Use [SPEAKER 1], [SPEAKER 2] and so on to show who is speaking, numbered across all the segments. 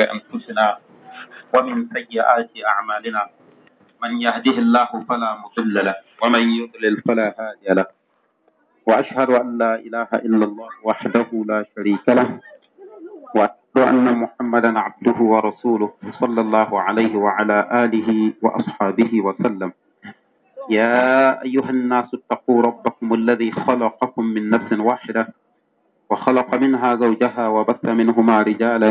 [SPEAKER 1] شرور أنفسنا ومن سيئات أعمالنا من يهده الله فلا مضل له ومن يضلل فلا هادي له وأشهد أن لا إله إلا الله وحده لا شريك له وأشهد أن محمدا عبده ورسوله صلى الله عليه وعلى آله وأصحابه وسلم يا أيها الناس اتقوا ربكم الذي خلقكم من نفس واحدة وخلق منها زوجها وبث منهما رجالا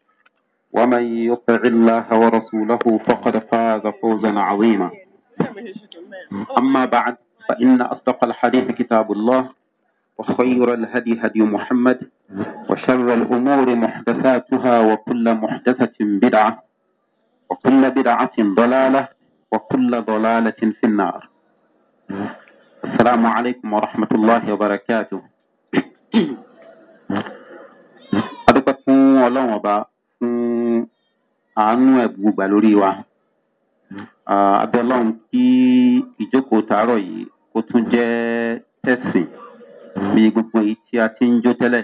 [SPEAKER 1] ومن يطع الله ورسوله فقد فاز فوزا عظيما أما بعد فإن أصدق الحديث كتاب الله وخير الهدي هدي محمد وشر الأمور محدثاتها وكل محدثة بدعة وكل بدعة ضلالة وكل ضلالة في النار السلام عليكم ورحمة الله وبركاته أدقت ولوم àánú ẹ̀ gbogbo lórí wa. abẹ́lọ́run kí ìjókòó tàárọ̀ yìí kó tún jẹ́ tẹ̀sìn bí gbogbo èyí tí a ti ń jó tẹ́lẹ̀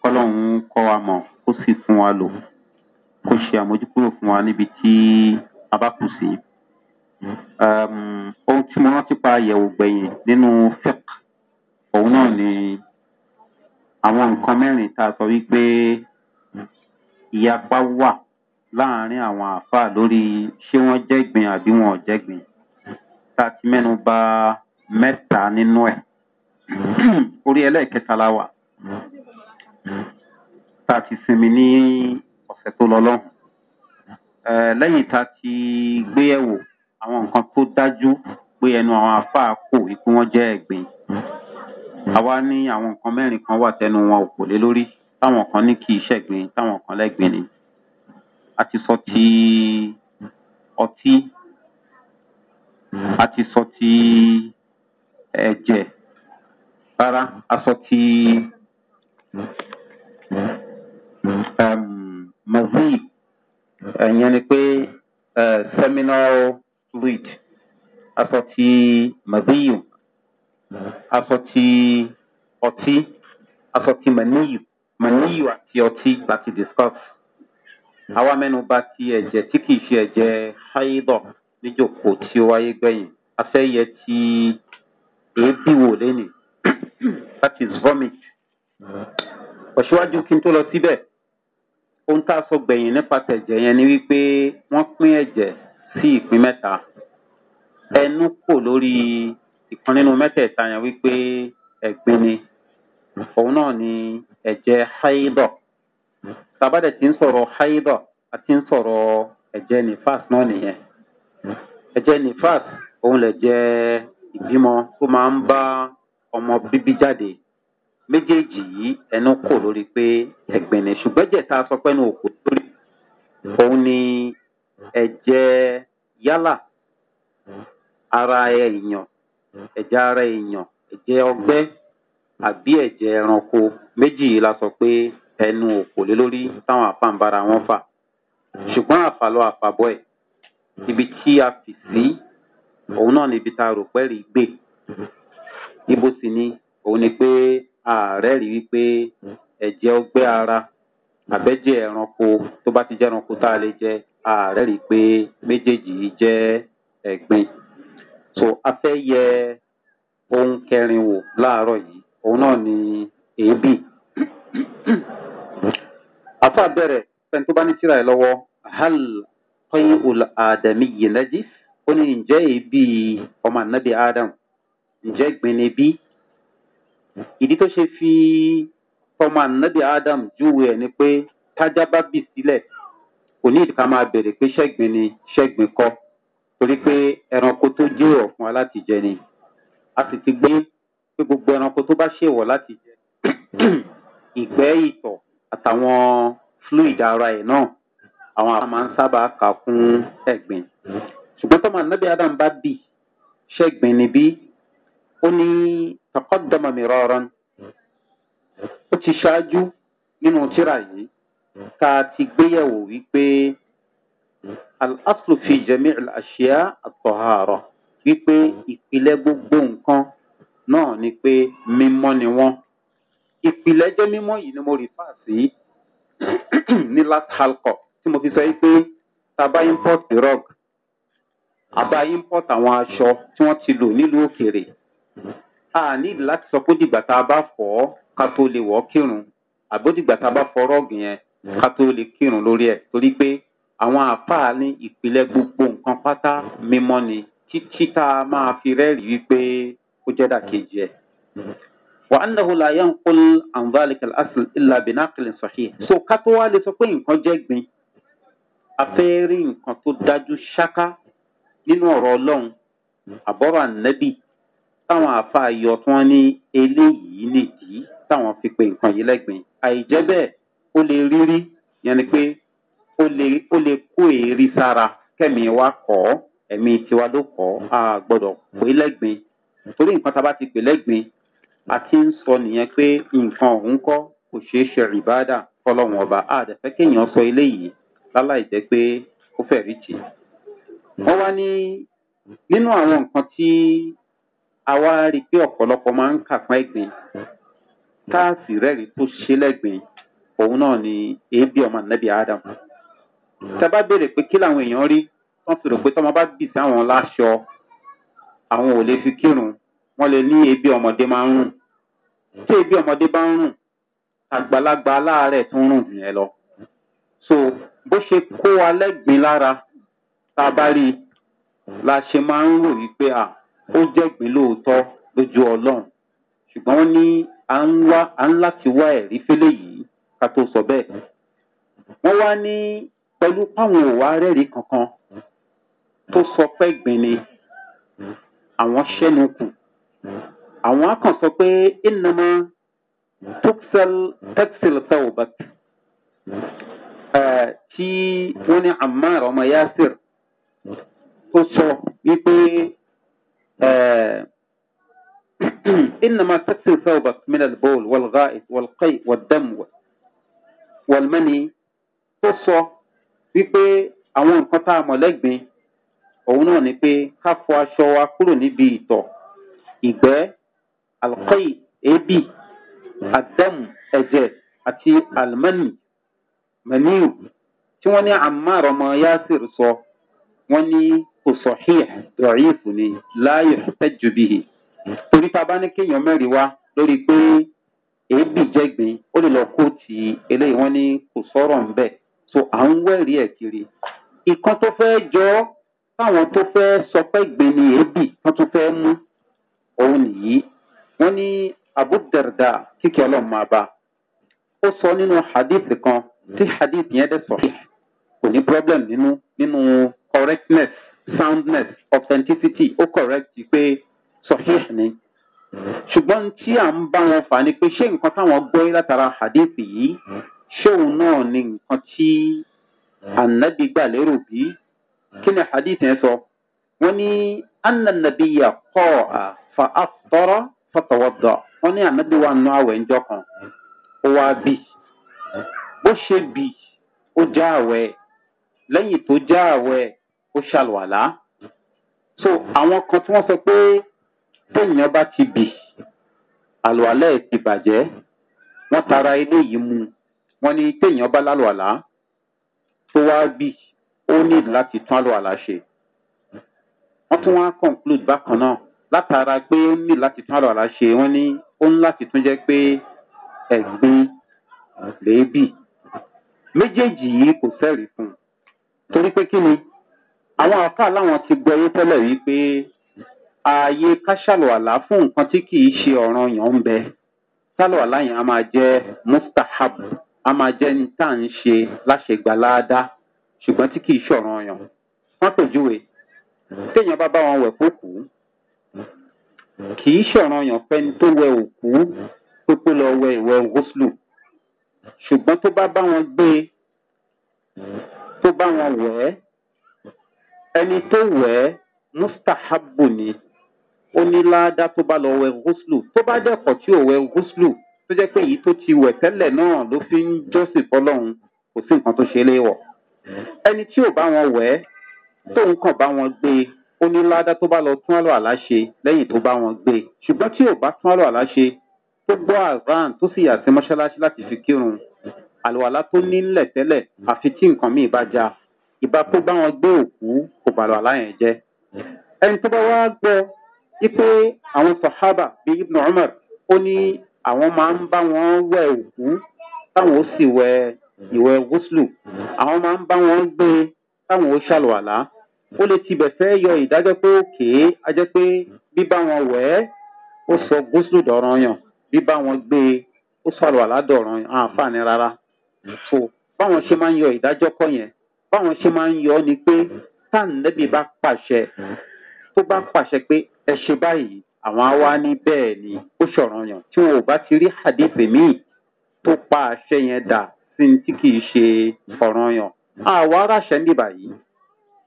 [SPEAKER 1] kọ́lọ́hún kọ́ wa mọ̀ kó sì fún wa lò kó ṣe àmójúkúrò fún wa níbi tí a bá kù sí. ohun tí mo rántí pa àyẹ̀wò gbẹ̀yìn nínú fẹ́k òun náà ni àwọn nǹkan mẹ́rin tá a sọ wípé ìyapa wà láàrin àwọn àáfàá lórí ṣé wọ́n jẹ́gbin àbí wọn ò jẹ́gbin tá a ti mẹ́nu ba mẹ́ta nínú ẹ̀ orí ẹlẹ́ẹ̀kẹta la wà tá a ti sinmi ní ọ̀sẹ̀ tó lọ lọ́hùn lẹ́yìn tá a ti gbé ẹ̀wò àwọn nǹkan tó dájú pé ẹnu àwọn àáfàá kò wípé wọ́n jẹ́ ẹ̀gbin àwa ní àwọn nǹkan mẹ́rin kan wà tẹnu wọn ò kò lé lórí táwọn kan ní kì í ṣẹ̀gbin táwọn kan lẹ́gbin ni a ti sọ ti ọtí, a ti sọ ti ẹ̀jẹ̀, rárá a sọ ti um mazee ìyẹn ni pé um seminal fluid, a sọ ti mazee, a sọ ti ọtí, a sọ ti màníyù, màníyù àti ọtí la discuss àwa mẹ́nu bá ti ẹ̀jẹ̀ tí kìí ṣe ẹ̀jẹ̀ háídọ̀ níjòkó tí ó wáyé gbẹ̀yìn afẹ́yẹ ti èébì wò lẹ́nìí that is vomit. ọ̀ṣíwájú kí n tó lọ síbẹ̀ ohun tá a sọ gbẹ̀yìn nípa tẹ̀jẹ̀ yẹn ni wípé wọ́n pín ẹ̀jẹ̀ sí ìpín mẹ́ta ẹnu kò lórí ìkan nínú mẹ́tẹ̀ẹ̀ta yẹn wípé ẹ̀gbin ni òun náà ni ẹ̀jẹ̀ háídọ̀. saba da tin sọrọ haido a ti soro eje nifas no n'ihe ye eje nifas o le je ibimo o ma n ba omo bibi mejeji yi enu ko lori pe egbin ni sugbon je ta so pe nu oko oun ni eje yala ara eyan eje ara eyan eje ogbe abi eje eranko meji yi la so pe ẹnu òkò lé lórí táwọn àfa ń bára wọn fà ṣùgbọ́n àfàlọ́ àfàbọ́ ẹ̀ ibi tí a fì sí òun náà níbi tá a rò pẹ́rì gbé ibo sì ni òun ni pé ààrẹ rí wípé ẹ̀jẹ̀ ọgbẹ́ ara àbẹ́jẹ́ ẹranko tó bá ti jẹ́ ẹranko tá a lè jẹ ààrẹ rí pé méjèèjì yìí jẹ́ ẹ̀gbin so a fẹ́ yẹ ohun kẹrin wò láàárọ̀ yìí òun náà ni èébì àfa bẹ̀rẹ̀ pẹ̀ntó bá ní tíra ẹ̀ lọ́wọ́ hal tọ́yí ul àdàmì yìí lẹ́jì ó ní ǹjẹ́ èébì ọmọ ànábì adam ǹjẹ́ gbìnrin bí ìdí tó ṣe fi ọmọ ànábì adam júwe ẹ̀ ni pé tájá bá bì sílẹ̀ kò ní ìdíkà máa bèrè pé ṣẹ́gbìn ni ṣẹ́gbìn kọ́ torí pé ẹranko tó jẹ́ ọ̀fun aláti jẹ ni a sì ti gbé pé gbogbo ẹranko tó bá ṣèwọ̀ láti jẹ ìgbẹ́ ìtọ̀ àtàwọn fluid ara ẹ̀ náà àwọn àwọn máa ń sábà kà fún ẹ̀gbìn ṣùgbọ́n tọ́mọ anábì adam bá bì ṣẹ́gbìn níbí ó ní takọ́dọ̀mọ̀ mi rọrùn ó ti ṣáájú nínú tíra yìí tá a ti gbéyẹ̀wò wípé al-aslu fi jẹ̀mí àṣìá àtọ̀hárọ̀ wípé ìpìlẹ̀ gbogbo nǹkan náà ni pé mímọ́ ni wọ́n ìpìlẹ̀ jẹ́ mímọ́ yìí ni mo rìfà sí ní last halkọ tí mo fi sọ pé tàbá import rock àbá import àwọn aṣọ tí wọ́n ti lò nílùú òkèèrè a nílò láti sọ pé dìgbà tá a bá fọ́ ká tó lè wọ́ kírun àbó dìgbà tá a bá fọ́ rọ́ọ̀gì yẹn ká tó lè kírun lórí ẹ̀ torí pé àwọn àfáà ní ìpìlẹ̀ gbogbo nǹkan pátá mímọ́ ni títí tá a máa fi rẹ́rìí wípé ó jẹ́ dàkejì ẹ̀ wa annahu la yanqul an dhalika al-asl illa bi naqlin sahih so ká tó wá lè sọ pé nǹkan jẹ́ gbin a fẹ́ rí nǹkan tó dájú ṣáká nínú ọ̀rọ̀ ọlọ́run àbọ̀rọ̀ ànábì táwọn àfa ayọ̀ tí wọ́n ní eléyìí nìdí táwọn fi pe nǹkan yìí lẹ́gbìn àìjẹ́ bẹ́ẹ̀ ó lè rírí a gbọ́dọ̀ pé lẹ́gbìn torí nǹkan a ti ń sọ nìyẹn pé nǹkan ọ̀hún kọ́ kò ṣeé ṣe rìbáàdà fọlọ́wọn ọba àdẹ̀fẹ́ kéèyàn sọ eléyìí láláì jẹ́ pé ó fẹ́ rí tì. wọ́n wá ní nínú àwọn nǹkan tí a wá rí i pé ọ̀pọ̀lọpọ̀ máa ń kà fún ẹ̀gbìn káàsì rẹ́rìí tó ṣe lẹ́gbìn òun náà ni èébì ọmọ nẹ́bí adam. tábà béèrè pé kí làwọn èèyàn rí wọ́n fi rò pé tọ́mọ bá bì sí àwọn láṣọ àwọn ò lè fi kírun wọ́n lè ní èébì ọmọdé máa ń rùn tí ebi ọmọdé bá ń rùn àgbàlagbà aláàárẹ̀ tó ń rùn jù yẹn lọ. so bó ṣe kó wa lẹ́gbìn lára tá a bá rí i la ṣe máa ń rò wípé à ó jẹ̀gbìn lóòótọ́ lójú ọlọ́run ṣùgbọ́n wọ́n ní à ń wá à ń láti wá ẹ̀rí fẹ́lẹ̀ yìí ká tó sọ bẹ́ẹ̀. wọ́n wá ní pẹ̀lú páwọn òwà rẹ́rìí kankan tó sọ pé gbìn ni àwọn ṣẹ́nu kù àwọn akàn sọ pé ìnana tuxel texel saubat tí wọ́n ní ammar ọmọ yasir ó sọ wípé إنما تكسر ثوبك من البول والغائط والقيء والدم والمني ó sọ wípé àwọn nǹkan tá a mọ̀ lẹ́gbẹ̀ẹ́ òun náà ni pé ká fọ aṣọ wa kúrò níbi ìtọ̀ ìgbẹ́ alqai èébì adamu ẹ̀jẹ̀ àti almani maniu tí wọ́n ní ammar ọmọ yasir sọ wọ́n ní osoxix dọ̀ọ́yìfù ni láàyò tẹ́jùbìhì torí tá a bá ní kéèyàn mẹ́rin wá lórí pé èébì jẹ́gbin ó lè lọ kó ti eléyìí wọ́n ní kò sọ̀rọ̀ ń so à ń wẹ̀rí ẹ̀ kiri ìkan tó fẹ́ jọ táwọn tó fẹ́ sọ gbin ni èébì wọ́n tún fẹ́ mú òun nìyí wọn ní abudarda kíkẹ́ ọlọ́run máa bá ó sọ nínú hadith kan tí hadith yẹn dẹ̀ sọ kò ní problem nínú nínú correctness soundness authenticity ó correct pé sọ̀híh ni ṣùgbọ́n tí à ń bá wọn fà ni pé ṣé nǹkan táwọn gbọ́ látara hadith yìí ṣé náà ni nǹkan tí ànábi gbà lérò bí kí ni hadith yẹn sọ wọn ní anna nabiya kọ́ a fa afọ́rọ́ tọ́tọ̀wọ́dọ̀ wọ́n ní ànábì wa nù àwẹ̀ ńjọ kan ó wá bì bó ṣe bì ó já àwẹ̀ lẹ́yìn tó já àwẹ̀ ó ṣàlùwàlá so àwọn kan tí wọ́n sọ pé téèyàn bá ti bì àlùwàlá ẹ̀ ti bàjẹ́ wọ́n tara ilé yìí mu wọ́n ní téèyàn bá lálùwàlá tó wá bì ó ní láti tún àlùwàlá ṣe wọ́n tún wá conclude bákan náà látara pé ó ní láti tún àlọ́ àlá ṣe wọ́n ní ó ní láti tún jẹ́ pé ẹ̀gbin lèébì méjèèjì yìí kò sẹ́rìí fún un torí pé kí ni àwọn àfa láwọn ti gbọ ẹyẹ tẹ́lẹ̀ rí pé ààyè káṣàlọ̀ àlá fún nǹkan tí kì í ṣe ọ̀ràn yàn ń bẹ ṣàlọ̀ àlá yẹn a máa jẹ́ mustahab a máa jẹ́ ní tá à ń ṣe láṣẹgbàláadá ṣùgbọ́n tí kì í ṣe ọ̀ràn yàn wọ́n pèjúwe téèyàn bá bá wọn wẹ̀ kó kì í ṣọ̀ràn yàn fẹ́ni tó wẹ òkú tó pé lọ wẹ ìwẹ̀ gúúsùlù ṣùgbọ́n tó bá bá wọn gbé tó bá wọn wẹ̀ ẹ́ ẹni tó wẹ̀ ẹ́ mustahabu ni ó ní láádá tó bá lọ wẹ gúúsùlù tó bá dẹ̀kọ̀ tí ò wẹ gúúsùlù tó jẹ́ pé èyí tó ti wẹ̀ tẹ́lẹ̀ náà ló fi ń jọ́sìn fọlọ́run kò sí nǹkan tó ṣe é léwọ̀ ẹni tí ò bá wọn wẹ̀ ẹ́ tóun kàn bá wọn gbé e ó ní ládá tó bá lọ tún àlọ́ àlá ṣe lẹ́yìn tó bá wọn gbé e ṣùgbọ́n tí ò bá tún àlọ́ àlá ṣe tó gbọ́ àrán tó sì yà sí mọ́ṣáláṣí láti fi kírun àlọ́àlá tó nílẹ̀ tẹ́lẹ̀ àfi tí nǹkan míì bá ja ìbá tó bá wọn gbé òkú kò bàlọ́ àlá yẹn jẹ́ ẹni tó bá wá gbọ́ wípé àwọn sahaba bíi ibn umar ó ní àwọn máa ń bá wọn wẹ òkú táwọn ó sì wẹ ìwẹ gúúsùlù àwọn máa ń bá wọn gbé táwọn ó ṣàlùwàlá ó lè tibẹ̀ fẹ́ yọ ìdájọ́ pé òkè á jẹ́ pé bíbá wọn wẹ̀ ẹ́ ó sọ gúúsù dọ̀rọ̀ yàn bíbá wọn gbé e ó sọ̀rọ̀ àládọ̀rọ̀ yàn àǹfààní rárá. so báwọn ṣe máa ń yọ ìdájọ́ kọ́ yẹn báwọn ṣe máa ń yọ ni pé táǹdẹ́bì bá pàṣẹ tó bá pàṣẹ pé ẹ ṣe báyìí àwọn á wá ní bẹ́ẹ̀ ni ó ṣọ̀rọ̀ yàn tí wọn ò bá ti rí àdéfè míì tó pa àṣẹ yẹn dà sí ní kì í ṣe ọ̀ràn yàn àwa aráṣẹ́ níbàyìí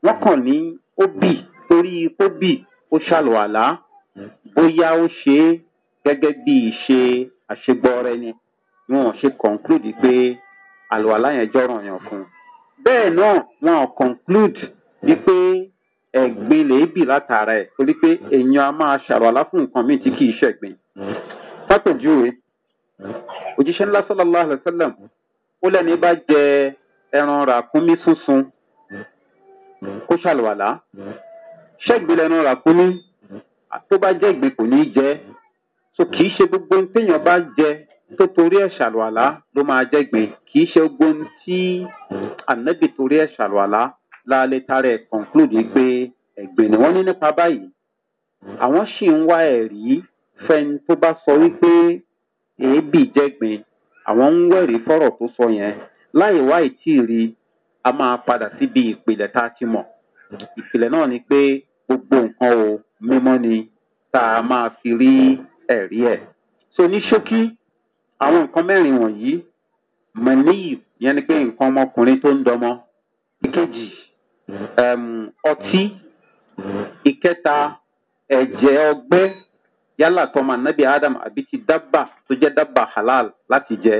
[SPEAKER 1] wọ́n kàn ní ó bì torí ó bì ó ṣàlùwàlá bóyá ó ṣe é gẹ́gẹ́ bí ìṣe àṣegbọ́ọ̀rẹ́ ni wọn ṣe conclude pé àlùwàlá yẹn jọ̀ràn yàn fún un. bẹ́ẹ̀ náà wọn conclude wípé ẹ̀gbin lèébì látara ẹ̀ torí pé èèyàn a máa ṣàlùwàlá fún nǹkan míì tí kìí ṣẹ̀gbin. fátòjúwe òjíṣẹ́ ńlá sọ́lá aláàlú sẹ́lẹ̀m ó lẹ́ni bá jẹ ẹran ràkúnmí sunsun kó ṣàlùwàlá ṣẹ́gbẹ́ lẹ́nu ra kú ní tó bá jẹ́ ìgbé kò ní í jẹ́ so kì í ṣe gbogbo ohun téèyàn bá jẹ tó torí ẹ̀ ṣàlùwàlá ló máa jẹ́ gbé kì í ṣe gbogbo ohun tí ànábì torí ẹ̀ ṣàlùwàlá láàlẹ́ tààrẹ̀ conclude pé ẹ̀gbìn ni wọ́n ní nípa báyìí àwọn sì ń wá ẹ̀rí fẹ́ni tó bá sọ wípé èébì jẹ́gbin àwọn ń wẹ̀rí fọ́rọ̀ tó sọ yẹn láì wá ìtì rí a máa padà síbi ìpìlẹ̀ tá a ti mọ̀. ìpìlẹ̀ náà ni pé gbogbo nǹkan ò mímọ́ ni tá a máa fi rí ẹ̀rí ẹ̀. so ní ṣókí àwọn nǹkan mẹ́rin wọ̀nyí mọ̀níyì yẹn ni pé nǹkan ọmọkùnrin tó ń dọmọ. ìkejì ọtí ìkẹta ẹ̀jẹ̀ ọgbẹ́ yálà tọmọ anabi adam àbí ti dábà tó jẹ́ dábà halal láti jẹ.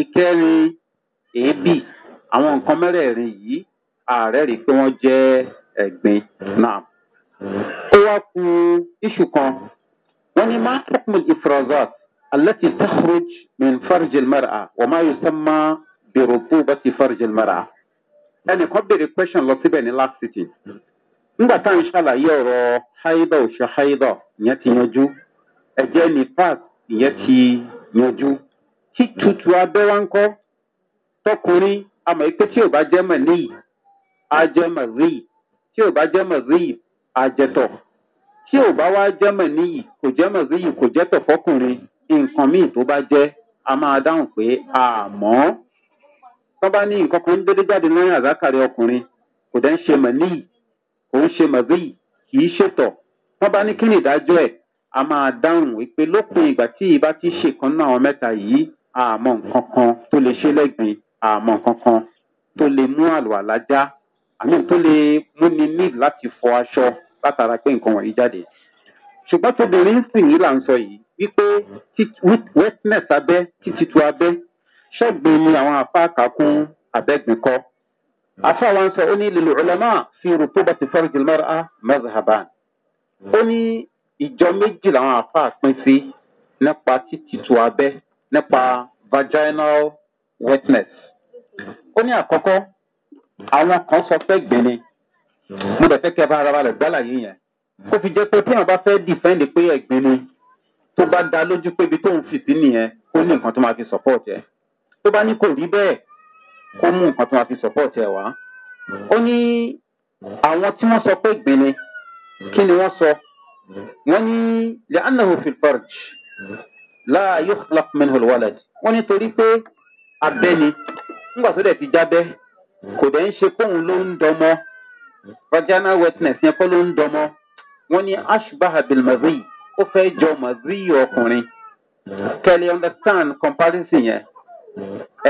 [SPEAKER 1] ìkẹrin èébì àwọn nǹkan mẹ́rẹ̀ẹ̀rin yìí ààrẹ rí i pé wọ́n jẹ́ ẹ̀gbin náà. ó wá ku iṣu kan wọ́n ní máa tẹ́kùn ìfúrazọ́t التي تخرج من فرج المرأة وما يسمى برطوبة فرج المرأة ẹnì kan béèrè question lọ síbẹ̀ ní last city nígbà tá à ń ṣàlàyé ọ̀rọ̀ haida oṣù haida ìyẹn ti yanjú ẹ̀jẹ̀ nifas ìyẹn ti yanjú títutù abẹ́wá tọkùnrin àmọ̀ pé tí ò bá jẹ́ mọ̀ níyì á jẹ́ mọ̀ ríì tí ò bá jẹ́ mọ̀ ríì á jẹ́ tọ̀ tí ò bá wá jẹ́ mọ̀ níyì kò jẹ́ mọ̀ ríì kò jẹ́ tọ̀ fọkùnrin nǹkan míì tó bá jẹ́ a máa dáhùn pé àmọ́ tọ́ bá ní nǹkan kan ń dédé jáde lọ́yìn àzákàrí ọkùnrin kò dẹ́ ń ṣe mọ̀ níyì kò ń ṣe mọ̀ ríì kì í ṣètọ̀ tọ́ bá ní kí ni ìdájọ́ ẹ̀ a máa dáhùn wípé lópin ìgbà tí ìbá ti ṣèkan náà mẹ́ta yìí àmọ́ nǹkan kan tó lè ṣe lẹ́gbìn àmọ́ kankan tó lè mú àlùwàlá já àmì tó lè múni ní láti fọ aṣọ látara pé nǹkan wọ̀nyí jáde. ṣùgbọ́n tóbìnrin sì yìí là ń sọ yìí wípé wetness abẹ́ títítu abẹ́ ṣẹ́gbin ni àwọn afá kakún abẹ́gbin kọ́. afá wa ń sọ ó ní lílo ọlọ́mà fi rúpó bá ti fẹ́rẹ̀ jùlọ mẹ́ra mẹ́zàbán. ó ní ìjọ méjì làwọn afá pín sí nípa títítu abẹ́ nípa vaginal wetness ó ní àkọ́kọ́ àwọn kan sọ pé gbẹ̀ni mo dẹ̀ fẹ́ kẹ́ bá ara balẹ̀ gbálà yín yẹn kó fi jẹ́ pé tí àwọn bá fẹ́ dìfẹ́ǹdì pé ẹ̀gbin ni tó bá da lójú pé ibi tóun fìtí nìyẹn kó ní nǹkan tó máa fi support ẹ̀ tó bá ní kò rí bẹ́ẹ̀ kó mú nǹkan tó máa fi support ẹ̀ wá. ó ní àwọn tí wọ́n sọ pé gbin kí ni wọ́n sọ wọ́n ní lè anahu filfarj láàyè lakmin hulwalad wọ́n ní torí pé abẹ́ni ńgbà tó dẹ̀ ti jábẹ́ kò dẹ̀ ń ṣe póun ló ń dọmọ vaginal wetness yẹn kọ́ ló ń dọmọ wọ́n ní ashbaha bil mazi ó fẹ́ jọ mazi ọkùnrin kẹ́lẹ́ understand comparison yẹn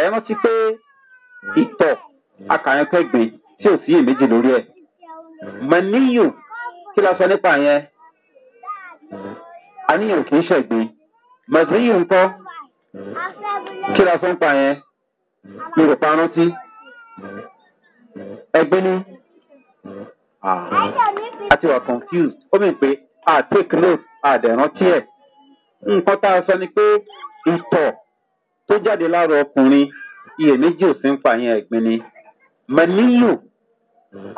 [SPEAKER 1] ẹ̀ rántí pé ìtọ̀ akàyànkẹ́gbìn tí ò sí èméjì lórí ẹ̀ mọ̀níyù kí la sọ nípa yẹn àníyàn kì í ṣẹ̀gbìn mọ̀níyù ńkọ́ kí la sọ nípa yẹn mi rò pa rántí ẹgbẹ́ ní àti wà confused ó mì pé a take note a dẹ̀ rántí ẹ̀ nǹkan tá a sọ ni pé ìtọ̀ tó jáde lára ọkùnrin iyèméjì ò sí ń fà yẹn ẹ̀gbin ni mẹ nílò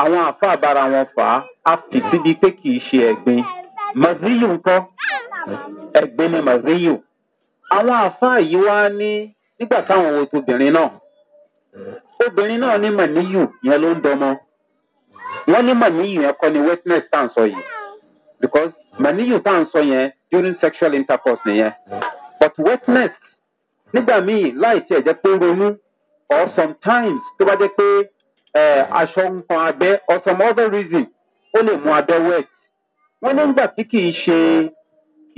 [SPEAKER 1] àwọn àfa àbára wọn fà á a fi síbi pé kì í ṣe ẹ̀gbin maziyu ńkọ ẹ̀gbin ni maziyu àwọn àfa yìí wá ní nígbà táwọn wo obìnrin náà obìnrin náà ní màníyù yẹn ló ń dọmọ wọn ní màníyù yẹn kọ ni wetness tá à ń sọ yìí because màníyù tá à ń sọ yẹn during sexual intercourse nìyẹn but wetness nígbà míì láì tiẹ̀ jẹ́ pé ronú or sometimes tó bá jẹ́ pé aṣọ nǹkan abẹ́ or some other reason ó lè mú abẹ́ wet wọ́n nígbà tí kì í ṣe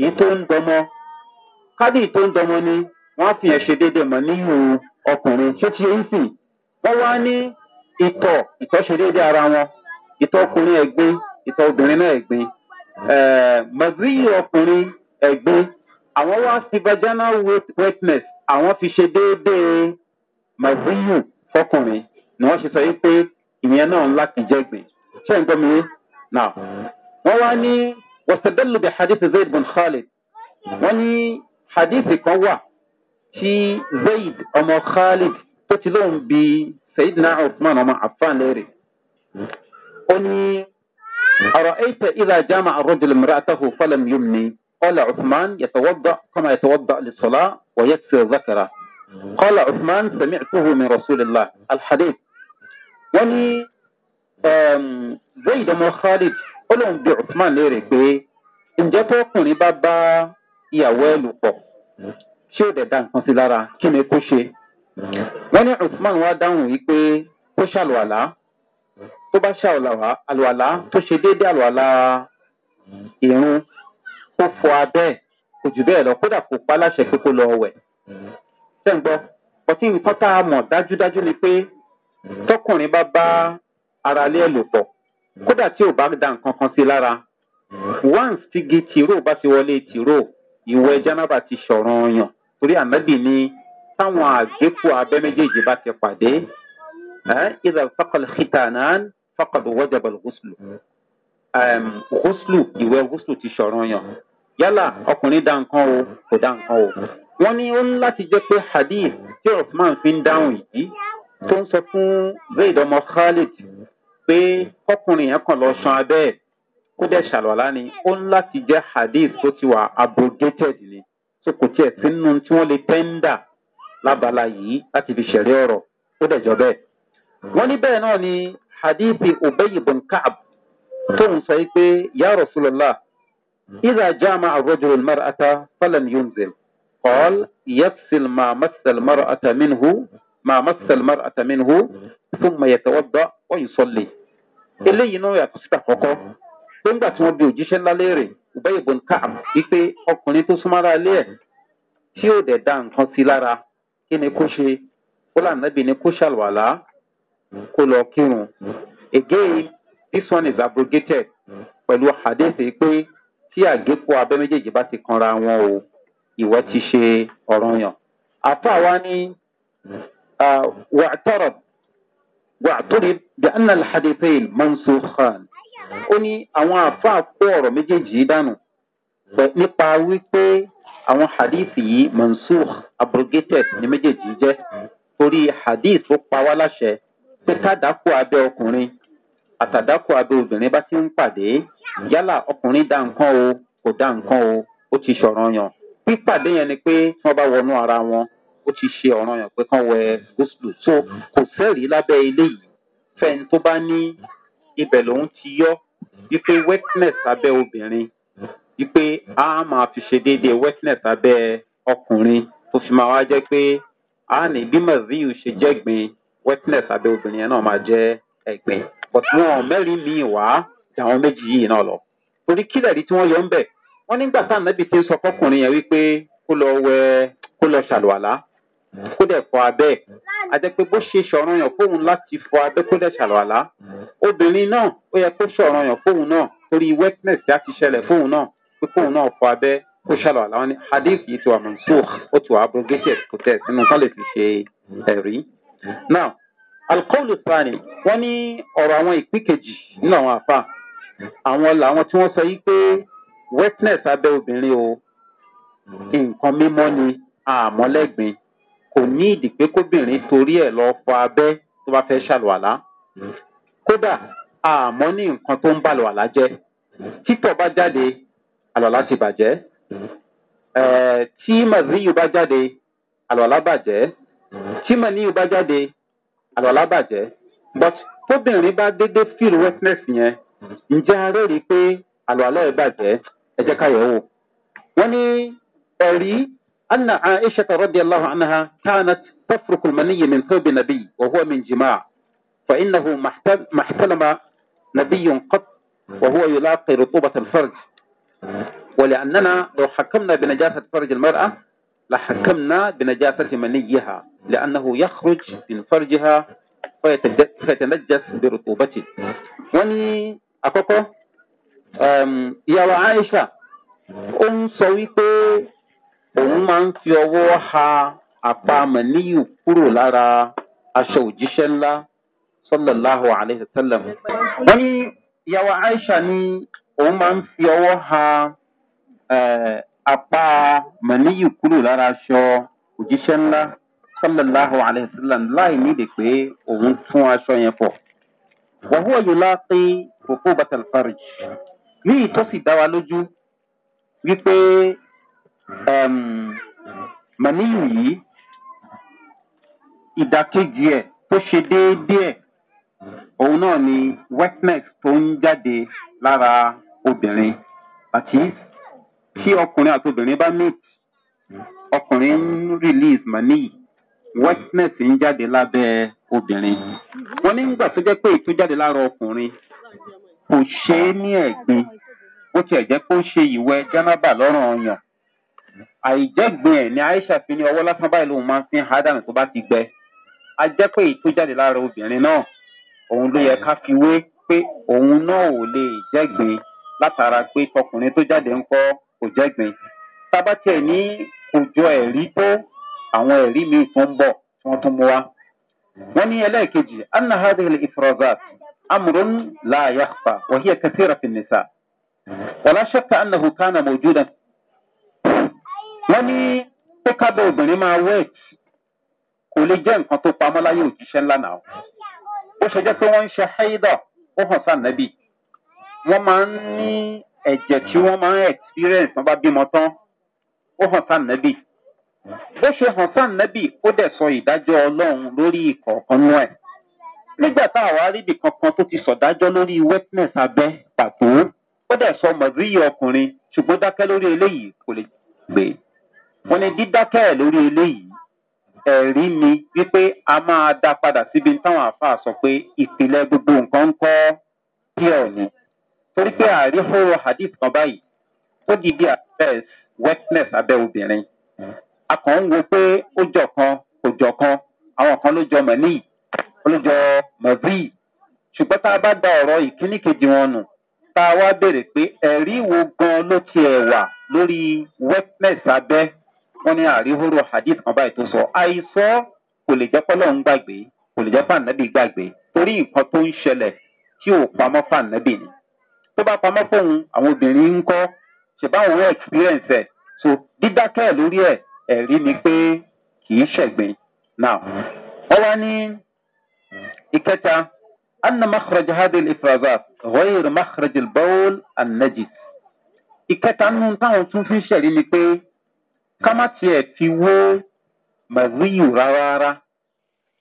[SPEAKER 1] èyí tó ń dọmọ kádì tó ń dọmọ ni wọn á fi yẹn ṣe déédéé mọ níhù ọkùnrin tó ti ń sìn wọn wá ní ìtọ ìtọ ṣe déédéé ara wọn ìtọ ọkùnrin ẹgbin ìtọ obìnrin náà ẹgbin eh, mọ̀síyì ọkùnrin ẹgbin àwọn wá sí vaginal wetness àwọn fi ṣe déédéé mọ̀síyì fọkùnrin ni wọn ṣe sọ yìí pé ìyẹn náà ńlá kìí jẹ́ gbìn ṣé ń gbọ́ mi náà wọ́n wá ní wọ́sẹ̀dẹ́lùbẹ̀ hadith zayd bin khalid wọ́n ní hadith kan wà tí zayd ọmọ khalid tó ti lóun bi sayidina usman ọmọ afan léèrè ó ní ọ̀rọ̀ ẹ̀yìtẹ̀ ìlà jama àròjìlẹ̀ mìíràn àtàkùn fọlẹ̀m yóò ní ọ̀là usman yàtọ̀wọ́dọ̀ kọ́mà yàtọ̀wọ́dọ̀ lẹ́sọ̀lá wọ̀yẹ́ sèrè zakara kọ́là usman sami'tuhu min rasulillah alhadith wọ́n ní um, zayd ọmọ khalid ó lóun bi usman léèrè pé ǹjẹ́ tó ọkùnrin bá bá ìyàwó ẹ̀ lò pọ̀ ṣé ò dẹ̀ da nǹkan sí lára kí ni kó ṣe. wọ́n ní usman wá dáhùn wípé kó ṣàlùwàlá tó bá ṣàlùwàlá tó ṣe déédéé àlùwàlá irun kó fọ abẹ́ kò jù bẹ́ẹ̀ lọ kódà kò pa láṣẹ pé kó lọ wẹ̀. ṣé ń gbọ́ ọtí nǹkan tá a mọ̀ dájúdájú ni pé tọkùnrin bá bá ara lé ẹ̀ lò pọ̀ kódà tí ò bá da nǹkan kan sí lára once tí gi tìró bá ti wọlé tìró ìwẹ̀ jánábà ti ṣọ̀ràn ọyàn torí ànábì ni táwọn àgékù abẹ méjèèjì bá ti pàdé ìdá fakal khitanan fakal wajabal guslu guslu ìwẹ guslu ti sọ̀rọ̀ yàn yálà ọkùnrin dá nǹkan o kò dá nǹkan o wọn ní ó ń láti jẹ pé hadith tí usman fi ń dáhùn yìí tó ń sọ fún zayd ọmọ khalid pé ọkùnrin yẹn kàn lọ san abẹ kó dẹ ṣàlọlá ni ó ń láti jẹ hadith tó ti wà abrogated ni ṣe kò tiẹ̀ sínú tí wọ́n lè tẹ́ńdà lábala yìí láti fi ṣẹ̀rí ọ̀rọ̀ ó dẹ̀ jọ bẹ́ẹ̀. wọ́n ní bẹ́ẹ̀ náà ni hadithi ubayi bin kaab tóun sọ yìí pé ya rasulallah idà jama arrojul mar'ata falan yunzil qol yafsil ma masal mar'ata minhu ma masal mar'ata minhu thumma yatawadda wa yusalli. eléyìí náà yàtọ̀ síta kọ́kọ́ pé ńgbà tí wọ́n bí òjíṣẹ́ ńlá léèrè ubay ibn kaab wípé ọkùnrin tó súnmọ́ ara ilé ẹ̀ tí ò dẹ̀ da nǹkan sí lára kí ni kó ṣe ó lànàbì ni kó ṣàlùwàlá kó lọ kírun again this one is abrogated pẹ̀lú àdéhùn pé tí àgékù abẹ́ méjèèjì bá ti kanra wọn o ìwọ́ ti ṣe ọ̀ràn yàn àfa wa ni wàtọ́rọ̀ wàtúrí bí anna alhadithain mansukhan ó ní àwọn àáfàá kó ọ̀rọ̀ méjèèjì dànù nípa wípé àwọn hadith yìí mansour abrogated ní méjèèjì jẹ́ torí hadith ó pa wá láṣẹ pé kádàkù abẹ́ ọkùnrin àtàdàkù abẹ́ obìnrin bá ti ń pàdé yálà ọkùnrin dá nǹkan o kò dá nǹkan o ó ti ṣọ̀rọ̀ yàn pípàdé yẹn ni pé wọ́n bá wọnú ara wọn ó ti ṣe ọ̀ràn yàn pé kán wẹ gúúsùlù so kò fẹ́rìí lábẹ́ ilé yìí fẹ́ni tó bá ní ibẹ̀ lòun ti yọ́ wípé wetness abẹ́ obìnrin wípé a máa fi ṣe déédéé wetness abẹ́ ọkùnrin tó fi máa wá jẹ́ pé a ní bí maziu ṣe jẹ́gbin wetness abẹ́ obìnrin yẹn náà máa jẹ́ ẹ̀gbin but wọn mẹ́rin míì wá àwọn méjì yìí náà lọ torí kílẹ̀ rí tí wọ́n yọ ń bẹ̀ wọ́n nígbà tá ànábì ti ń sọ fọkùnrin yẹn wípé kó lọ wẹ kó lọ ṣàlùwàlá kó dẹ̀ fọ abẹ́ a jẹ́ pé bó ṣe ṣọ̀ràn yàn fóun láti fọ abẹ́ kó dẹ̀ ṣàlọ́àlá obìnrin náà ó yẹ kó ṣọ̀ràn yàn fóun náà torí wetness já ti ṣẹlẹ̀ fóun náà pé fóun náà fọ abẹ́ kó ṣàlọ́àlá wọn ni hadith yìí ti wà mọ̀nsó ó ti wà abrogated kò tẹ̀ sínú tán lè fi ṣe ẹ̀rí. now alkọ́ọ̀lù sani wọ́n ní ọ̀rọ̀ àwọn ìpín kejì nínú àwọn àfa àwọn làwọn tí wọ́n sọ yí pé wetness abẹ́ obìnrin o nǹkan mímọ́ ni àmọ́lẹ́gbin kò ní ìdí pé kóbìnrin torí ẹ̀ lọ fọ abẹ́ tó bá fẹ́ ṣàlùwàlá. kódà àmọ́ ní nǹkan tó ń bá àlùwàlá jẹ́ títọ̀ bá jáde àlùwàlá ti bàjẹ́ tí màzíyù bá jáde àlùwàlá bàjẹ́ tí màníyù bá jáde àlùwàlá bàjẹ́ but tóbìnrin bá dédé feel wetness yẹn ǹjẹ́ a rẹ́rìí pé àlùwàlá ẹ̀ bàjẹ́ ẹ jẹ́ ká yẹ̀ wò. wọ́n ní ẹ̀rí أن عائشة رضي الله عنها كانت تفرك المني من ثوب نبي وهو من جماع فإنه ما احتلم نبي قط وهو يلاقي رطوبة الفرج ولأننا لو حكمنا بنجاسة فرج المرأة لحكمنا بنجاسة منيها لأنه يخرج من فرجها فيتنجس برطوبته وني أكوكو يا عائشة أم صويتو òun máa ń fi ọwọ́ ha àpá màníyù kúrò lára aṣọ òjíṣẹ́ ńlá sọ́lọ́láhù àlẹ́sẹ̀tẹ́lẹ̀mù. wọ́n ní ìyàwó aisha ní òun máa ń fi ọwọ́ ha apá màníyù kúrò lára aṣọ òjíṣẹ́ ńlá sọ́lọ́láhù àlẹ́sẹ̀tẹ́lẹ̀mù láì nídìí pé òun tún aṣọ yẹn pọ̀. wàhùwà yóò láti kókó bàtàlfàrì ní ìtọ́sí dá lójú wípé. um, màníyù yìí ìdàkejì ẹ̀ tó ṣe déédéé ẹ̀ òun náà ni wetness tó ń jáde lára obìnrin àti tí ọkùnrin àti obìnrin bá meet ọkùnrin ń release màníyì wetness ń jáde lábẹ́ obìnrin wọ́n nígbà tó jẹ́ pé ètò jáde lára ọkùnrin
[SPEAKER 2] kò ṣe é
[SPEAKER 1] ní ẹ̀gbin bó tiẹ̀ jẹ́ pé ó ṣe ìwẹ́ jánábà lọ́rùn ọyàn. àìjẹ́gbin ẹ̀ ni aisha fi ní ọwọ́ lásán báyìí lòun máa ń fi ń tó bá ti gbẹ a jẹ́ pé èyí tó jáde lára obìnrin náà òun ló yẹ ká fi wé pé òun náà ò lè jẹ́gbin látara pé tọkùnrin tó jáde ń kọ́ kò jẹ́gbin tábà tiẹ̀ ní kò jọ ẹ̀rí tó àwọn ẹ̀rí míì tó ń bọ̀ tí wọ́n tún mú wa. wọ́n ní ẹlẹ́ẹ̀kejì anna hadhihi ifrozat amrun la yakhfa wa kathira fi nisa wala shakka annahu kana mawjudan ní pé kábẹ́ obìnrin máa wet kò lè jẹ́ nǹkan tó pamọ́ láyé òjíṣẹ́ ńlá náà ó ṣe jẹ́ pé wọ́n ń ṣe haida ó hàn sànẹ́bì wọ́n máa ń ní ẹ̀jẹ̀ tí wọ́n máa ń experience wọ́n bá bímọ tán ó hàn sànẹ́bì bó ṣe hàn sànẹ́bì ó dẹ̀ sọ ìdájọ́ ọlọ́run lórí ìkọ̀ọ̀kan nú ẹ̀ nígbà tá àwa ríbi kankan tó ti sọ̀dájọ́ lórí wetness abẹ́ pàtó ó dẹ̀ sọ mọ̀ríyì ọkùnrin ṣùgbọ́n dákẹ́ lórí eléyìí kò lè gbé wọn ni dídákẹ́ lórí eléyìí ẹ̀rí ni wípé a máa dá padà síbi táwọn àáfàá sọ pé ìpìlẹ̀ gbogbo nǹkan ń kọ́ pure ni torí pé àárí hóró hadith kan báyìí ó di bí abẹ́ wetness abẹ́ obìnrin a kàn ń wo pé ó jọ kan kò jọ kan àwọn kan ló jọ mọ̀níyì ló jọ mọ̀bíì ṣùgbọ́n tá a bá da ọ̀rọ̀ ìkíní kejì wọn nù tá a wá béèrè pé ẹ̀rí wo gan ló tiẹ̀ wà lórí wetness abẹ́ wọn ní àríhóró hadith kan báyìí tó sọ àìsọ kò lè jẹ́ pọ́lọ́ ń gbàgbé kò lè jẹ́ fànàbì gbàgbé torí nǹkan tó ń ṣẹlẹ̀ tí ò pamọ́ fànàbì ni tó bá pamọ́ fóun àwọn obìnrin ń kọ́ ṣèbáwọn owó experience ẹ̀ so dídákẹ́ lórí ẹ̀ ẹ̀rí ni pé kì í ṣẹ̀gbìn náà wọ́n wá ní ìkẹta anna makhraj hadil ifrazat ghayr makhraj al bawl najis ìkẹta nínú táwọn tún fi ṣẹ̀rí ni pé ká má tiẹ̀ fi wó mẹ̀ríyù rárá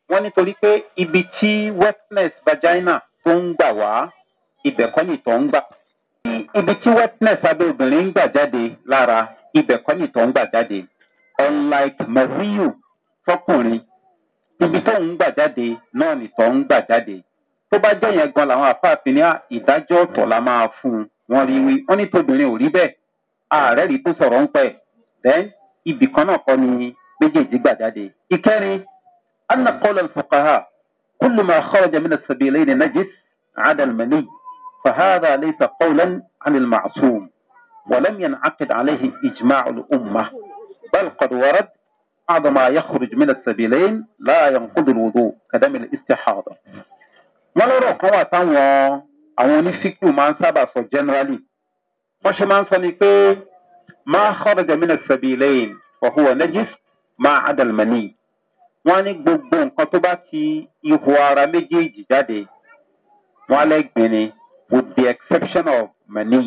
[SPEAKER 1] wọ́n nítorí pé ibi tí wetness vagina tó ń gbà wá ibẹ̀ kọ́ nìtọ́ ń gbà. ibi tí wetness abẹ́ obìnrin ń gbà jáde lára ibẹ̀ kọ́ nìtọ́ ń gbà jáde unlike mẹ̀ríyù fọkùnrin ibi tó ń gbà jáde náà nìtọ́ ń gbà jáde tó bá jẹ́ yẹn gan làwọn àfáàfin ní ìdájọ́ ọ̀tọ̀ la máa fún un wọ́n rí wí wọ́n ní tobìnrin ò rí bẹ́ẹ̀ ààrẹ rí tó sọ̀rọ̀ ń pẹ́ then ibì kan náà kọ́ ni méjèèjì gbà jáde. ìkẹrin anna kọ́lọ̀ fọkàhà kúlù máa kọ́ ọjà mìíràn sàbí ilé ní najis adalmani fahadà lẹ́sà kọ́lán anil maṣum ولم ينعقد عليه إجماع الأمة بل قد ورد بعض ما يخرج من السبيلين لا ينقض الوضوء كدم الاستحاضة wọ́n lọ́rọ̀ kan wà táwọn àwọn onífíkù máa ń sábà sọ generally wọ́n ṣe máa ń sọ ni pé ما خرج من السبيلين sẹ̀bi نجس ما عدا المني. àdàlmẹ́ni. wọ́n ní gbogbo nǹkan tó bá ti ihò ara méjèèjì jáde wọ́n á lẹ́gbẹ̀ẹ́ with the exception of mani.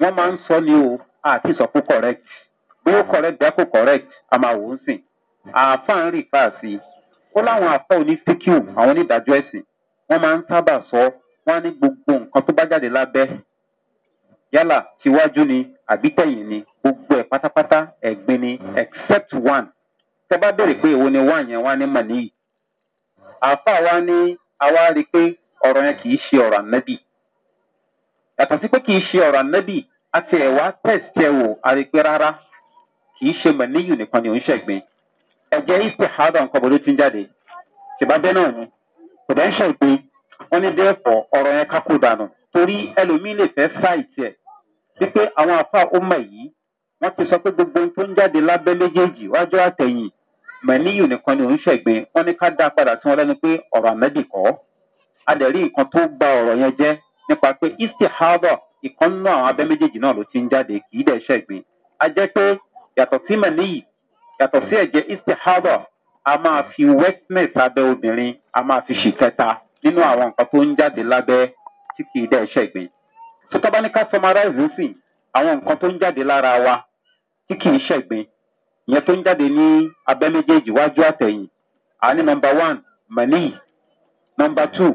[SPEAKER 1] wọ́n máa ń sọ ni o àti ìsọ̀kú correct bí ó correct bí ó kò correct a máa wò ó sìn. àáfàá ń rí fáàsì ó láwọn àfọ onífíkìù àwọn onídàájọ́ ẹ̀sìn wọ́n máa ń sábà sọ wọ́n ní gbogbo nǹkan tó bá jáde lábẹ́ yálà tiwájú ni àbí tẹ̀yìn ni gbogbo ẹ̀ pátápátá ẹ̀gbin ni except one tẹ bá béèrè pé èwo ni wá yẹn wá ní màní yìí àáfà wa ní àwa rí i pé ọ̀rọ̀ yẹn kì í ṣe ọ̀rọ̀ ànábì yàtọ̀ sí pé kì í ṣe ọ̀rọ̀ ànábì àti ẹ̀wà test ẹ̀ wò a rí i pé rárá kì í ṣe màníyù nìkan ni ò ń ṣẹ̀gbin ẹ̀jẹ̀ ìpè hádà nǹkan bó ti ń jáde tìbábẹ́ náà ni kò dẹ́ ń ṣẹ̀gbin wọ́n ní dẹ́ẹ̀fọ̀ ọ̀rọ̀ yẹn kákó dànù torí ẹlòmíín lè fẹ́ sáìtì ẹ̀ wípé àwọn afa ọmọ yìí wọn ti sọ pé gbogbo ohun tó ń jáde lábẹ léjèèjì wájú àtẹyìn mẹníyù nìkan ni òun ṣẹgbin wọn ní ká dá padà sí wọn lẹnu pé ọrọ àmẹbì kọ a dẹ rí nǹkan tó gba ọrọ yẹn jẹ nípa pé istihaba ìkan nínú àwọn abẹ méjèèjì náà ló ti ń jáde kì í dẹ ṣẹgbin a jẹ pé yàtọ sí mẹníyì yàtọ sí ẹjẹ istihaba a máa fi wetness abẹ obìnrin a máa fi ṣìkẹta nínú àwọn nǹkan tó ń jáde lábẹ tí kì í dẹ ṣẹgbin tó tọ́ bá ní ká summarize nsìn àwọn nǹkan tó ń jáde lára wa tí kì í ṣẹ̀gbin ìyẹn tó ń jáde ní abẹ́ méjèèjì wájú àtẹ̀yìn àní nọmba one mani nọmba two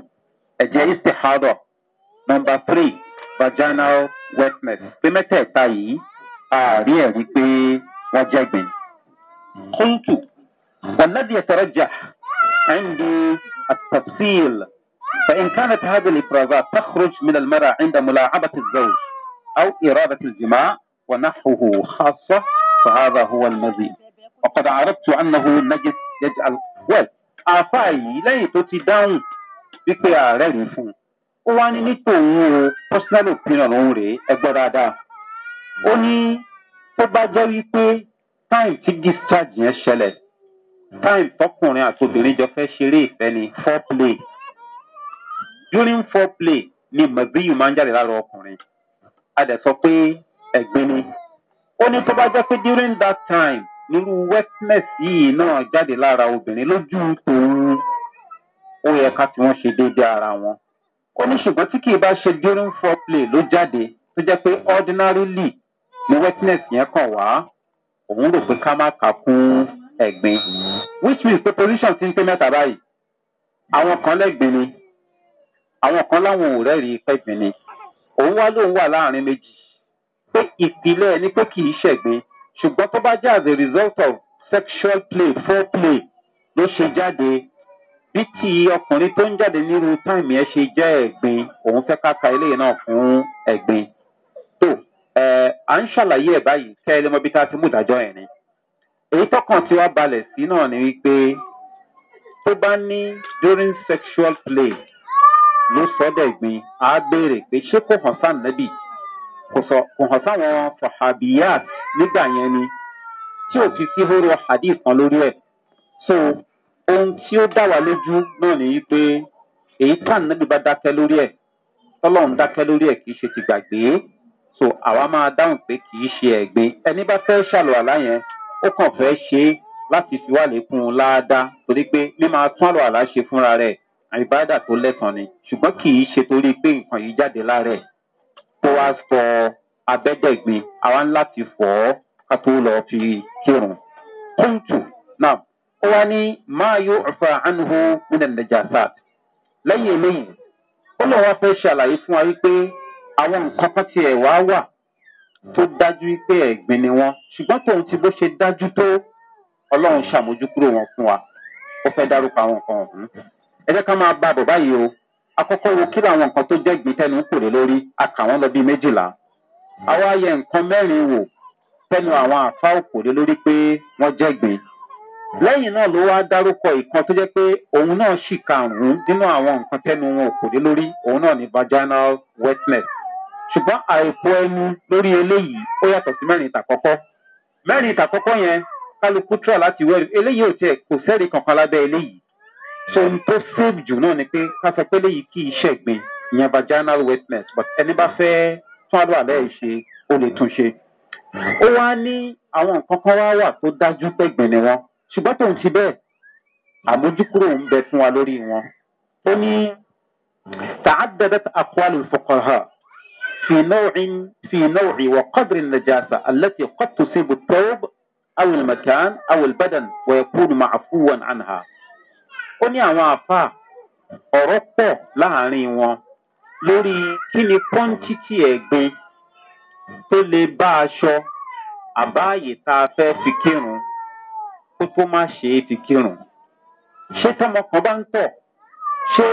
[SPEAKER 1] ẹ̀jẹ̀ istihadọ̀ nọmba three vaginal wetness pé mẹ́tẹ̀ẹ̀ta yìí àárí ẹ̀rí pé wọ́n jẹ́gbin. kóńtù wọ̀nàdìyẹ tẹ̀rẹ̀ jà ẹ̀ ń di àtàfíìlì. فإن كانت هذه الإفرازات تخرج من المرأة عند ملاعبة الزوج أو إرادة الجماع ونحوه خاصة فهذا هو المزيد وقد عرفت أنه نجس يجعل ويل لي توتي داون بكيا واني نتوه personal opinion أوري أجرادا أني تبجاويك time to discharge يشلت time تقوني أتوبيني جفشي ريفني فوق ليه during foreplay ni mọ̀bíyù máa ń jáde lára ọkùnrin a dẹ̀ sọ pé ẹ̀gbin ni ó ní tó bá jẹ́ pé during that time nírú wetness yìí náà jáde lára obìnrin lójú tòun ó yẹ ká tí wọ́n ṣe déédéé ara wọn ó ní ṣùgbọ́n tí kì í bá ṣe during foreplay ló jáde tó jẹ́ pé ordinarily ni wetness yẹn kàn wá òun rò pé ká má kà kún ẹ̀gbin which means pé position ti ń pé mẹ́ta báyìí àwọn kan lẹ́gbin ni àwọn kan láwọn ò rẹ́rìí pẹ́gbin ni òun wá lóun wà láàrin méjì pé ìpìlẹ̀ ẹni pé kì í ṣẹ̀gbin ṣùgbọ́n tó bá jẹ́ as a result of sexual play foreplay ló ṣe jáde bí ti ọkùnrin tó ń jáde nírú táìmì ẹ ṣe jẹ́ ẹ̀gbin òun fẹ́ ká ka eléyìí náà fún ẹ̀gbin tó ẹ à ń ṣàlàyé ẹ̀ báyìí kẹ́ ẹ lè mọ bí ká ti mú ìdájọ́ ẹ̀ ni èyí tọkàn tí wá balẹ̀ sí náà ni wípé tó bá ní during sexual play ló sọdọ ìgbìn á béèrè pé ṣé kò hàn sáà nẹbì kò sọ kò hàn sáwọn fàhábíyàt nígbà yẹn ni tí ò fi sí hóró hadith kan lórí ẹ so ohun tí ó dá wa lójú náà nìyí pé èyí táà nẹbì bá dákẹ lórí ẹ tọlọrun dákẹ lórí ẹ kì í ṣe ti gbàgbé so àwa máa dáhùn pé kì í ṣe ẹgbẹ ẹni bá fẹ ṣàlùwàlá yẹn ó kàn fẹ ṣe láti fi wà lẹkùn láadáa torí pé mímáa tún àlùwàlá ṣe fúnra rẹ ìbáradà tó lẹ́tàn ni ṣùgbọ́n kì í ṣe torí pé nǹkan yìí jáde lára ẹ̀ tó wá sọ abẹ́dẹ̀gbin àwa ńlá ti fọ̀ ọ́ ká tó lọ fi kírun. kóńtù náà ó wá ní máa yó ọ̀fà ànúhó nílẹ̀ nàìjíríà lẹ́yìn eléyìí ó lọ́ wá fẹ́ ṣàlàyé fún wa wípé àwọn nǹkan kan tiẹ̀ wá wà tó dájú wípé ẹ̀gbin ni wọ́n ṣùgbọ́n tòun ti bó ṣe dájú tó ọlọ́run ṣàmójúkúrò wọn fún wa ó fẹ́ dárúkọ àwọn nǹkan ọ̀hún ẹ jẹ́ ká máa ba bọ̀ báyìí o akọ́kọ́ wo kí làwọn nǹkan tó jẹ́ ìgbìntẹ́nu ń pòlè lórí a kà wọ́n lọ bíi méjìlá àwa yẹ nǹkan mẹ́rin wò tẹnu àwọn àfa òpòlè lórí pé wọ́n jẹ́ ìgbìn náà ló wá dárúkọ ìkan tó jẹ́ pé òun náà sì karùn nínú àwọn nǹkan tẹnu wọn òpòlè lórí òun náà ni vaginal wetness ṣùgbọ́n àìpo ẹnu lórí eléyìí ó yàtọ̀ sí mẹ́rin ìtàkọ́kọ́ mẹ́rin ìtàkọ́kọ́ yẹn kálukú tíra láti wẹ́rù eléyìí ò tiẹ̀ kò sẹ́rí kankan lábẹ́ eléyìí so ohun tó save jù náà ni pé ká sọ pé léyìí kì í ṣẹ̀gbin ìyẹn vaginal wetness but ẹni bá fẹ́ tún àlọ́àlẹ́ yìí ṣe ó lè tún ṣe. ó wá ní àwọn nǹkan kan wá wà tó dájú pẹ̀gbìn ni wọn ṣùgbọ́n tòun ti bẹ́ẹ̀ àmójúkúrò ń bẹ fún wa lórí wọn. ó ní تعددت أقوال الفقهاء في نوع في نوع وقدر النجاسة التي قد تصيب الثوب أو المكان أو البدن ويكون معفوا عنها ó ní àwọn àáfàá ọ̀rọ̀ pọ̀ láàrin wọn lórí kí ni pọ́ńtítì ẹ̀gbin tó lè bá aṣọ àbáàyè tá a fẹ́ fi kírun kó tó má ṣe é fi kírun. ṣé tọmọ kan bá ń tọ̀ ṣé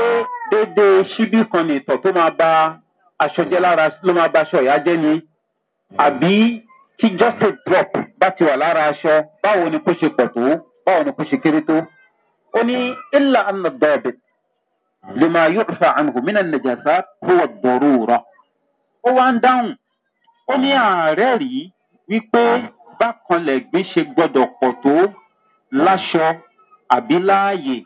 [SPEAKER 1] déédéé ṣíbí kan ní ìtọ̀ tó máa ba aṣọ jẹ́ lára ló máa ba aṣọ ìyá jẹ́ ni àbí tí just a drop bá ti wà lára aṣọ báwo ni kó ṣe pọ̀ tó báwo ni kó ṣe kéré tó ó ní ilà àna dọ̀ọ̀bì lèmọ̀ yóò fa àǹhù mí náà nàjàsá tó wà dọ̀rọ̀ rọ. ó wá ń dáhùn ó ní ààrẹ rí wípé bákan lẹ̀gbín ṣe gbọ́dọ̀ pọ̀ tó láṣọ àbí láàyè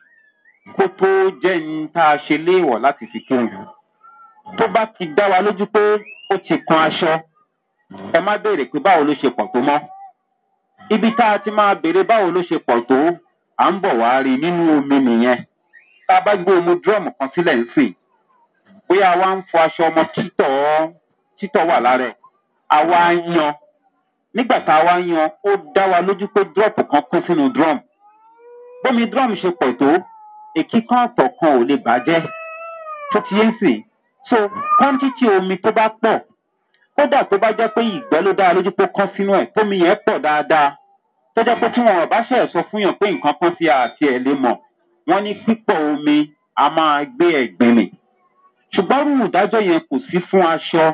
[SPEAKER 1] kó tó jẹ́ ní tá a ṣe léèwọ̀ láti fi kírun. tó bá ti dá wa lójú pé ó ti kan aṣọ ẹ má béèrè pé báwo ló ṣe pọ̀ tó mọ́. ibi tá a ti máa béèrè báwo ló ṣe pọ̀ tó à ń bọ̀ wá rí nínú omi nìyẹn tá a bá gbé omi dúrọ́ọ̀mù kan sílẹ̀ ń sìn bóyá wa ń fọ aṣọ ọmọ títọ̀ títọ̀ wà lára ẹ̀ àwa yan nígbà tá a wá yan ó dá wa lójú pé dúrọ́ọ̀pù kan kún sínú dúrọ́ọ̀mù bómi dúrọ́ọ̀mù ṣe pọ̀ tó èkí kan ọ̀tọ̀ kan ò lè bàjẹ́ tó ti ń sìn so kọ́ńtítì omi tó bá pọ̀ kódà tó bá jẹ́ pé ìgbẹ́ ló dára lójú pé kán sínú ẹ̀ tómi yẹn pọ̀ dáadáa tó jẹ́ pé tí wọn bá ṣe sọ fún yàn pé nǹkan kan tí a àti ẹ̀ lè mọ̀ wọ́n ní pípọ̀ omi a máa gbé ẹ̀gbìn nì. ṣùgbọ́n rúrù ìdájọ́ yẹn kò sí fún aṣọ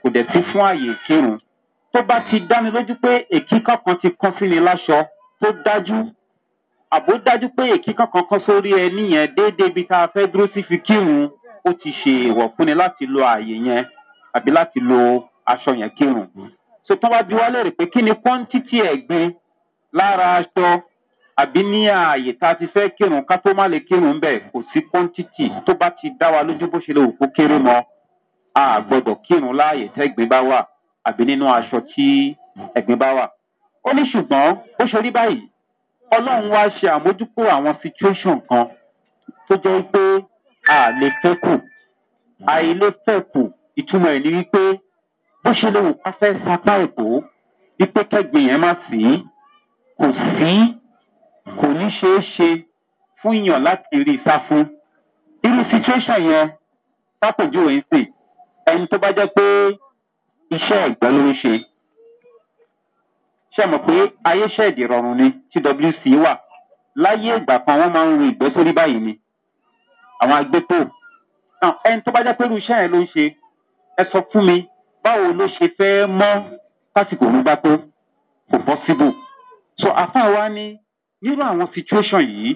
[SPEAKER 1] kò dẹ̀ sí fún àyè kírun tó bá ti dáni lójú pé èkí kankan ti kan sí ni láṣọ tó dájú àbó dájú pé èkí kankan kan sórí ẹ níyẹn déédéé ibi tá a fẹ́ dúró sí fi kírun ó ti ṣe èèwọ̀ fún ni láti lo àyè yẹn àbí láti lo aṣọ yẹn kírun. sọ tán wá bí wá lérè pé kí ni quantity ẹ̀gbin lára aṣọ àbí ní ààyè tá a ti fẹ́ kírun ká tó má lè kírun bẹ́ẹ̀ kò sí kọ́ńtítì tó bá ti dá wa lójú bó ṣe lè wù kó kéré mọ́ a gbọ́dọ̀ kírun láàyè tẹ́gbìn bá wà àbí nínú aṣọ tí ẹ̀gbìn bá wà. ó ní ṣùgbọ́n ó ṣe rí báyìí ọlọ́run wá ṣe àmójúkúrò àwọn situation kan tó jẹ́ pé a lè fẹ́ àìlè fẹ́ ìtumọ̀ ẹ̀ ni wípé bó ṣe lè wù ká fẹ́ sapá èkó wípé kẹ́gbìn yẹn má sí kò sí kò ní ṣeé ṣe fún yàn láti rí sá fún irú situation yẹn sápòjúwe ń sìn ẹni tó bá jẹ́ pé iṣẹ́ ẹ̀gbọ́n ló ń ṣe ṣe mọ̀ pé ayéṣẹ́ẹ̀dì rọrùn ni twc wà láyé ìgbà kan wọ́n máa ń rin ìgbẹ́ sórí báyìí ni àwọn agbépo ẹni tó bá jẹ́ pé irú iṣẹ́ yẹn ló ń ṣe ẹ sọ fún mi báwo ló ṣe fẹ́ mọ́ sásìkò òun bá tó kò bọ́ so àfáà wa ní nírú àwọn situation yìí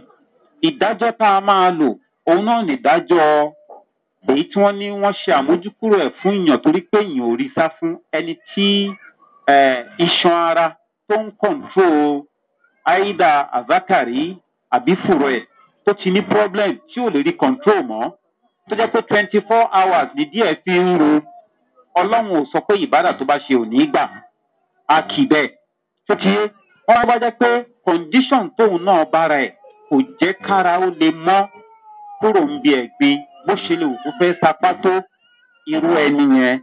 [SPEAKER 1] ìdájọ́ tá a máa lò òun náà nìdájọ́ èyí tí wọ́n ní wọ́n ṣe àmójúkúrò ẹ̀ fún èèyàn torí pé èèyàn ò rí sá fún ẹni tí iṣan ara tó ń kọ̀ǹtró aida azakari àbí fùrọ̀ ẹ̀ tó ti ní problem tí ò lè rí control mọ́ tó jẹ́ pé twenty four hours ní díẹ̀ fi ń ro ọlọ́run ò sọ pé ìbádà tó bá ṣe ò ní gbà á kì bẹ́ẹ̀ tó ti yé ọ bá jẹ pé condition tóun náà bára ẹ kò jẹ kára ó lè mọ́ kúrò ń bi ẹgbin bó ṣe lè òkú fẹ sapá tó irú ẹni yẹn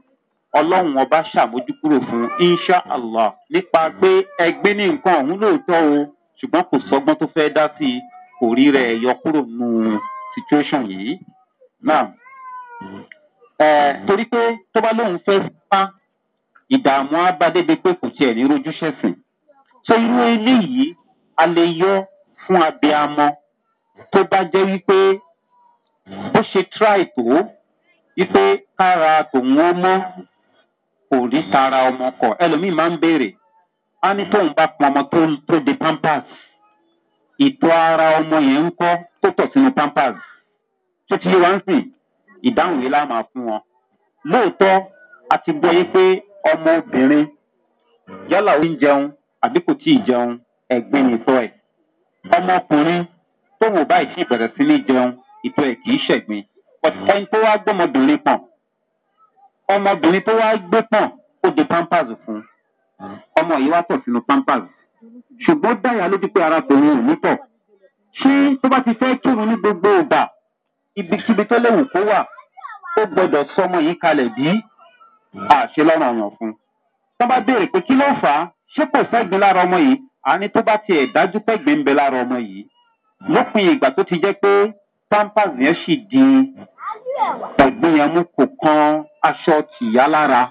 [SPEAKER 1] ọlọ́run ọba ṣàmójúkúrò fún insha allah nípa pé ẹgbẹ́ ní nǹkan ọ̀hún lóòótọ́ o ṣùgbọ́n kò sọ́gbọ́n tó fẹ́ dá sí i kò rí rẹ̀ yọ kúrò nù situation yìí náà ẹ torí pé tó bá lóun fẹ́ sapá ìdààmú á bá débi pé kò tiẹ̀ ní rojúṣẹ̀sìn so irú eléyìí a lè yọ fún abiyamọ tó bá jẹ́ wípé bó ṣe try tó wípé kára tòun ó mọ́ kò rí tara ọmọ kọ ẹlòmíì máa ń béèrè á ní tóun bá pọn ọmọ tó tó de pampers ìtọ́ ara ọmọ yẹn ń kọ́ tó tọ̀ sínú pampers tó ti yé wá ń sìn ìdáhùn yìí láà máa fún wọn lóòótọ́ a ti gbọ́ yé pé ọmọ obìnrin yálà ó àbí kò tí ì jẹun ẹ̀gbin ni ìtọ́ ẹ̀. ọmọkùnrin tóun ò báyìí sí ìbẹ̀rẹ̀ sí ní jẹun ìtọ́ ẹ̀ kì í ṣẹ̀gbin. ẹni tó wá gbọ́mọbìnrin pọ̀n ọmọbìnrin tó wá gbé pọ̀n ó de pampers fún ọmọ yìí wá tọ̀ sínú pampers. ṣùgbọ́n dáyà ló ti pé ara tòun ò ní tọ̀. ṣé tó bá ti fẹ́ kírun ní gbogbo ìgbà ibikíbi tó léwu kó wà ó gbọdọ̀ sọmọ yìí kalẹ̀ bí àṣelọ́rọ̀ ọ̀yàn fún. tọ́ bá béèrè pé kí ló fà á ṣé kò sẹ́gbin lára ọmọ yìí àní tó bá tiẹ̀ dájú pẹ́gbin ń bẹ lára ọmọ yìí lópin ìgbà tó ti jẹ́ pé pampers yẹn sì di ẹ̀gbin yẹn mú kò kan aṣọ tìyá lára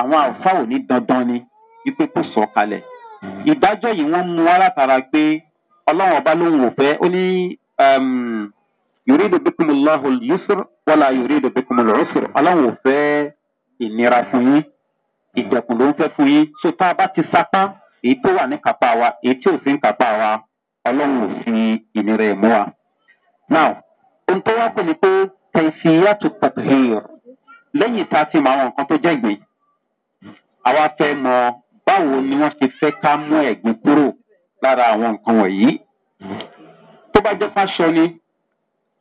[SPEAKER 1] àwọn àfa ò ní dandan ni wípé kò sọ kalẹ̀ ìdájọ́ yìí wọ́n mú wá látara pé ọlọ́run ọba ló ń fẹ́ ó ní yorùdò bíkúmù lọ́hùn yusuf wọ́n la yorùdò bíkúmù lọ́hùn ọlọ́run ò fẹ́ ìnira fún yín ìdẹ̀kùn ló ń fẹ́ fún yín so tá a bá ti sapá èyí tó wà ní kápá wa èyí tí ò sí ní kápá wa ọlọ́run ò fi ìnira ẹ̀ mú wa. now ohun tó wá pè ní pé tẹ̀síyàtò pọ̀pẹ̀hìr lẹ́yìn tá a ti mọ àwọn nǹkan tó jẹ́ ìgbìn àwa fẹ́ mọ báwo ni wọ́n ṣe fẹ́ ká mú ẹ̀gbìn kúrò lára àwọn nǹkan wọ̀nyí. tó bá jẹ́ fáṣọ ni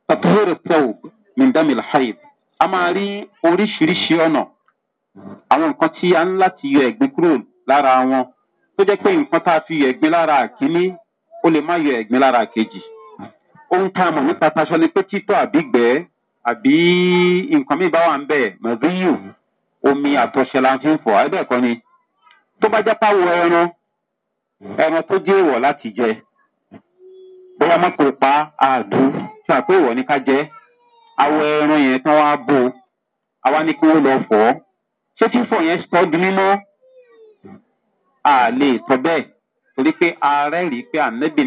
[SPEAKER 1] pọ̀pẹ̀hìr tẹ̀wò mìndàmìlì haid a máa rí oríṣiríṣi ọ̀nà àwọn nǹkan tí a ń láti yọ ẹ̀gbin kúrò lára wọn tó jẹ́ pé nǹkan tá a fi yọ ẹ̀gbin lára àkíní ó lè má yọ ẹ̀gbin lára àkejì. ohun tá a mọ̀ nípa taṣọ ni pé títọ́ àbí gbẹ́ àbí nǹkan míì bá wà ń bẹ̀ mọ̀bíyù omi àtọ̀ṣe la fi ń fọ̀ ẹ́ bẹ́ẹ̀ kọ́ ni. tó bá jápá wo ẹran ẹran tó jẹ́ èèwọ̀ láti jẹ bóyá mọ́tò pa àdú tí a pé èèwọ̀ ní ká jẹ́ awọ ẹran yẹn tán wá bò àwa ní kí wọ́n lọ fọ̀ ọ́. ṣé fífò yẹn sọ di mímọ́ a lè sọ bẹ́ẹ̀ torí pé ààrẹ rí pé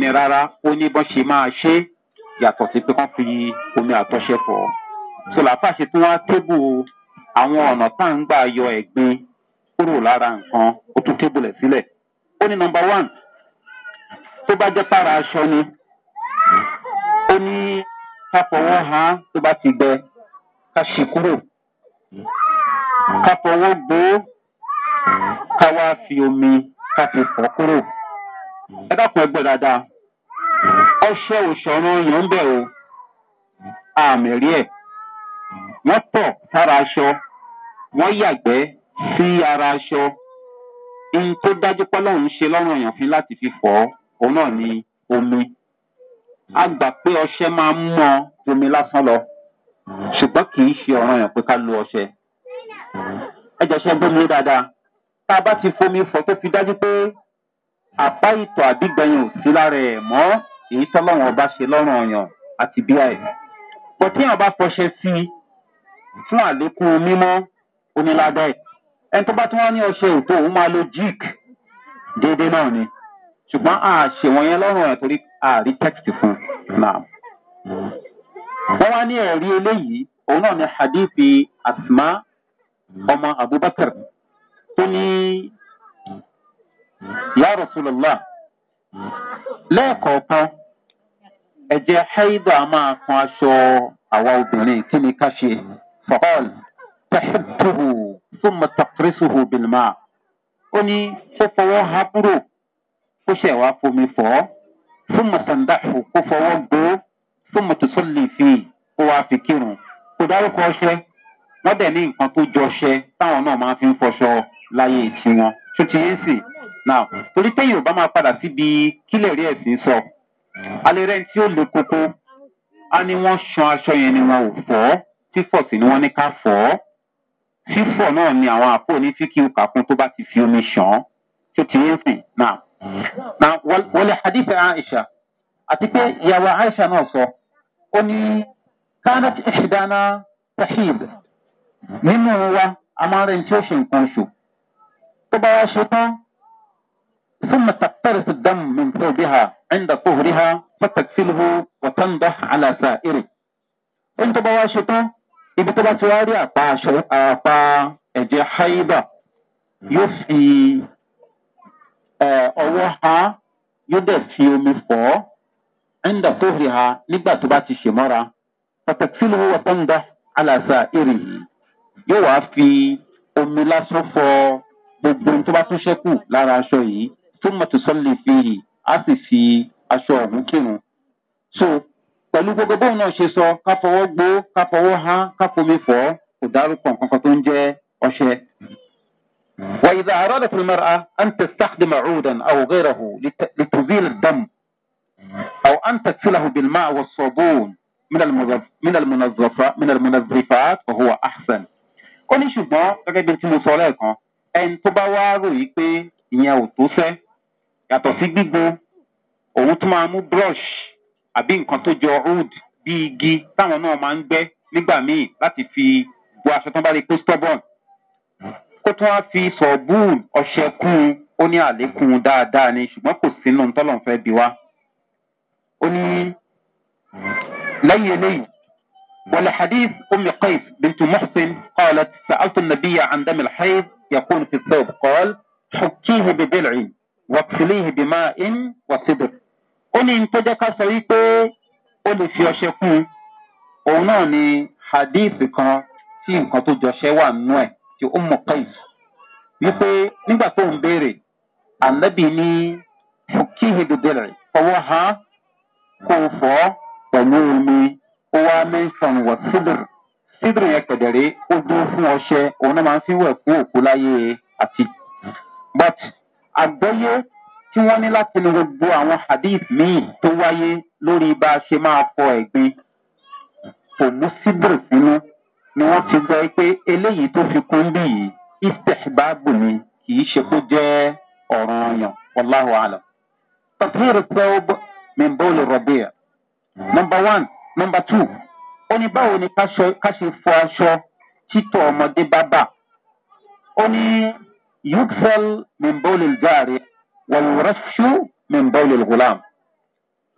[SPEAKER 1] ni rárá ó ní bọ́n ṣe máa ṣe yàtọ̀ sí pé wọ́n fi omi àtọ́ṣe fọ̀ sọlàfà ṣe tí wọ́n á tébù àwọn ọ̀nà tá à ń gbà yọ ẹ̀gbin kúrò lára nọmba one tó bá jẹ́ aṣọ ni ó ní ká fọwọ́ ha tó bá ti ká fọwọ́ gbó ká wá fi omi ká fi fọ́ kúrò. ẹ dákun ẹgbẹ́ dáadáa ọṣẹ òṣọ̀rọ̀ yàn ń bẹ̀ o àmì rí ẹ̀ wọ́n tọ̀ sára aṣọ wọ́n yàgbẹ́ sí ara aṣọ ihun tó dájú pọ́lọ́run ṣe lọ́rùn èèyàn fi láti fi fọ́ òun náà ni omi a gbà pé ọṣẹ máa ń mọ omi lásán lọ ṣùgbọ́n kì í ṣe ọ̀ràn yàn pé ká lo ọṣẹ ẹ jẹ́ ṣe gbómi dáadáa tá a bá ti fomi fọ tó fi dájú pé àbá ìtọ̀ àbígbẹ̀yìn ò sí lára ẹ̀ mọ́ èyí tọ́lọ́wọ̀n ọba ṣe lọ́rùn ọ̀yàn àti bíà ẹ̀. pọ̀ tí àwọn bá fọṣẹ sí i fún àlékún mímọ́ onílàdá ẹ̀ ẹni tó bá tún wá ní ọṣẹ òtó òun máa lo jíìk déédéé náà ni ṣùgbọ́n a ṣe wọ̀nyẹn lọ́rùn ẹ̀ torí a rí fún náà. wọ́n wá ní ẹ̀rí eléyìí òun náà ni hadithi asma ọmọ abubakar tó ní yàrá sùlọ́lá lẹ́ẹ̀kọ̀ọ̀kan ẹ̀jẹ̀ haidu a máa kan aṣọ àwa obìnrin kí ni ká ṣe fọ́ọ̀l tẹ̀síbùhù fún mọ̀tàkìrìsùhù bìlmà ó ní kó fọwọ́ ha kúrò kó ṣe wá fomi fọ́ fún mọ̀tàndàfù kó fọwọ́ gbó fún mọ̀tòsọ́lì fi kó wá fi kírun kó dárúkọ ọṣẹ wọ́n dẹ̀ ní nǹkan tó jọṣẹ táwọn náà máa fi ń fọṣọ láyé tiwọn tó ti yé sì náà torí pé yorùbá máa padà síbi kílẹ̀ rí ẹ̀sìn sọ alẹ́ rẹ̀ tí ó le koko a ní wọ́n san aṣọ yẹn ni wọn ò fọ́ fífọ̀ sí ni wọ́n ní ká fọ́ fífọ̀ náà ni àwọn àpò ní fíkì òkà fún tó bá ti fi omi ṣàn án tó ti yé sì náà náà wọlé hadith aisha àti pé ìyàwó aisha náà sọ ó ní kánat ìṣìdáná tahib. nínú wa a máa rẹ̀ tí ó ṣe nǹkan oṣù tó bá wá ṣe tán ثم تقترف الدم من ثوبها عند طهرها فتكفله وتنضح على سائره ń tó bá wá ṣe tán ibi tó bá ti wá rí àpá aṣọ àpá ẹ̀jẹ̀ haiba yóò fi ọwọ́ ha yóò dẹ̀ fi omi fọ́ ẹ̀ńdà tó rí ha nígbà tó bá ti ṣe mọ́ra pàtàkì ló wọ́n tó ń dá àlàsà èrè yìí. yóò wá fi omi lásán fọ gbogbo ohun tó bá tún ṣẹ́kù lára aṣọ yìí tó mọ̀ tó sọ́lé fi yìí á sì fi aṣọ ọ̀hún kírun. so pẹ̀lú gbogbo bóun náà ṣe sọ ká fọwọ́ gbó ká fọwọ́ há ká fomi fọ́ kò dárúkọ nǹkan kan tó ń jẹ́ ọṣẹ. fún mi rà وإذا أرادت المرأة أن تستخدم عودا أو غيره لتزيل الدم أو أن تغسله بالماء والصابون من المنظفات من المنظفات وهو àhsàn. ó ní ṣùgbọ́n gẹ́gẹ́ bí tí mo sọ lẹ́ẹ̀kan ẹni tó bá wá rò yí pé ìyẹn ò tó fẹ́ yàtọ̀ sí gbígbón òun tún máa mú brush àbí nǹkan tó jọ old bí igi táwọn náà máa ń gbẹ́ nígbà míì láti fi bu aṣọ tán bá rí pé stubborn kó tún wá fi sọ̀bùn ọṣẹ kún un ó ní àlékún dáadáa ni ṣùgbọ́n kò sínú tọ́lọ̀ ń fẹ́ bí wá. ó ní lẹ́yìn eléyìí ولحديث أم قيس بنت محسن قالت سألت النبي عن دم الحيض يقول في الثوب قال حكيه بدلع واكسليه بماء وصدر أني انتدك سويته أني في أشيكو أوناني نعم، حديث كان في مكتو جوشيوة نوي في أم قيس يقول نبا توم بيري النبي ني حكيه بدلع فوها كوفو ونومي ó wá mẹ́ńsàn wọ̀ sídìrì sídìrì yẹn kẹ̀dẹ̀rẹ́ ó dúró fún ọṣẹ òun náà máa ń fi wẹ̀ fún òkú láyé àti. but àgbọ́yé tí wọ́n ní láti lo gbogbo àwọn hadith míì tó wáyé lórí bá a ṣe máa fọ ẹ̀gbin kò mú sídìrì sínú ni wọ́n ti gbọ́ pé eléyìí tó fi kún bí yìí istihbabu ni kì í ṣe kó jẹ́ ọ̀ràn ọ̀yàn wàláhùn àlọ́. tafhir sẹ́wọ́b mi bọ́ọ̀lù rọ̀bìyà. number one. Number two ó ní báwo ni ká ṣe fọ aṣọ títọ ọmọdé bá bà ó ní yukfel mimbolil gaari wàlúrashu mimbolil gulam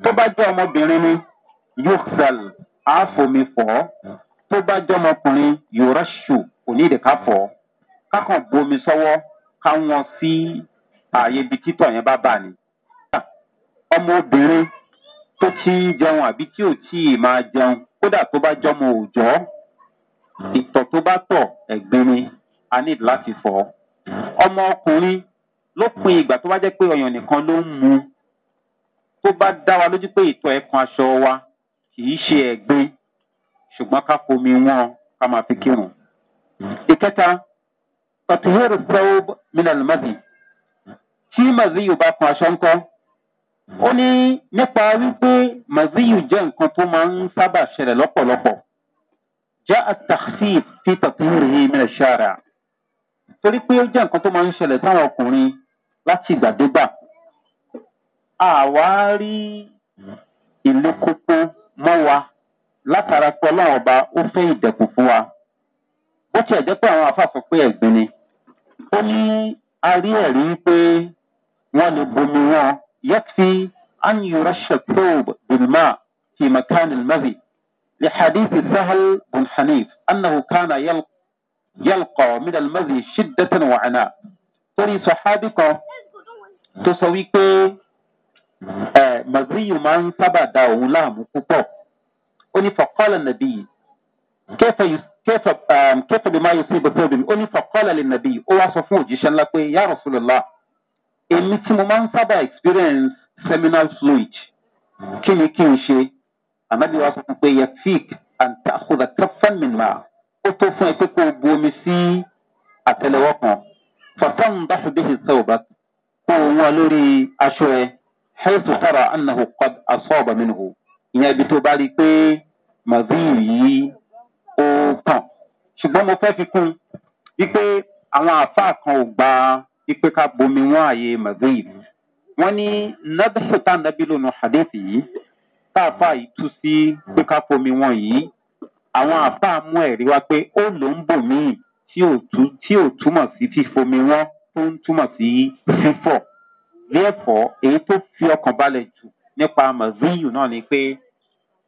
[SPEAKER 1] tó bá jẹ ọmọbìnrin ni yukfel àáfomi fọ tó bá jẹ ọmọkùnrin yorashu kò ní ìdíkà fọ kákan bomi sọwọ káwọn sí ààyè ibi títọ yẹn bá bà ní. ọmọ tó ti jẹun àbí tí ò tí ì máa jẹun kódà tó bá jọmọ òòjọ́ hmm. ìtọ̀ tó bá tọ̀ ẹ̀gbin ni a ní láti fọ̀ ọ́. ọmọ ọkùnrin lópin hmm. ìgbà tó bá jẹ́ pé ọyàn nìkan ló ń mu tó bá dá wa lójú pé ìtọ̀ ẹ̀kan aṣọ wa kì í ṣe ẹ̀gbin ṣùgbọ́n ká fomi wọn ká máa fi kírun. Hmm. ìkẹta pàtùwẹ́rù sẹ́wọ́ mílíọ̀nù mẹ́bì tí màzí yóò bá kan aṣọ ńkọ́ ó ní nípa wípé maziyu jẹ́ nǹkan tó máa ń sábà ṣẹlẹ̀ lọ́pọ̀lọpọ̀ jẹ́ àtàkìf fi tàkìlì rí mìíràn ṣára torí pé ó jẹ́ nǹkan tó máa ń ṣẹlẹ̀ sáwọn ọkùnrin láti ìgbàdégbà àwa rí ìlú kókó mọ́ wa látara pé ọlọ́run ọba ó fẹ́ ìdẹ̀kùn fún wa bó tiẹ̀ jẹ́ pé àwọn àfa sọ pé ẹ̀gbin ni ó ní a rí ẹ̀rí pé wọ́n lè bomi wọn. يكفي أن يرش الثوب بالماء في مكان المذي لحديث سهل بن حنيف أنه كان يلقى من المذي شدة وعناء تري صحابك تسويك آه، مذي من سبا داولا مكوكو فقال النبي كيف كيف آه، كيف بما يصيب الثوب؟ فقال للنبي اوصفوا جيشا لك يا رسول الله èmi tí mo máa ń sábà experience seminal fluid kí ni kí n ṣe ànábi wa sọ fún pé yafik anta akoda kafan minma ó tó fún ẹ pé kó o bu omi sí àtẹlẹwọ kan fatan dáṣubíhi sọba kó o wọn lórí aṣọ ẹ hẹ́sù sára anahu qad asọ́ọ̀bà ìyẹn ibi tó bá rí i pé màdìyí yìí ó tàn ṣùgbọ́n mo fẹ́ fi kún wípé àwọn àfa kan ò gba ipe ká bomi wọn àyè mazid wọn ní nabsu tá nàbí lónà hadith yìí tá a fà yìí tú sí pé ká bomi wọn yìí àwọn àfà mú ẹ̀rí wá pé ó ló ń bò míì tí ò túmọ̀ sí fífomi wọn tó ń túmọ̀ sí fífọ̀ therefore èyí tó fi ọkàn balẹ̀ jù nípa maziyu náà ni pé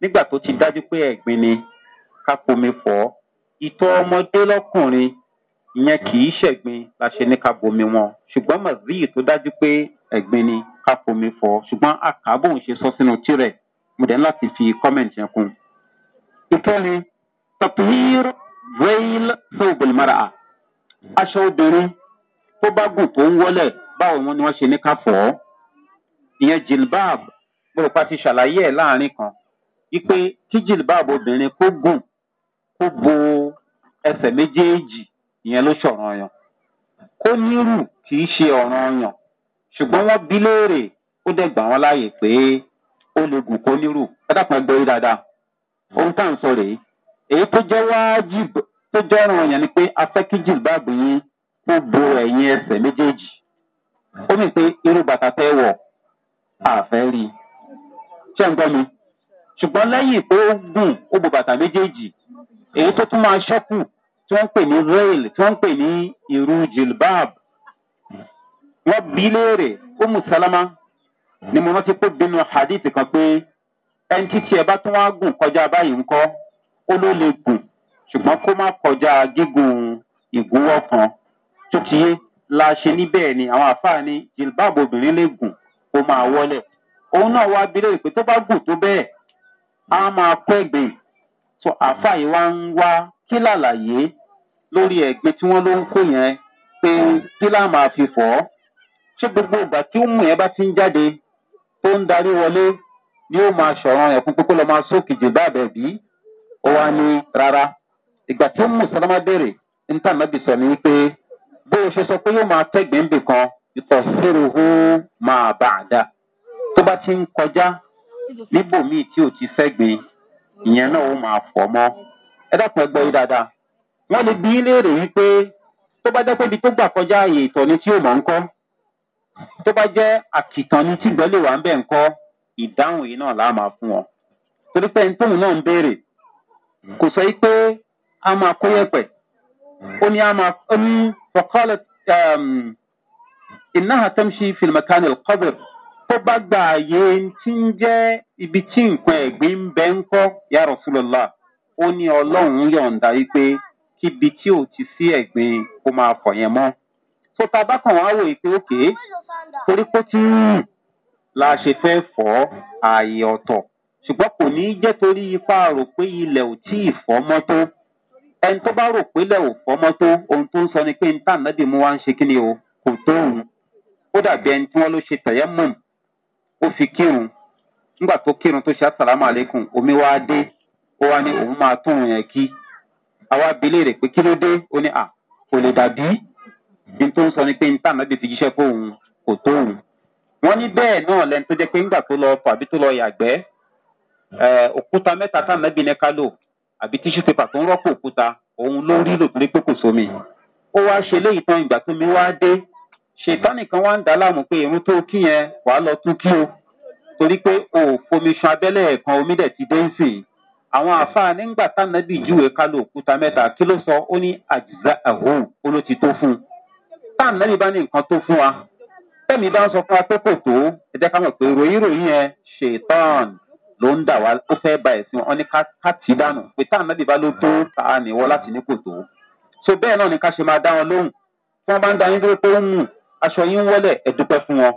[SPEAKER 1] nígbà tó ti dájú pé ẹ̀gbin ni ká pomi fọ́ ìtọ́ ọmọdé lọ́kùnrin ìyẹn kì í ṣẹ̀gbin la ṣe ní ká bomi wọn ṣùgbọ́n mazíì tó dájú pé ẹ̀gbin ni ká fomi fọ ṣùgbọ́n àkàbòun ṣe sọ sínú tirẹ̀ mo dẹ̀ ní láti fi kọ́mẹ̀ntì yẹn kún. ìkẹ́ni tapir veil sobelmara aṣọ obìnrin tó bá gùn tó ń wọlẹ̀ báwo wọn ni wọ́n ṣe ní ká fọ̀ ọ́ ìyẹn jilbab mo rò pa ti ṣàlàyé ẹ̀ láàrin kan wípé kí jilbab obìnrin kó gùn kó bo ẹsẹ̀ méjèèjì ìyẹn ló ṣọ̀ràn ọyàn kó nírù kì í ṣe ọ̀ràn ọyàn ṣùgbọ́n wọ́n bí léèrè ó dẹ̀ gbà wọ́n láàyè pé ó lè gùn kó nírù ẹ dápọn ẹgbẹ́ orí dáadáa ohun tá à ń sọ rèé èyí tó jẹ́ wájib tó jẹ́ ọ̀ràn ọyàn ni pé afẹ́kíjì báàbù yín ó bo ẹ̀yìn ẹsẹ̀ méjèèjì ó mì pé irú bàtà fẹ́ wọ̀ àfẹ́ rí ṣé ń gbọ́ mi ṣùgbọ́n lẹ́yìn pé ó gùn ó bo bàtà méjèèjì èyí tó tún máa ṣọ́kù tí wọ́n ń pè ní veil tí wọ́n ń pè ní irú jilbab wọ́n bí léèrè umu salama ni mo rántí pé bínú hadith kan pé ẹni títí ẹ bá tún wá gùn kọjá báyìí ńkọ ó ló lè gùn ṣùgbọ́n kó má kọjá gígùn ìgúnwọ́ kan tó ti yé la ṣe níbẹ̀ ni àwọn àfáà ni jilbab obìnrin lè gùn kó máa wọlé òun náà wá bí léèrè pé tó bá gùn tó bẹ́ẹ̀ á máa pẹ́ gbìn so àfáà yìí wá ń wá kí làlàyé lórí ẹ̀gbin tí wọ́n ló ń kó yẹn pé kí láà máa fi fọ̀ ọ́. ṣé gbogbo ìgbà tí ó mú yẹn bá ti ń jáde tó ń darí wọlé ni ó máa ṣọ̀ràn ẹ̀kún pé lọ́ọ́ máa sókè jù bá bẹ̀ bí? ó wá rárá. ìgbà tí ó mú béèrè pé bó o ṣe sọ pé yóò máa kan ìtọ̀ sírò hó máa bà á tó bá ti wọ́n lè bí léèrè wípé tó bá jẹ́ pé ibi tó gbà kọjá ààyè ìtọ̀ni tí ò mọ̀ ń kọ́ tó bá jẹ́ àkìtàn ni tí ìgbẹ́ lè wà ń bẹ̀ ń kọ́ ìdáhùn yìí náà fún ọ. torí pé náà ń béèrè kò sọ a máa kó yẹpẹ̀ ó ní a máa ó ní um, tó bá gba tí ń jẹ́ ibi tí nǹkan ẹ̀gbin bẹ́ ń kíbi tí ò ti sí ẹ̀gbin kó máa fọ̀ yẹn mọ́. tó ta bá kàn wá wò yìí pé òkè torí pé tí la ṣe fẹ́ fọ́ ààyè ọ̀tọ̀ ṣùgbọ́n kò ní í jẹ́ torí ipa rò pé ilẹ̀ ò tí ì fọ́ mọ́ tó ẹni tó bá rò pé ilẹ̀ ò fọ́ mọ́ tó ohun tó ń sọ ni pé n tà nábì mú wá ń ṣe kí ni o kò tó òun ó dàbí ẹni tí wọ́n ló ṣe tẹ̀yẹ́ mọ̀ ó fi kírun nígbà tó kírun tó ṣe àtàlámà omi wá dé ó wá ní òun máa tóun yẹn kí àwa abilé rẹ̀ pé kí ló dé ó ní à kò lè dàbí ní tó ń sọ ni pé ní táwọn ẹbí fi jíṣẹ́ fóun kò tó òun. wọ́n ní bẹ́ẹ̀ náà lẹ́nu tó jẹ́ pé ńgbà tó lọ ọkọ̀ àbí tó lọ yàgbẹ́ òkúta mẹ́ta táwọn ní ká lò àbí tíṣù pépà tó ń rọ́pò òkúta òun ló rí lò pé kò sómi. ó wá ṣe léyìí tán ìgbà tó mi wá dé ṣètánì kan wá ń dá láàmú pé irun tó kí yẹn wàá lọ tún kí o torí pé òfomi sun abẹ́lẹ̀ ẹ̀kan omi dẹ̀ ti dé ń sìn àwọn àáfàá nígbà tánàbì júwe kálò òkúta mẹ́ta kí ló sọ ó ní àjìzá àhóhùn ó ló ti tó fún un tánàbì bá ní nǹkan tó fún wa tẹ́mi bá ń sọ fún wa pé kò tó ẹ jẹ́ ká mọ̀ pé ròyìn ròyìn yẹn ṣètọ́n ló ń dà wá ó fẹ́ ba ẹ̀sìn wọn ní ká tì í dànù pé tánàbì bá ló tó ta nìwọ láti ní kò tó so bẹ́ẹ̀ náà ni ká ṣe máa dá wọn lóhùn tí wọ́n bá ń da yín dúró pé ń mú aṣọ yín wọlé ẹ̀dúpẹ́ fún wọn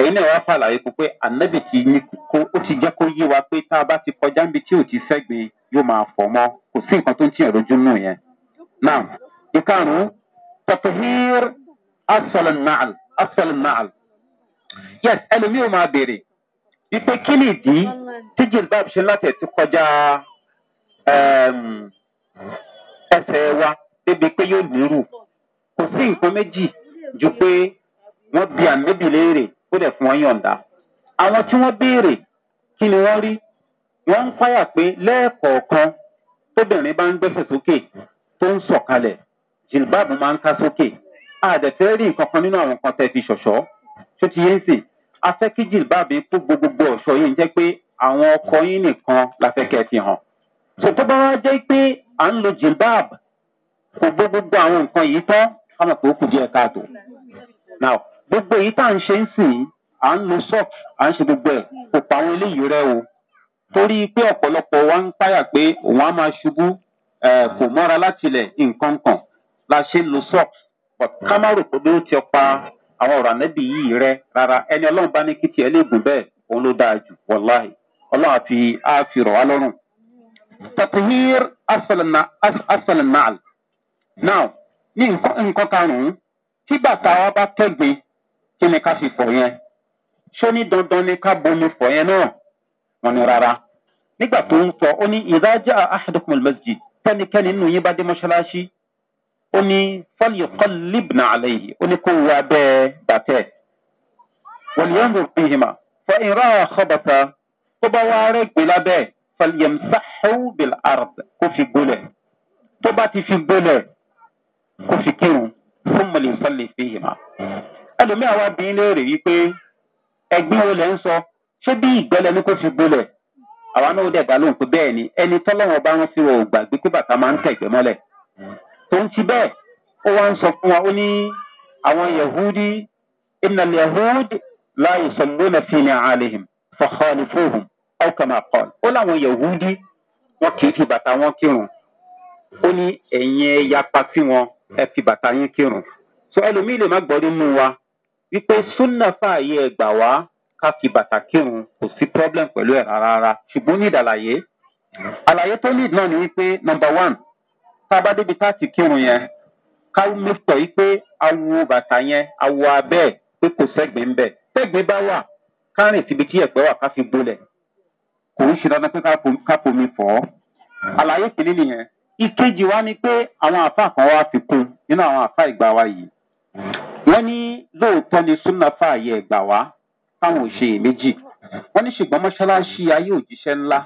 [SPEAKER 1] ẹ̀yin náà wá fàlàyé fún pé ànábì ti yí kó ó ti jẹ́ kó yí wa pé tá a ti kọjá níbi tí o ti yóò máa fọ mọ́ kò sí nǹkan tó ń tiẹ̀ lójú nù yẹn. náà ìkarùn-ún tọ̀tọ̀hír asọ̀lẹ̀nàl yes ẹlòmíì ò máa béèrè wípé kí ni ìdí tí jilbab ṣe láti ẹ̀tí kọjá ẹsẹ̀ wa débi pé yóò nírù kò sí nǹkan méjì ju pé wọ́n bi àmì tó dẹ̀ fún wọn yọ̀ǹda. àwọn tí wọ́n béèrè kí ni wọ́n rí wọ́n ń fáyà pé lẹ́ẹ̀kọ̀ọ̀kan tóbìnrin bá ń gbẹ́sẹ̀ sókè tó ń sọ̀kalẹ̀ jìlbáàbù máa ń ká sókè àdẹ̀fẹ́ rí nǹkan kan nínú àwọn nǹkan tẹ́ fi ṣọ̀ṣọ́ tó ti yé ń sìn afẹ́ kí jìlbáàbù kó gbogbogbò ọ̀ṣọ́ yìí ń jẹ́ pé àwọn ọkọ yín nìkan la fẹ́ kẹ́ fi hàn. sọ tó bá wá jẹ́ pé à ń lo jìlbáàbù kò gbogbogbò àwọn nǹkan yìí tán á mọ̀ kù díẹ̀ káàtó. now gbogbo èyí tá à ń ṣe ń sìn à ń lo à ń ṣe gbogbo ẹ̀ kò pa àwọn eléyìí rẹ o torí pé ọ̀pọ̀lọpọ̀ wa ń páyà pé òun á máa ṣubú kò mọ́ra láti ilẹ̀ nǹkan kan la ṣe ń lo ká má rò pa àwọn ọ̀rọ̀ yìí rẹ rárá ẹni ọlọ́run bá ní kí tiẹ̀ lè gùn bẹ́ẹ̀ òun ló dáa jù ọlọ́run á fi rọ̀ kí ni ká fi fọ̀ yẹn ṣó ní dandan ni ká bomi fọ̀ yẹn náà wọn ni rárá nígbà tó ń sọ ó ní ìdájà ahadukumul masjid tẹnikẹ́ni nínú yín bá dé mọ́ṣáláṣí ó ní fọlìkọlìbìnà àlẹ́ yìí ó ní kó wọ abẹ́ bàtẹ́ wọ́n yóò mú bìhìmà fọ ìrọ̀ àkọ́bàtà tó bá wá rẹ́gbẹ̀ lábẹ́ fọlìyẹmsáhù bìl àrùd kó fi gbólẹ̀ tó bá ti fi gbólẹ̀ kó fi kírun fún mọ̀lẹ́fọ́lẹ̀ fìhìmà ẹlòmíà wá bí ilé rè wípé ẹgbẹ́ wo lẹ́ ń sọ ṣé bí ìgbẹ́lẹ̀ ní kò fi gbolẹ̀ àwa náà dẹ̀ dá lóhùn pé bẹ́ẹ̀ ni ẹni tọ́lọ́wọ́n bá rántí wọn ò gbàgbé pé bàtà máa ń tẹ̀gbẹ́ mọ́lẹ̀ tó ń ti bẹ́ẹ̀ ó wá ń sọ fún wa ó ní àwọn yahudi innal yahud la yusalluna fi ni alihim fakhalifuhum aw kama qal ó láwọn yahudi wọn kì í fi bàtà wọn kírun ó ní ẹ̀yin ẹ yapa sí wọn ẹ fi bàtà yín kírun so ẹlòmíì lè má gbọ́ nínú wa wípé súnà fààyè ẹgbà wá ká fi bàtà kírun kò sí problem pẹ̀lú ẹ̀ rárá ṣùgbọ́n ní ìdàlàyé àlàyé tó ní ìdùnnà ni wípé number one tá a bá débi tá a ti kírun yẹn ká mẹ́tọ̀ yìí pé awo bàtà yẹn awo abẹ́ ẹ̀ pé kò sẹ́gbẹ̀ẹ́ ń bẹ̀ sẹ́gbẹ̀ẹ́ bá wà ká rìn síbi tí ẹ̀pẹ́ wà ká fi bolẹ̀ kò ń ṣe dandan pé ká fomi fọ́ àlàyé kìíní nìyẹn ìkejì wa ni pé àwọn àfa kan fi kún nínú àwọn àfa ìgbà wa yìí wọ́n ní lóòótọ́ ni súnà fààyè ẹ̀gbà wá táwọn ò ṣe èméjì wọ́n ní ṣùgbọ́n mọ́ṣáláṣí ayé òjíṣẹ́ ńlá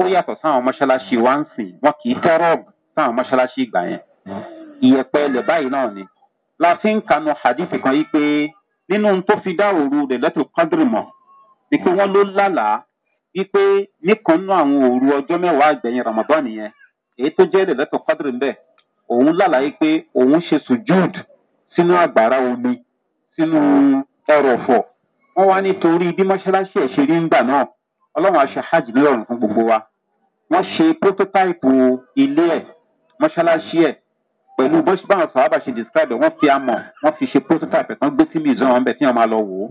[SPEAKER 1] ó yàtọ̀ sáwọn mọ́ṣáláṣí wa ń sìn wọn kì í tẹ́rọ̀bù sáwọn mọ́ṣáláṣí ìgbà yẹn ìyẹ̀pẹ̀ ilẹ̀ báyìí náà ni la fi ń kanu hadith kan yìí pé nínú tó fi dá òru rẹ̀ lẹ́tọ̀ kọ́ndìrì mọ̀ ni pé wọ́n ló lálàá wípé nìkan nú àwọn òru ọjọ́ mẹ́wàá àgbẹ̀yìn ramadan yẹn èyí tó jẹ́ ilẹ̀ lẹ́tọ̀ kọ́ndìrì ń bẹ̀ òun lálàá yìí pé òun ṣe sùjúùdù sínú àgbàrá omi sínú ẹrọ̀fọ̀ wọ́n wá nítorí bí mọ́ṣáláṣí ẹ̀ ṣe rí ńgbà náà ọlọ́run aṣọ hajj nírọ̀rùn fún gbogbo wa wọ́n ṣe prototype ilé ẹ̀ mọ́ṣáláṣí ẹ̀ pẹ̀lú bó báwọn sọ̀rọ̀ bá ṣe describe ẹ̀ wọ́n fi amọ̀ wọ́n fi ṣe prototype ẹ̀ kan gbé sí mìíràn ọ̀nbẹ tí wọ́n máa lọ wò ó.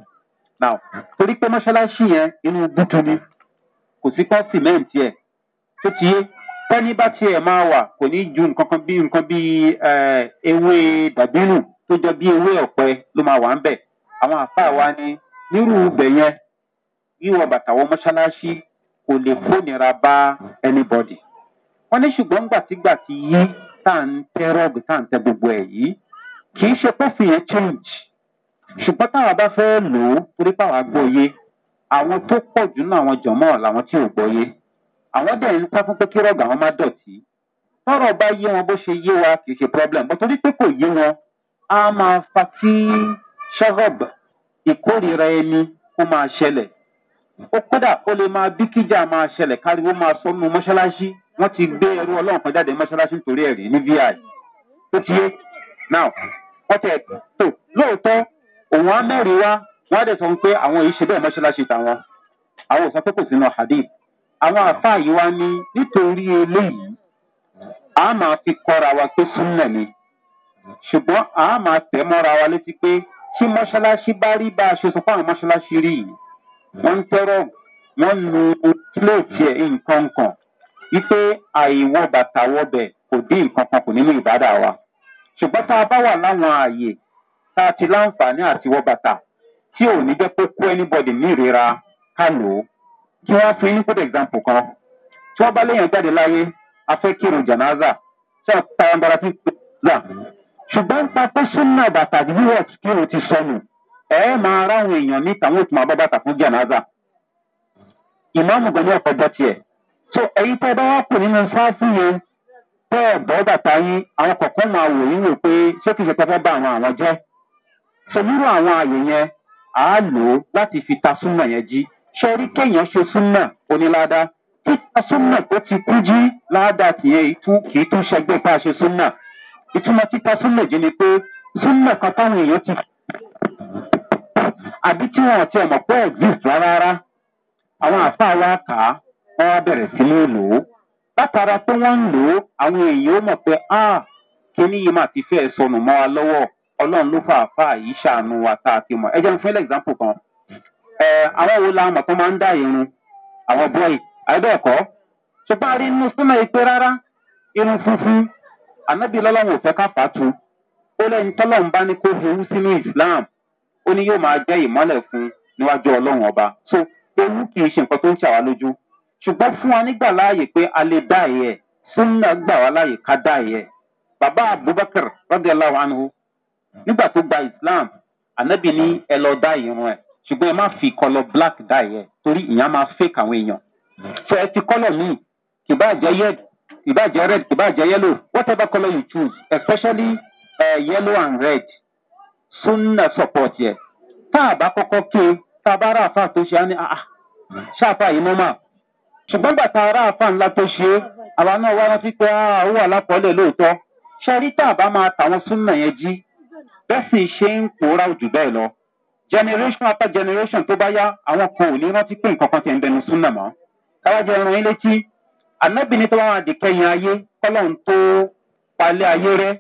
[SPEAKER 1] now torí pé mọ́ṣáláṣí yẹn inú gúdú ni kò sí pọ́ sìmẹ́ǹtì ẹ̀ tó ti yé pẹ́ni bá tiẹ̀ máa wà kò ní ju nǹkan kan bí nǹkan bí ewé dàbínú tó jọ bí ewé ọ̀pẹ ló máa wà ń bẹ̀. àwọn àfáà wa ni nírú ibẹ̀ yẹn wíwọ bàtà wọ mọ́ṣáláṣí kò lè fónira bá anybody. wọ́n ní ṣùgbọ́n gbàtígbà ti yí tá à ń tẹ gbogbo ẹ̀ yìí kì í ṣe change. ṣùgbọ́n táwa bá fẹ́ lò ó torí àwọn tó pọ̀ jù àwọn jọ̀mọ́ làwọn tí ò àwọn dẹ̀ ń sá fún pé bá yé wọn bó ṣe yé wa kì í ṣe problem bó torí pé yé wọn á máa fa kí ṣọ́gọ̀b ìkórìíra ẹni kó máa ṣẹlẹ̀. ó kódà ó lè máa bí kíjà máa ṣẹlẹ̀ káriwo máa sọ nínú mọ́ṣáláṣí wọ́n ti gbé ẹrú ọlọ́run kan jáde mọ́ṣáláṣí nítorí ẹ̀rí ní vi tó ti yé now wọ́n tẹ̀ tó lóòótọ́ òun á mẹ́rin wá wọ́n á dẹ̀ sọ pé àwọn yìí ṣe bẹ́ẹ̀ mọ́ṣáláṣí tàwọn àwọn ò sọ pé kò sínú hadith àwọn àfáà yìí wá ní nítorí eléyìí a máa fi kọ́ra wa pé súnmọ̀ ni ṣùgbọ́n a máa tẹ̀ mọ́ra wa létí pé tí mọ́ṣáláṣí bá rí bá a ṣe sọ fáwọn mọ́ṣáláṣí rí yìí wọ́n ń tẹ́rọ̀ wọ́n ń lu pílẹ̀tì ẹ̀ nǹkan kan wípé àìwọ bàtà wọbẹ̀ kò dín nǹkan kan kù nínú ìbádà wa ṣùgbọ́n tá a bá wà láwọn ààyè tá a ti láǹfààní àti wọ bàtà tí ò ní jẹ́ kó kó anybody ní ìrora ká lò ó kí wọ́n fi ní good example kan tí wọ́n bá léèyàn jáde láyé afẹ́ kírun tí wọ́n pa ẹ̀ńbára fún ìpínlẹ̀ ṣùgbọ́n nípa pé súnà bàtà wíwọ̀ tí o ti sọnù ẹ máa ráwọn èèyàn ní tàwọn òtún àbá bàtà fún jẹ̀nàza ìmáàmù gan ní ọ̀pọ̀ bọ́ tiẹ̀ so ẹ̀yin tẹ́ bá wá pè nínú sáfù yẹn tẹ́ ẹ̀ bọ́ bàtà yín àwọn kọ̀ọ̀kan máa wò yín wò pé ṣé kìí ṣe pẹ́ fẹ́ bá àwọn àwọn jẹ́ so nírú àwọn àyè yẹn à á lò ó láti fi ta súnà yẹn jí ṣe rí kéèyàn ṣe súnà onílàdá títa súnà tó ti kú jí ládàá tìyẹn kì í tún ṣẹgbẹ́ pa ṣe súnà ìtumọ̀ títa súnmọ̀ jí ni pé súnmọ̀ kan táwọn èèyàn ti àbí tí wọn ti ọmọ pé exist rárá àwọn àfáà wa kà á wọn bẹ̀rẹ̀ sí ní lò ó látara wọ́n ń lò ó èèyàn mọ̀ pé a kíní yìí máa ti fẹ́ sọnù mọ́ wa lọ́wọ́ ọlọ́run ló fà yìí ṣàánú a ti mọ̀ example kan àwọn wo la mọ̀ pé máa ń dá irun àwọn ṣùgbọ́n a rí inú rárá ànábì lọ́lọ́run ò fẹ́ ká fàtú ó lẹ́yìn tọ́lọ́run bá ní kó ewu sínú islam ó ní yóò máa jẹ́ ìmọ́lẹ̀ fún níwájú ọlọ́run ọba so ewu kì í ṣe nǹkan tó ń ṣàwá lójú ṣùgbọ́n fún wa nígbà láàyè pé a lè dá ẹ̀yẹ súnà gbà wá láàyè ká dá ẹ̀yẹ bàbá abubakar rọ́dí aláwọ̀ ánú nígbà tó gba islam ànábì ní ẹ lọ dá ìrún ẹ ṣùgbọ́n ẹ má fi kọlọ black dá ẹ̀yẹ torí ìyẹn máa fake àwọn èèyàn so ẹ ti kọlọ míì kì bá jẹ́ yẹ́dì ìbàjẹ́ red ìbàjẹ́ yellow whatever colour you choose especially uh, yellow and red sunna support yẹ tá a bá kọ́kọ́ ké tá a bá rà àfa tó ṣe á ní àà ah, ah, ṣáàfà yìí mọ́ mà ṣùgbọ́n gbà tá a rà àfa ńlá tó ṣe é àwa náà wá rántí pé ah, ó wà lápọ̀ọ́lẹ̀ lóòótọ́ ṣe rí tá a bá máa tàwọn súnmọ̀ yẹn jí bẹ́ẹ̀ sì ṣe ń pòórá jù bẹ́ẹ̀ lọ generation after generation tó bá yá àwọn kan ò ní rántí pé nǹkan kan ti ń bẹnu súnmọ̀ mọ́ káwájú ẹran yín létí ànábì ní tọ́wọ́ àwọn àdìkẹ́yìn ayé kọ́lọ́n tó palẹ̀ ayé rẹ́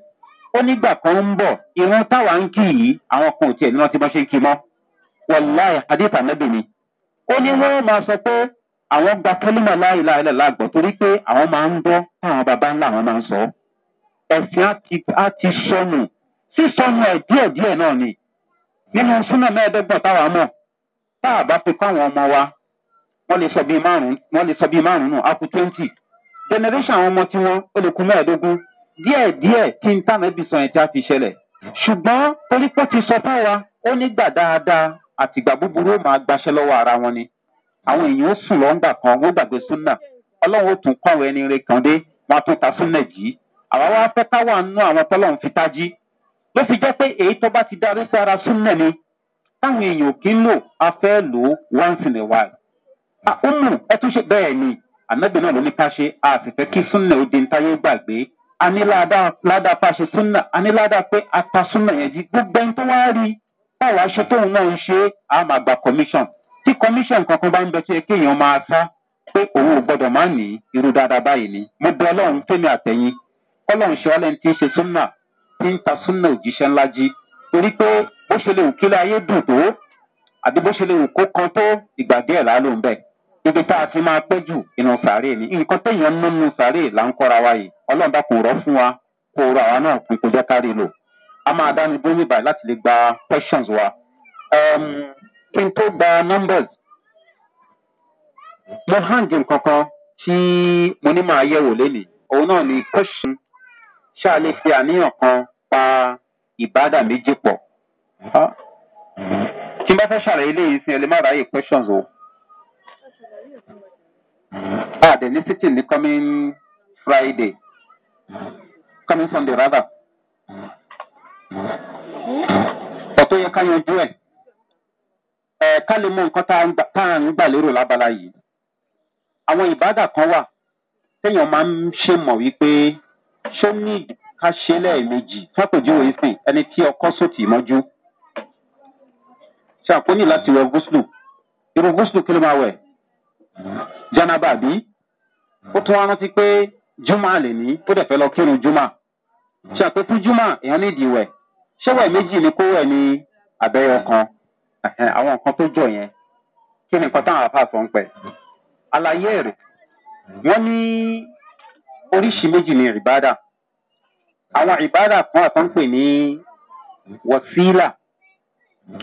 [SPEAKER 1] ó nígbà kan ń táwa ń yìí àwọn kan ò ní ti ṣe ń kí ni ó ní wọ́n máa sọ pé àwọn gba torí pé àwọn máa ń táwọn baba ńlá àwọn máa ń sọ ẹ̀sìn á ti sọnù sísọnù ẹ̀ díẹ̀díẹ̀ náà ni nínú súnà táwa bá fi ọmọ wa wọ́n lè sọ bíi márùn wọ́n lè sọ bíi márùn nù akú twenty generation àwọn ọmọ tí wọ́n ó lè kú mẹ́ẹ̀ẹ́dógún díẹ̀ díẹ̀ tí n tànà bí sọ yẹn tí a fi ṣẹlẹ̀ ṣùgbọ́n torí ti sọ fún wa ó nígbà dáadáa àtìgbà búburú ó máa gbaṣẹ́ lọ́wọ́ ara wọn ni àwọn èèyàn ó sùn lọ́ngbà kan wọ́n gbàgbé súnà ọlọ́run ó tún kọ́ àwọn ẹni rẹ kàn dé wọn á tún ta súnà jì àwa wá fẹ́ ká wà nú àwọn tọ́lọ́run fi tají ló fi jẹ́ pé èyí tó bá ti darí sí ara súnà ni táwọn èèyàn kì í lò a fẹ́ lò once in a while ọmọ ah, ẹ tún ṣe ni ànábì náà ló ní ká ṣe a sì fẹ́ kí súnà òde ntáyé gbàgbé anílàdà pàṣẹ súnà anílàdà pé ata súnà yẹn jí gbogbo ẹni tó wá rí báwo aṣọ tóun náà ń ṣe á máa gba commission tí commission kankan bá ń bẹ tí ẹ kéèyàn máa sá pé òun ò gbọdọ̀ máa ní irú dáadáa báyìí ni mo bẹ ọlọ́run fẹ́mi àtẹ̀yìn kọ́lọ́run ṣe ọlẹ́ni tí ń ṣe súnà tí ń ta súnà òjíṣẹ́ ńlá jí torí pé bó ṣe lè wù kílẹ̀ ayé dùn tó àbí bó ṣe lè wù kó kan tó ìgbà díẹ̀ láà ló ibi tá a ti máa pẹ́ jù inú sàárè ni nǹkan téèyàn ń nínú sàárè là ń kọ́ra wa yìí ọlọ́run bá kò rọ́ fún wa kó rọ àwa náà fún kó jẹ́ kárí lò a máa dáni dúró níbàyí láti lè gba questions wa kí n tó gba numbers mo hand nǹkan kan tí mo ní máa yẹ̀wò lénìí òun náà ni question ṣáà lè fi àníyàn kan pa ìbádà méjì pọ̀ tí n bá fẹ́ ṣàlàyé léyìí sí ẹ lè má ráyè questions o. Ah, the visiting the coming Friday. Coming Sunday rather. Ọ̀tọ́ yẹ ká yanjú ẹ̀. Ẹ ká lè mọ nǹkan tá à ń gbà lérò lábala yìí. Àwọn ìbádà kan wà téèyàn máa ń ṣe mọ̀ wípé ṣó ní ká ṣe lẹ́ẹ̀mejì fápèjúwe ìsìn ẹni tí ọkọ́ sòtì mọ́jú. Ṣé àpò ní láti wọ gúúsùlù? Irú gúúsùlù kí ló máa wẹ̀? Jánábà bíi ó tún wá rántí pé juma lè ní tó dẹ̀ fẹ́ lọ kírun juma ṣe àpé fún juma èèyàn ní ìdìwẹ̀ ṣéwẹ̀ méjì ni kó wẹ̀ ní abẹ́yọ kan àwọn nǹkan tó jọ yẹn kí ni nǹkan táwọn àfa sọ ń pẹ́ àlàyé rẹ̀ wọ́n ní oríṣi méjì ní ìbádà àwọn ìbádà kan àtọ́npè ní wọ́sílà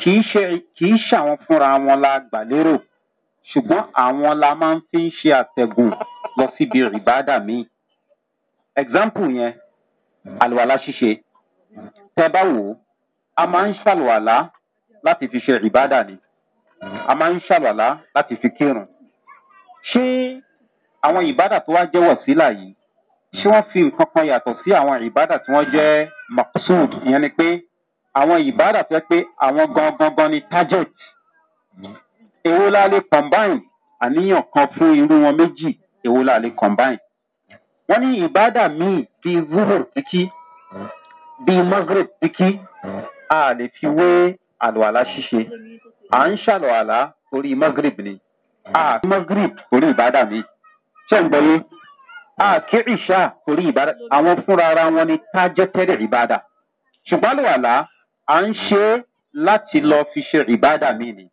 [SPEAKER 1] kìí ṣe kìí ṣe àwọn fúnra wọn la gbà lérò ṣùgbọ́n àwọn la máa ń fi ṣe àtẹ̀gùn lọ síbi ribada mi, example yẹn àlùwàlá ṣíṣe tẹ bá wò ó a máa ń ṣàlùwàlá láti fi ṣe rìbáàdà ni a máa ń ṣàlùwàlá láti fi kírun ṣé àwọn ìbádà tó wá jẹ́ wọ̀sílà yìí ṣé wọ́n fi nǹkan kan yàtọ̀ sí àwọn ìbádà tí wọ́n jẹ́ maksud ìyẹn ni pé àwọn ìbádà tó pé àwọn gangan ni target èwo la lè combine àníyàn kan fún irú wọn méjì èwo la lè combine. wọ́n ní ìbádà míì bíi zuhur kíkí bíi magreth kíkí a lè fi wé àlọ́àlá ṣíṣe à ń ṣàlọ́àlá orí magreth ni a kí magreth orí ìbádà míì ṣé ń gbọ́yé a kí ìṣá orí ìbádà àwọn fúnra ara wọn ni tá jẹ́ tẹ́lẹ̀ ìbádà ṣùgbọ́n àlọ́àlá à ń ṣe láti lọ fi ṣe ìbádà míì ni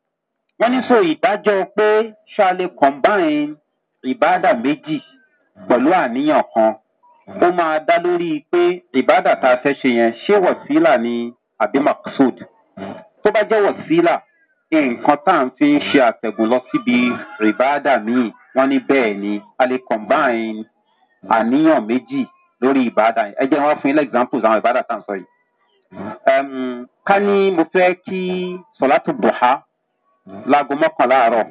[SPEAKER 1] wọ́n ní so ìdájọ́ pé ṣáà lè combine ìbáàdà méjì pẹ̀lú àníyàn kan ó máa dá lórí pé ìbáàdà tá a fẹ́ ṣe yẹn ṣé wọ̀síìlà ni àbí maksud tó bá jẹ́ wọ̀síìlà nǹkan tá à ń fi ń ṣe àtẹ̀gùn lọ síbi ìbáàdà míì wọ́n ní bẹ́ẹ̀ ni a lè combine àníyàn méjì lórí ìbáàdà yẹn ẹ jẹ́ wá fún yín lẹ́gbàmpùs àwọn ìbáàdà tá à ń sọ yìí. ká ní mo fẹ́ kí sọ̀látù bùhá láago mọ́kànlá àárọ̀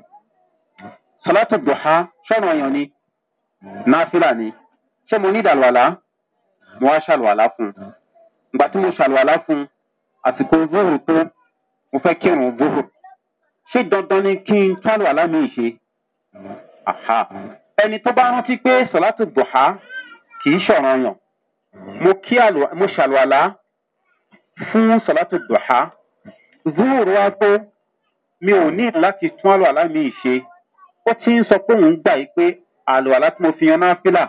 [SPEAKER 1] sọlátù dùhá sọ̀nà ọ̀yàn ni náfìlà ni ṣé mo ní ìdàlùwàlá mo wá ṣàlùwàlá fún un ìgbà tí mo ṣàlùwàlá fún un àsìkò zuhur tó mo fẹ́ kírun zuhur ṣé dandan ni kí n ṣàlùwàlá mi ṣe ẹni tó bá rántí pé sọlátù dùhá kì í ṣọ̀ràn ọ̀yàn mo kí mo ṣàlùwàlá fún sọlátù dùhá zuhur wa tó mi ò ní láti tún àlùwàlá mi ṣe ó ti ń sọ pé òun gbà yìí pé àlùwàlá tí mo fi yan náà fílà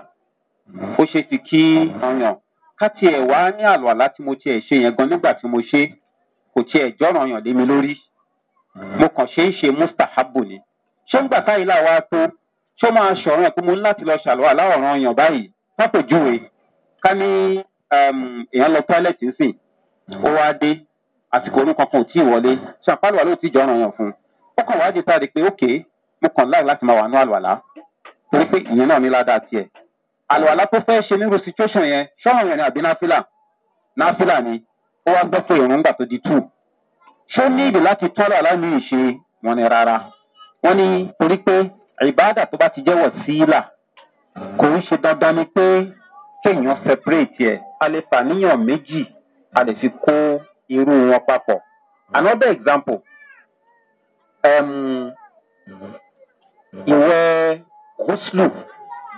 [SPEAKER 1] ó ṣe ti kí ọyàn ká tiẹ̀ wá ní àlùwàlá tí mo tiẹ̀ ṣe yẹn gan nígbà tí mo ṣe kò tiẹ̀ jọ́ràn yàn lé mi lórí mo kàn ṣe é ṣe mustahabu ni ṣé ń gbà táyì láwa tó ṣé ó máa ṣọ̀rọ̀ pé mo ní láti lọ ṣàlùwà láwọ̀ràn ọyàn báyìí pápẹ̀júwe ká ní èèyàn lọ tọ́lẹ̀tì ń sìn ó wá dé àsìkò orun kankan ò tí ì wọlé ṣàpálùwà ló ti jọ́ràn yàn fún un ó kàn wá di tá a rí i mo kàn láì láti máa wà ní àlùwàlá torí pé ìyẹn náà ní ládàá tiẹ̀ àlùwàlá tó fẹ́ ṣe nírú situation yẹn yẹn ni àbí náfìlà náfìlà ni ó wá gbọ́pọ̀ ìrúngbà tó di two ṣó níìdì láti tọ́lọ̀ aláìní ìṣe wọn ni rárá wọn ni torí pé ìbáàdà tó bá ti jẹ́wọ̀ síílà kò ń ṣe dandan ni pé kéèyàn separate e, a lè fàníyàn méjì a lè fi kó irú wọn papọ̀ another example um, ìwẹ̀ gúúsùlù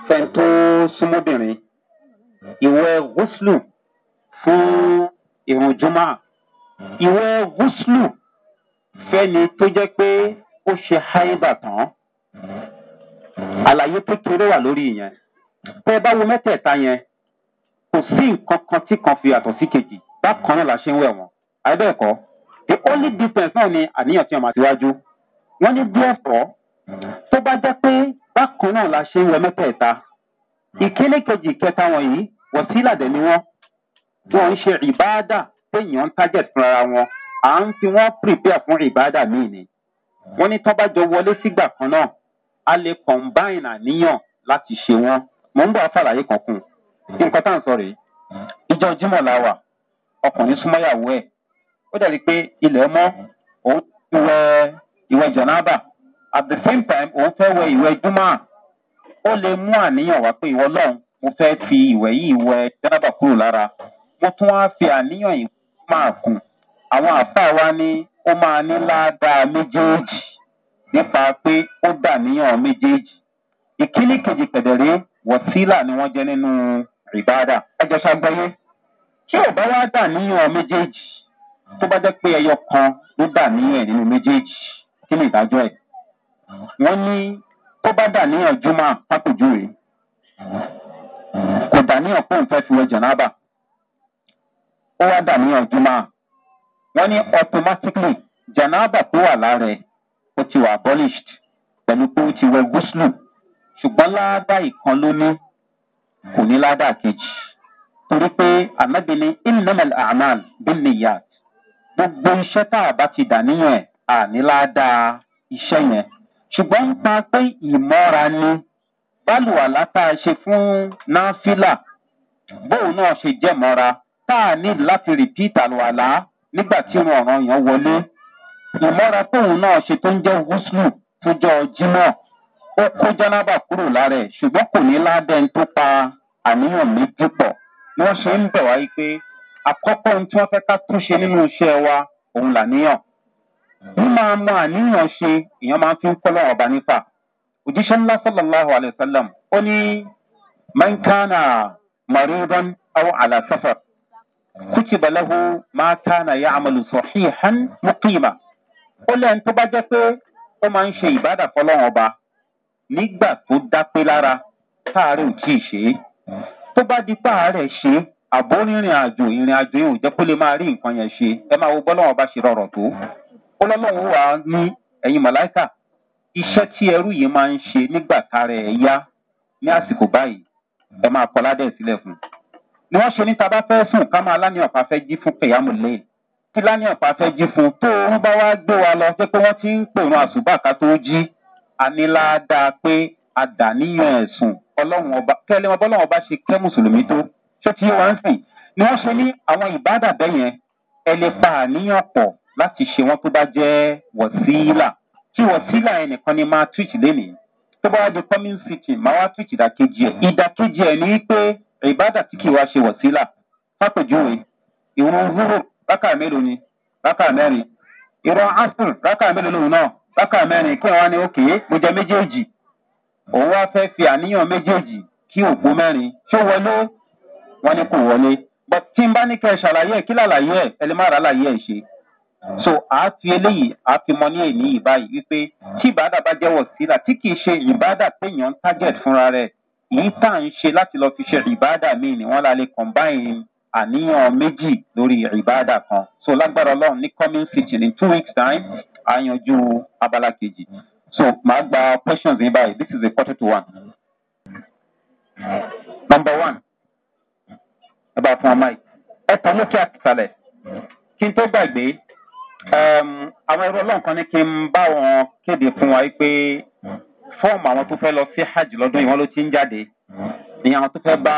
[SPEAKER 1] fẹ́ni tó súnmọ́bìnrin ìwẹ̀ gúúsùlù fún ìrùn jùmọ̀ ìwẹ̀ gúúsùlù fẹ́ni tó jẹ́ pé ó ṣe háìbà tán àlàyé tó kéré wà lórí ìyẹn tẹ́ ẹ bá wo mẹ́tẹ̀ẹ̀ta yẹn kò sí nǹkan kan tí kan fi yàtọ̀ sí kejì bákan náà la ṣe ń wẹ̀ wọ́n àìbẹ́ẹ̀kọ́ the only difference náà ni àníyàn tí wọ́n máa ti wájú wọ́n ní bí ẹ̀fọ́ tó bá jẹ́ pé bákan náà la ṣe ń wọ mẹ́tẹ̀ẹ̀ta ìkélé kejì kẹta wọ̀nyí wọ̀sílàdẹ̀ ni wọ́n wọn ń ṣe ìbáàdà téèyàn ń target fúnra wọn à ń fi wọ́n prepare fún ìbáàdà míì ni wọ́n ní tán bá jọ wọlé sígbà kan náà a lè combine àníyàn láti ṣe wọ́n mò ń bọ̀ afàlàyé kan kún un nǹkan tá à ń sọ rèé ìjọ jimoh la wà ọkùnrin súnmọ́yàwó ẹ̀ ó dàbí pé ilẹ̀ mọ́ òun ti wẹ ìwẹ̀ jọ̀nàbà at the same time òun fẹ́ wẹ ìwẹ́ júmọ́ ó lè mú àníyàn wá pé ìwọ lọ́hùn mo fẹ́ fi ìwẹ́ yìí wẹ jábà kúrò lára mo tún wá fi àníyàn yìí máa kùn àwọn àfáà wa ní ó máa ní ládàá méjèèjì nípa pé ó dàníyàn méjèèjì ìkíní kejì kẹ̀dẹ̀rẹ́ wọ̀sílà ni wọ́n jẹ́ nínú ìbáadà ẹjọ́sàgbọ́yé tí ò bá wá dàníyàn méjèèjì tó bá jẹ́ pé ẹyọ kan ló dàníyàn nínú méjèèjì kí ni ìdájọ́ ẹ̀. wọ́n ní tó bá dà níyàn júmọ́ pápẹ́jùwe kò dà ní pé òun fẹ́ fi wọ jẹ̀náàbà ó wá dà níyàn júmọ́ wọ́n ní automatically jẹ̀náàbà tó wà lára ẹ̀ ó ti wà abolished pẹ̀lú pé ó ti wọ gúúsùlù ṣùgbọ́n láàdá ìkan ló ní kò ní láàdá kejì torí pé ànábi ni innamal amal bin niyat gbogbo iṣẹ́ tá a bá ti dà níyàn ẹ̀ àní láàdá iṣẹ́ yẹn. ṣùgbọ́n nípa pé ìmọ́ra ni bálùwàlá tá a ṣe fún náfìlà bóun náà ṣe jẹ́ mọ́ra tá a ní láti rìpíìtì àlùwàlá nígbà tí irun ọ̀ràn yẹn wọlé ìmọ́ra tóun náà ṣe tó ń jẹ́ húsùlù fúnjọ́ jimọ̀ ó kó jánábà kúrò lára ẹ̀ ṣùgbọ́n kò ní ládẹ́ni tó pa àníyàn méjì pọ̀ wọ́n ṣe ń bẹ̀ wáyé pé àkọ́kọ́ ohun tí wọ́n fẹ́ ká túnṣe nínú iṣẹ́ wa òun làníyàn mímọ ọmọ àníyàn ṣe èèyàn máa fi ń kọ́ lọ́wọ́ ọba nípa òjíṣẹ́ ńlá sọ́lọ́láhu alayhisalam ó ní mankana maridan aw ala safar kutiba lahu ma kana ya amalu sahihan muqima ó lẹ́yìn tó bá jẹ́ pé ó máa ń ṣe ìbádà fọlọ́wọ́n ọba nígbà tó dápé lára táàrí ò tíì ṣe é tó bá di páàrẹ̀ ṣe àbórìnrìn àjò ìrìn àjò yìí ò jẹ́ kó lè máa rí nǹkan yẹn ṣe ẹ máa wo bọ́lọ́wọ́n ọba ṣe rọrọ̀ tó ọlọ́lọ́run wà á ní ẹ̀yin màláìkà iṣẹ́ tí ẹrú yìí máa ń ṣe nígbà tára ẹ̀ yá ní àsìkò báyìí ẹ máa kọ́ ládẹ̀ sílẹ̀ fún un. ni wọ́n ṣe ní ta bá fẹ́ sùn ká máa láníyàn pa fẹ́ jí fún kẹ̀yàmù lé kí láníyàn pa fẹ́ jí fún tó oorun bá wá gbé wa lọ pé pé wọ́n ti ń pòrun àṣùbà ká tó jí aníláàdá pé àdàníyàn ẹ̀sùn ọlọ́run ọba kẹ́lẹ́ wọn bọ́lọ́run ọba ṣe kẹ́ mùsùlùmí tó láti ṣe wọ́n tó bá jẹ́ wọ̀síìlà tí wọ̀síìlà yẹn nìkan ni máa twitch lénìí tó bá wá di coming city máa wá twitch ìdàkejì ẹ̀ ìdàkejì ẹ̀ ní pé ìbádà tí kì í wá ṣe wọ̀síìlà fàpèjúwe ìrun rúrò rákà mélòó ni rákà mẹ́rin ìrun asr rákà mélòó lòun náà rákà mẹ́rin kí wọ́n á ní òkè mo jẹ méjèèjì òun wá fẹ́ fi àníyàn méjèèjì kí òpó mẹ́rin tí wọlé wọn ni kò wọlé but tí n bá ní kẹ́ ṣàlàyé ẹ̀ kí làlàyé ẹ̀ ẹ lè má ràá làyé ṣe so a fi eléyìí a fi mọ ní èyí yìí báyìí wípé tí ìbádà bá jẹ́ wọ̀sílà tí kìí ṣe ìbádà téèyàn ń target fúnra rẹ̀ èyí tá à ń ṣe láti lọ fi ṣe ìbádà míì ni wọ́n la lè combine àníyàn méjì lórí ìbádà kan so lágbára ọlọ́run ní coming fitting in two weeks time a yanjú abala kejì so màá gba questions yín báyìí this is a quarter to one. number one ẹ bá fún ọ mike ẹ tọ́ mú kí a ti sàlẹ̀ kí n tó gbàgbé àwọn ẹrú ọlọ́run kan ní kí n bá wọn kéde fún wa pé fọ́ọ̀mù àwọn tó fẹ́ lọ sí hajj lọ́dún yìí wọ́n ló ti ń jáde ní àwọn tó fẹ́ bá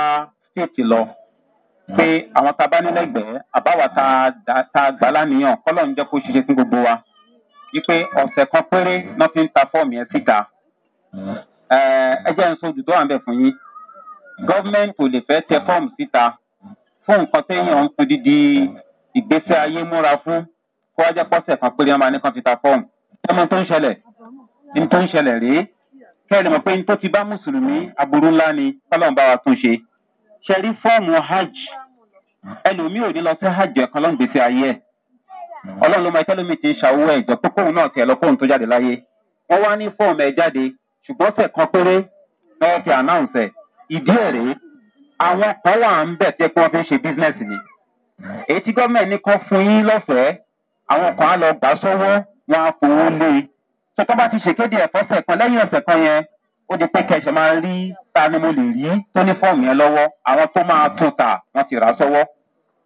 [SPEAKER 1] stéètì lọ pé àwọn tá a bá nílẹ̀gbẹ́ẹ́ àbáwá tá a gbà láníyàn kọ́lọ̀ ń jẹ́ kó ṣiṣẹ́ fún gbogbo wa wípé ọ̀sẹ̀ kan péré náà fi ń ta fọ́ọ̀mù yẹn síta ẹ jẹ́ ń sojú tó ń bẹ̀ fún yín gọ́ọ̀mẹ̀ntì kò lè fẹ́ tẹ fọ́ọ̀mù síta fún nǹkan téèyàn ń tún dídí ìgbésẹ̀ ayé múra fún kó wá jẹ́ pọ́sẹ̀ kan péré wọn máa ní kan fi ta fọ́ọ̀mù tó ń ṣẹlẹ̀ ní tó ń ṣẹlẹ̀ rèé kẹ́rin mọ̀ pé ní tó ti bá mùsùlùmí aburú ni kọ́lọ́n bá wa tún ṣe ṣe rí fọ́ọ̀mù hajj ẹlòmíì ò ní lọ sí hajj gbèsè ayé ẹ̀ ọlọ́run ló ti ń ẹ̀jọ̀ wọ́n wá ní fọ́ọ̀mù ẹ̀ jáde ṣùgbọ́n kan péré àwọn kan á lọ gbà sọ́wọ́ wọn á fowó lé e tó tó bá ti ṣèkéde ẹ̀fọ́ sẹ̀ kan lẹ́yìn ọ̀sẹ̀ kan yẹn ó di pé kẹsẹ̀ máa rí ta ni mo lè rí tó ní fọ́ọ̀mù yẹn lọ́wọ́ àwọn tó máa tún ta wọn ti rà sọ́wọ́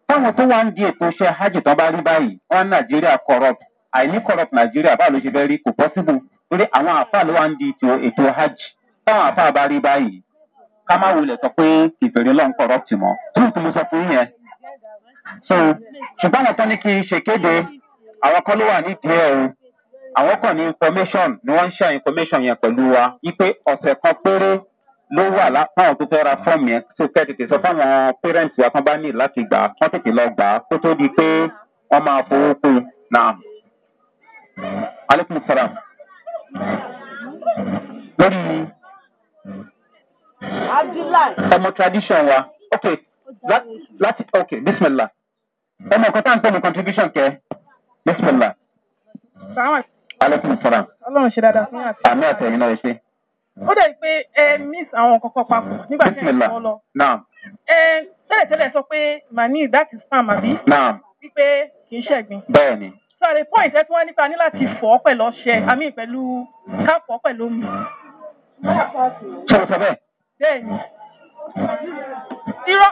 [SPEAKER 1] táwọn tó wá ń di ètò iṣẹ́ hajj tán bá rí báyìí wọn nàìjíríà corrupt àìní corrupt nàìjíríà báwo ló ṣe fẹ́ rí kò possible torí àwọn àfáà ló wá ń di ètò hajj táwọn àfáà bá rí báyìí ká má wulẹ̀ sọ pé ìbèrè lọ́n corrupt mọ́ tó mo sọ fún yẹn so ṣùgbọ́n àwọn tó ní kí n ṣèkéde àwọn kọ́ ló wà nídìí ẹ̀ o àwọn kàn ní information ni wọ́n ń ṣe information yẹn pẹ̀lú wa wípé ọ̀sẹ̀ kan péré ló wà láwọn tó fẹ́ ra fọ́ọ̀mù yẹn tó fẹ́ tètè sọ fáwọn parents wa kan bá ní láti gbà wọ́n tètè lọ gbà kó tó di pé wọ́n máa fowó kú náà. aleykum salaam lórí ọmọ tradition wa ok láti ok bisimilah ọmọ kan tá à ń pè ní contribution kẹ bisimilá. aleykum salaam.
[SPEAKER 3] ọlọrun ṣe dáadáa fún yàtọ̀.
[SPEAKER 1] àmì àti ẹ̀yin náà ẹ ṣe.
[SPEAKER 3] ó dẹ̀ pé ẹ miss àwọn kọ̀ọ̀kan papọ̀ nígbà tí ẹ̀ ń lọ. ẹ tẹ́lẹ̀ tẹ́lẹ̀ sọ pé mani that is farm àbí. wípé kì í ṣẹ̀gbìn. bẹ́ẹ̀ni. so at a point ẹ tún wá nípa ní láti fọ́ pẹ̀lú ọṣẹ àmì pẹ̀lú ká fọ́ pẹ̀lú
[SPEAKER 2] omi. ṣé o sọ bẹ́ẹ̀?
[SPEAKER 3] bẹ́ẹ̀ni. irọ́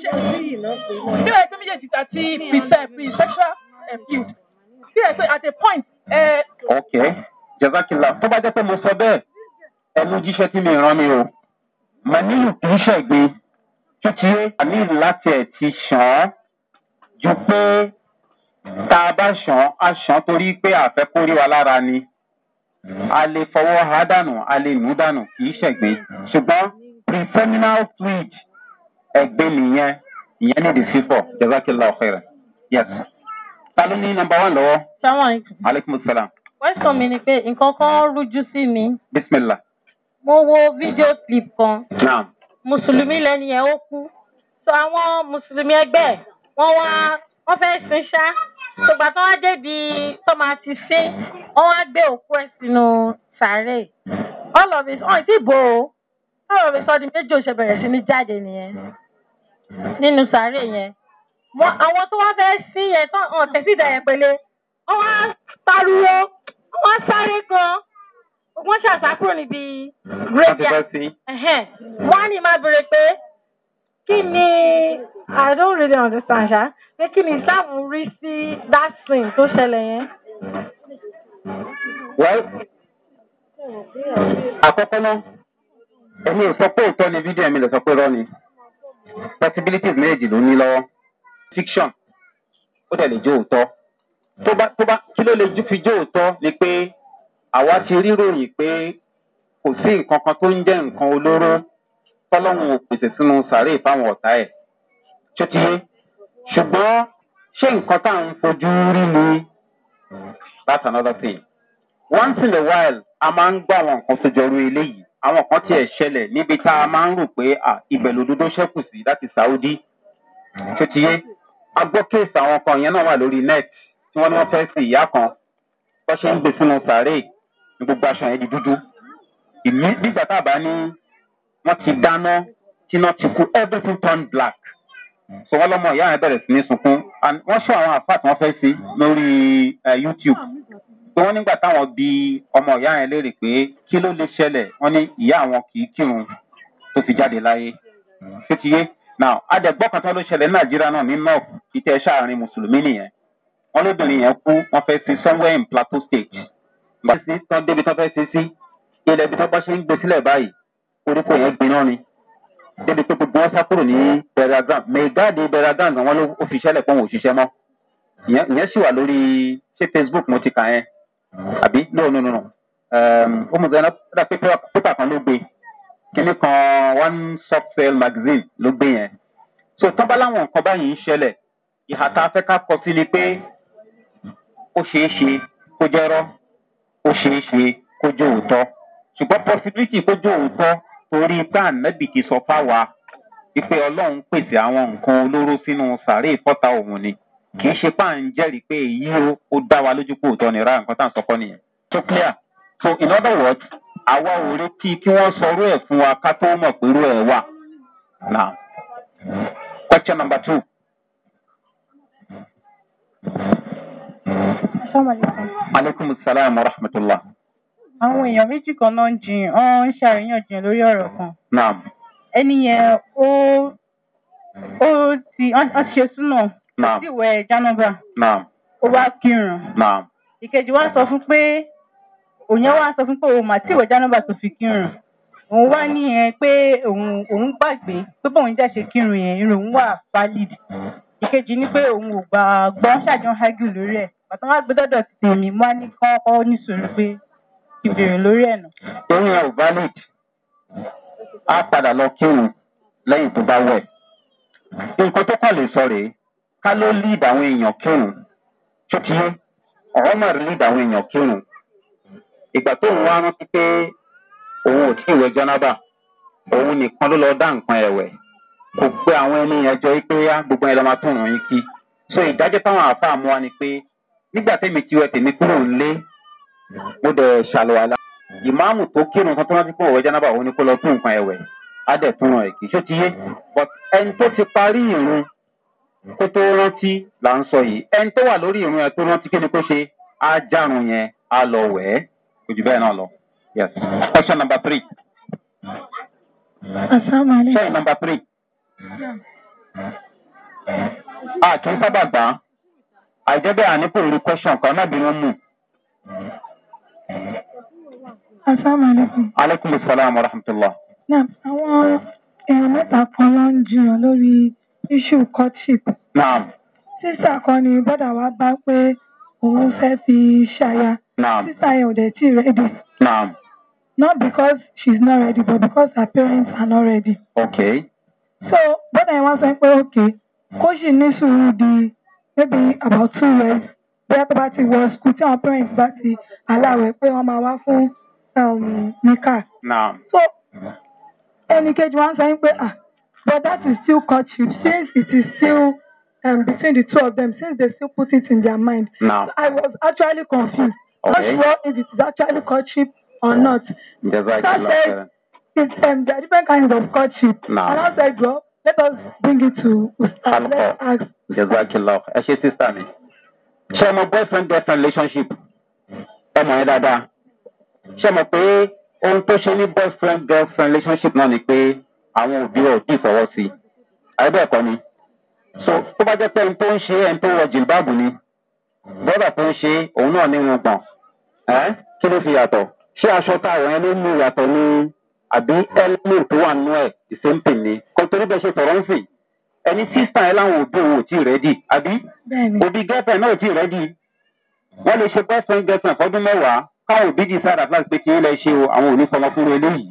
[SPEAKER 3] ṣé bí ẹ pé méjèèjì ta ti pre sexual um, yield. See, so at a point. Uh,
[SPEAKER 1] okay jazakila tó bá jẹ́ pé mo sọ bẹ́ẹ̀ ẹnu jíṣẹ́ tí mi rán mi o manilu kì í ṣẹ̀gbin títí manilu láti ẹ̀ ti ṣàn án ju pé tá a bá ṣàn án a ṣàn án torí pé àfẹ́ kó wa lára ni a lè fọwọ́ ha dànù a lè nù dànù kì í ṣẹ̀gbin ṣùgbọ́n preseminal fluid ẹ̀gbin nìyẹn ìyẹn ní ìdí sí pọ̀ jazakila ọ̀fẹ́ rẹ̀ yes. Mm ta ló ní nọmba one lọ́wọ́. sáwọn aleykum salaam.
[SPEAKER 3] question mi ni pé nǹkan kan mm. rújú sí mi. bisimilah. mo wo fídíò clip kan. naam. mùsùlùmí lẹni yẹn ó kú. so àwọn mùsùlùmí ẹgbẹ́ wọn wá wọn fẹ́ sin ṣá. tògbà tó wá débi tó máa ti sin wọn wá gbé òkú ẹ sínú sàárè. all of it ọ̀n ìdìbò o all of it sọ di méjì òṣèbẹ̀rẹ̀ sí ní jáde nìyẹn nínú sàárè yẹn àwọn tó wá fẹ́ sí yẹn tán hàn tẹ̀sí ìdẹ̀yẹ̀ pẹ̀lẹ́ wọ́n wá pariwo wọ́n sáré gan wọ́n ṣàṣàkúrò níbi graveyard wọ́n á ní máa béèrè pé kí ni I don't really understand ṣá pé kí ni Islam rí sí that thing tó ṣẹlẹ̀ yẹn.
[SPEAKER 1] well àkọ́kọ́ náà èmi ò sọ pé òótọ́ ni fídíò mi lè sọ pé rọ́ ni possibilities méjì ló ní lọ́wọ́ fiction ó dẹ̀ lè jó òótọ́ tó bá tó bá kí ló lè fi jó òótọ́ ni pé àwa ti ríròyìn pé kò sí nǹkan kan tó ń jẹ́ nǹkan olóró tọ́lọ́hún ò sínú sàárè fáwọn ọ̀tá ẹ̀ tó ti yé ṣùgbọ́n ṣé nǹkan tá à ń fojú rí ni that's another thing once in a while a máa ń gbọ́ àwọn nǹkan tó jọrú eléyìí àwọn kan tiẹ̀ ṣẹlẹ̀ níbi tá a máa ń rò pé ibẹ̀ lòdodo ṣẹ́kù sí láti saudi tó ti yé a gbọ́ kéèsì àwọn kan yẹn náà wà lórí net tí wọ́n ní wọ́n fẹ́ sí ìyá kan bọ́ ṣe ń gbé sínú sàárè ní gbogbo aṣọ yẹn di dúdú ìní nígbà tá a bá ní wọ́n ti dáná tíná ti kú everything turn black so wọ́n lọ́mọ ìyá yẹn bẹ̀rẹ̀ sí ní sunkún and wọ́n ṣọ́ àwọn àfáà tí wọ́n fẹ́ sí lórí eh, youtube pé wọ́n nígbà táwọn bi ọmọ ìyá yẹn léèrè pé kí ló lè ṣẹlẹ̀ wọ́n ní ìyá àwọn kì í kírun tó fi jáde láyé ṣé ti yé now adẹ̀gbọ́ kan tó ló ṣẹlẹ̀ ní nàìjíríà náà ní north ìtẹ́ sàárín mùsùlùmí nìyẹn wọn lóbìnrin yẹn kú wọn fẹ́ sí somewhere in plateau state gbà sí tán débi tán fẹ́ sí sí ilẹ̀ ibi tán bá ṣe ń gbé sílẹ̀ báyìí koríko yẹn gbiná ni débi pé gbogbo wọn sá kúrò ní beragan megadi beragan gan wọn ló fi ṣẹlẹ̀ pé òun ò mọ́ ìyẹn sì wà lórí ṣé facebook mo ti kà yẹn àbí no no no no ó mú gan-an pépà kíní kan one software magazine ló gbé yẹn so tọ́ba láwọn nǹkan báyìí ń ṣẹlẹ̀ ìhà tá a fẹ́ ká kọ sí ni pé ó ṣeé ṣe kó jẹ́rọ́ ó ṣeé ṣe kó jẹ́ òótọ́ ṣùgbọ́n possibility kó jẹ́ òótọ́ torí plan nẹ́bì ti sọ fáwa wípé ọlọ́run pèsè àwọn nǹkan olóró sínú sàárè ìfọ́ta òun ni kì í ṣe páà ń jẹ́rìí pé èyí ó dá wa lójú pé òótọ́ ni rárá nǹkan tá à ń sọ fọ́ nìyẹn tó clear so in other words àwa ò retí kí wọ́n sọrú ẹ̀ fún wa ká tó mọ̀ pé ẹ̀ wà. question number two. aleykum salaam wa rahmatulah.
[SPEAKER 3] àwọn èèyàn méjì kan náà ń jiyàn ọ́n ń ṣàríyànjiyàn lórí ọ̀rọ̀ kan. ẹni yẹn ó ó ti ọ́n ṣe súnà ó sì wẹ̀ jánábà ó wá kírun. ìkejì wá sọ fún pé. òyìn wá sọ fún pé òun màtí ìwé tó fi kírun òun wá níyẹn pé òun òun gbàgbé pé bóun jẹ́ ṣe kírun yẹn irun òun wà valid ìkejì ni pé òun ò gbà gbọ́ ṣàjọ lórí ẹ̀ bàtà wá gbé dọ́dọ̀ tèmi ní kọ́kọ́
[SPEAKER 1] pé lórí ẹ̀ nà. ò valid á padà lọ kírun lẹ́yìn tó bá wẹ̀ nǹkan tó kàn lè sọ rèé ká ló àwọn èèyàn kírun ìgbà tó òun wá rántí pé òun ò tí ì wẹ jọnábà òun nìkan ló lọ dá nǹkan ẹwẹ kò pé àwọn ẹni yẹn jọ pé á gbogbo ẹ lọ máa tún òun yín kí so ìdájọ́ táwọn àáfàá mú wa ni pé nígbà tẹ́mi ti wẹ tèmi kúrò nílé mo dẹ̀ ṣàlùwàlà ìmáàmù tó kírun kan tó rántí pé òwe jọnábà òun ni kó lọ tún nǹkan ẹwẹ á dẹ̀ tún ràn èkì ṣó ti yé but ẹni tó ti parí ìrun kó tó rántí là ń sọ yìí ẹni tó wà lórí ìrun yẹn tó rántí kí ni kó ṣe á járun yẹn á lọ wẹ̀ẹ́ kò jù bẹ́ẹ̀ náà lọ. yes question number three. asalaamualeykum. ṣẹ́yìn number three. Ah, kì í sábà gbà á àìjẹ́ bẹ́ẹ̀ àníkò rí question kan náà bí wọ́n mú.
[SPEAKER 2] asalaamualeykum.
[SPEAKER 1] aleykum salaam wa rahmatulah.
[SPEAKER 2] na àwọn èèyàn mẹ́ta kan
[SPEAKER 3] ló ń jiyàn lórí issue courtship. naam. sísà kan ni bọ́dà wa bá pé òun fẹ́ fi ṣaya. Naam. Sister yẹn ò dẹ̀ ready. Naam. Not because she's not ready but because her parents are not ready. Okay. So bọ́dà I was sọ well, okay kó sì ní sùúrù maybe about two years bóyá tó bá ti wọ school tí àwọn parents bá ti aláwẹ̀ pé wọ́n máa wá fún um, níkà. Naam. So ẹnì kejì wá sọ pé ah but that is still courtship since it is still um, between the two of them since they still put it in their mind. Now, so I was actually confused. Okay. Not sure if it is actually courtship or yeah. not.
[SPEAKER 1] That
[SPEAKER 3] says um, there are different kinds of courtship. Nah. And I said, well, let us bring it to
[SPEAKER 1] Ustaz. Let's ask. Jazakallah. Ẹ ṣe sísá mi. Ṣé mo boyfriend girlfriend relationship? Ẹ mọ̀ ẹ́ dáadáa. Ṣé mo pé ohun tó ṣe ní boyfriend girlfriend relationship náà ni pé àwọn òbí rẹ̀ ò tí ì fọwọ́ sí i? Àyẹ̀bẹ̀ ẹ̀kọ́ ni. So tó bá jẹ́ pé ẹni tó ń ṣe ẹni tó wọ jìlbáàbù ni bọ́dà tó ń ṣe òun náà ní wọn gbọ̀n kí ló fi yàtọ̀ ṣé aṣọ tá àwọn ẹni mú yàtọ̀ ní àbí ẹlẹ́mìn tó wà nínú ẹ̀ ìsèǹpì ni kò torí bẹ́ẹ̀ ṣe tọ̀rọ̀ ń fì ẹni sísà ẹ láwọn òbí òun ò tí ì rẹ́dì àbí òbí gẹ́fẹ̀ náà ò tí ì rẹ́dì wọ́n lè ṣe gẹ́fẹ̀ẹ́ gẹ́fẹ̀ẹ́ fọdún mẹ́wàá káwọn òbí jì sára láti pé kí ilẹ̀ ṣe o àwọn òní sọmọ fún eléyìí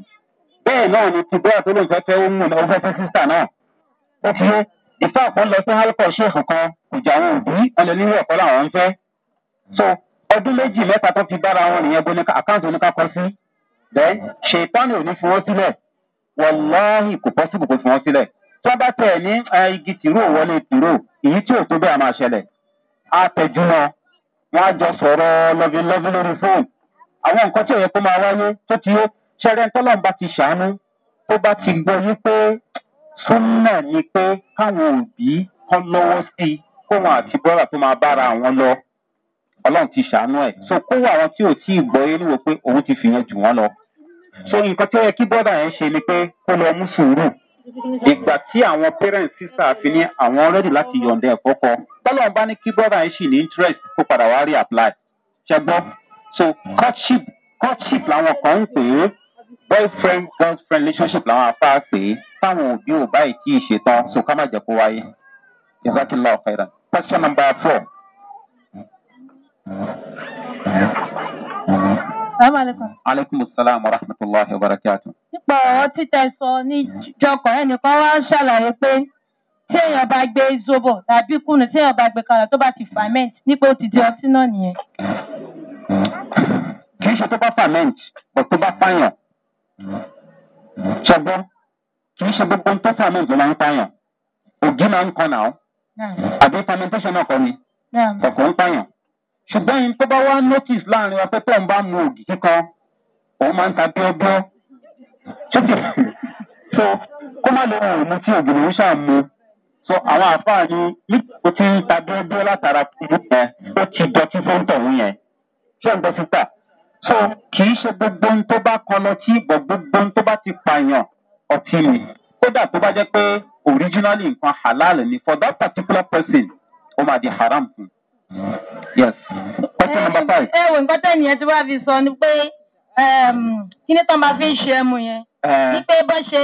[SPEAKER 1] bẹ́ẹ̀ náà ni ti bẹ́ẹ̀ tó lóun fẹ́ fẹ́ ó mú un ó fẹ́ fẹ́ sísà náà ó fi ó ìfẹ́ ọ̀pọ̀ lọ sí hálùkọ̀ ṣéèkù kan kò jà àwọn òbí ọlẹ́ nírú ọ̀pọ̀ làwọn ń fẹ́. so ọdún méjì mẹ́ta tó fi bára wọn nìyẹn gbóni àkáǹtì oníkàkọ́ sí bẹ́ẹ̀ ṣètọ́nì ò ní fi wọ́n sílẹ̀ wọláhì kò pọ́sibù kò fi wọ́n sílẹ̀ tí wọ́n bá tẹ̀ ní igi tìró wọlé tìró èyí tí ò tó bẹ́ẹ̀ máa ṣẹlẹ̀ àtẹ̀júmọ́ wọn á jọ sọ̀rọ̀ lọ́bìnlọ́bìn lórí fóònù àwọn nǹkan tí ò kó máa wáyé tó ti yó ṣẹ́rẹ́ ńtọ́lọ́mbà ti ṣàánú tó bá ti gbọ́ yí pé súnà ni pé káwọn òbí kán lọ́wọ́ sí i kówọn àti bọ́rà tó máa bára àwọn lọ ọlọ́run ti ṣàánú ẹ̀ so kówó àwọn tí ò tí ì gbọ́ yẹn níwò pé òun ti fìyàn jù wọ́n lọ so nǹkan tó yẹ kí bọ́dà yẹn ṣe ni pé kó lọ mú sùúrù ìgbà tí àwọn parents sísà fi ní àwọn rẹ́dì láti yọ̀ǹda ẹ̀kọ́ kọ tọ́lọ́run bá ní kí bọ́dà yẹn ṣì ní interest kó padà wá rí apply ṣẹgbọ́ so courtship courtship làwọn kan ń pè é boyfriend girlfriend relationship làwọn afá pè é táwọn òbí ò báyìí tí ì ṣetán so ká má jẹ́ kó wáyé ìzákìlá ọ̀kẹ́rà. question number four. Salaamaleykum. Aleykum salaam wa rahmatulahi wa barakatu.
[SPEAKER 3] Nípa ọ̀rọ̀ títẹ sọ ní jọkọ̀ ẹnìkan wá ń ṣàlàyé pé tí èèyàn bá gbé zobo tàbí kùnú tí èèyàn bá gbé kalẹ̀ tó bá ti ferment nípa ó ti di ọtí náà nìyẹn.
[SPEAKER 1] Kì í ṣe tó bá ferment, but tó bá fàyàn. Ṣọgbọ́n kì í ṣe gbogbo ń tọ́sà mi ìjọba ń pààyàn ògì máa ń kọnà ó àbí fermentation náà kọ ni kọ̀kọ́ ń pààyàn ṣùgbọ́n yìí tó bá wá notice láàrin ọpẹ́ tó ń bá mu ògì kíkan òun máa ń ta bíọ́bíọ́ so kó má lè rìn mú tí ògì lòún ṣáà mu so àwọn àfáà ni nípò tí ń ta bíọ́bíọ́ látara kúrú yẹn ó ti dọtí fóńtọ̀ òun yẹn ṣé ń gbọ́ síta so kì í ṣe gbogbo ń tó bá kọ lọ tí ìbọ̀ gbogbo ń tó bá ti pààyàn ọtí ni kódà tó bá jẹ́ pé originally nǹkan halal ni for that particular person ó máa di haram fún yes question number five.
[SPEAKER 3] ẹ wo nǹkan tẹ́ni yẹn tí wàá fi sọ ni pé kí ni tán bá fi ń ṣe ẹmu yẹn ni pé bó ṣe.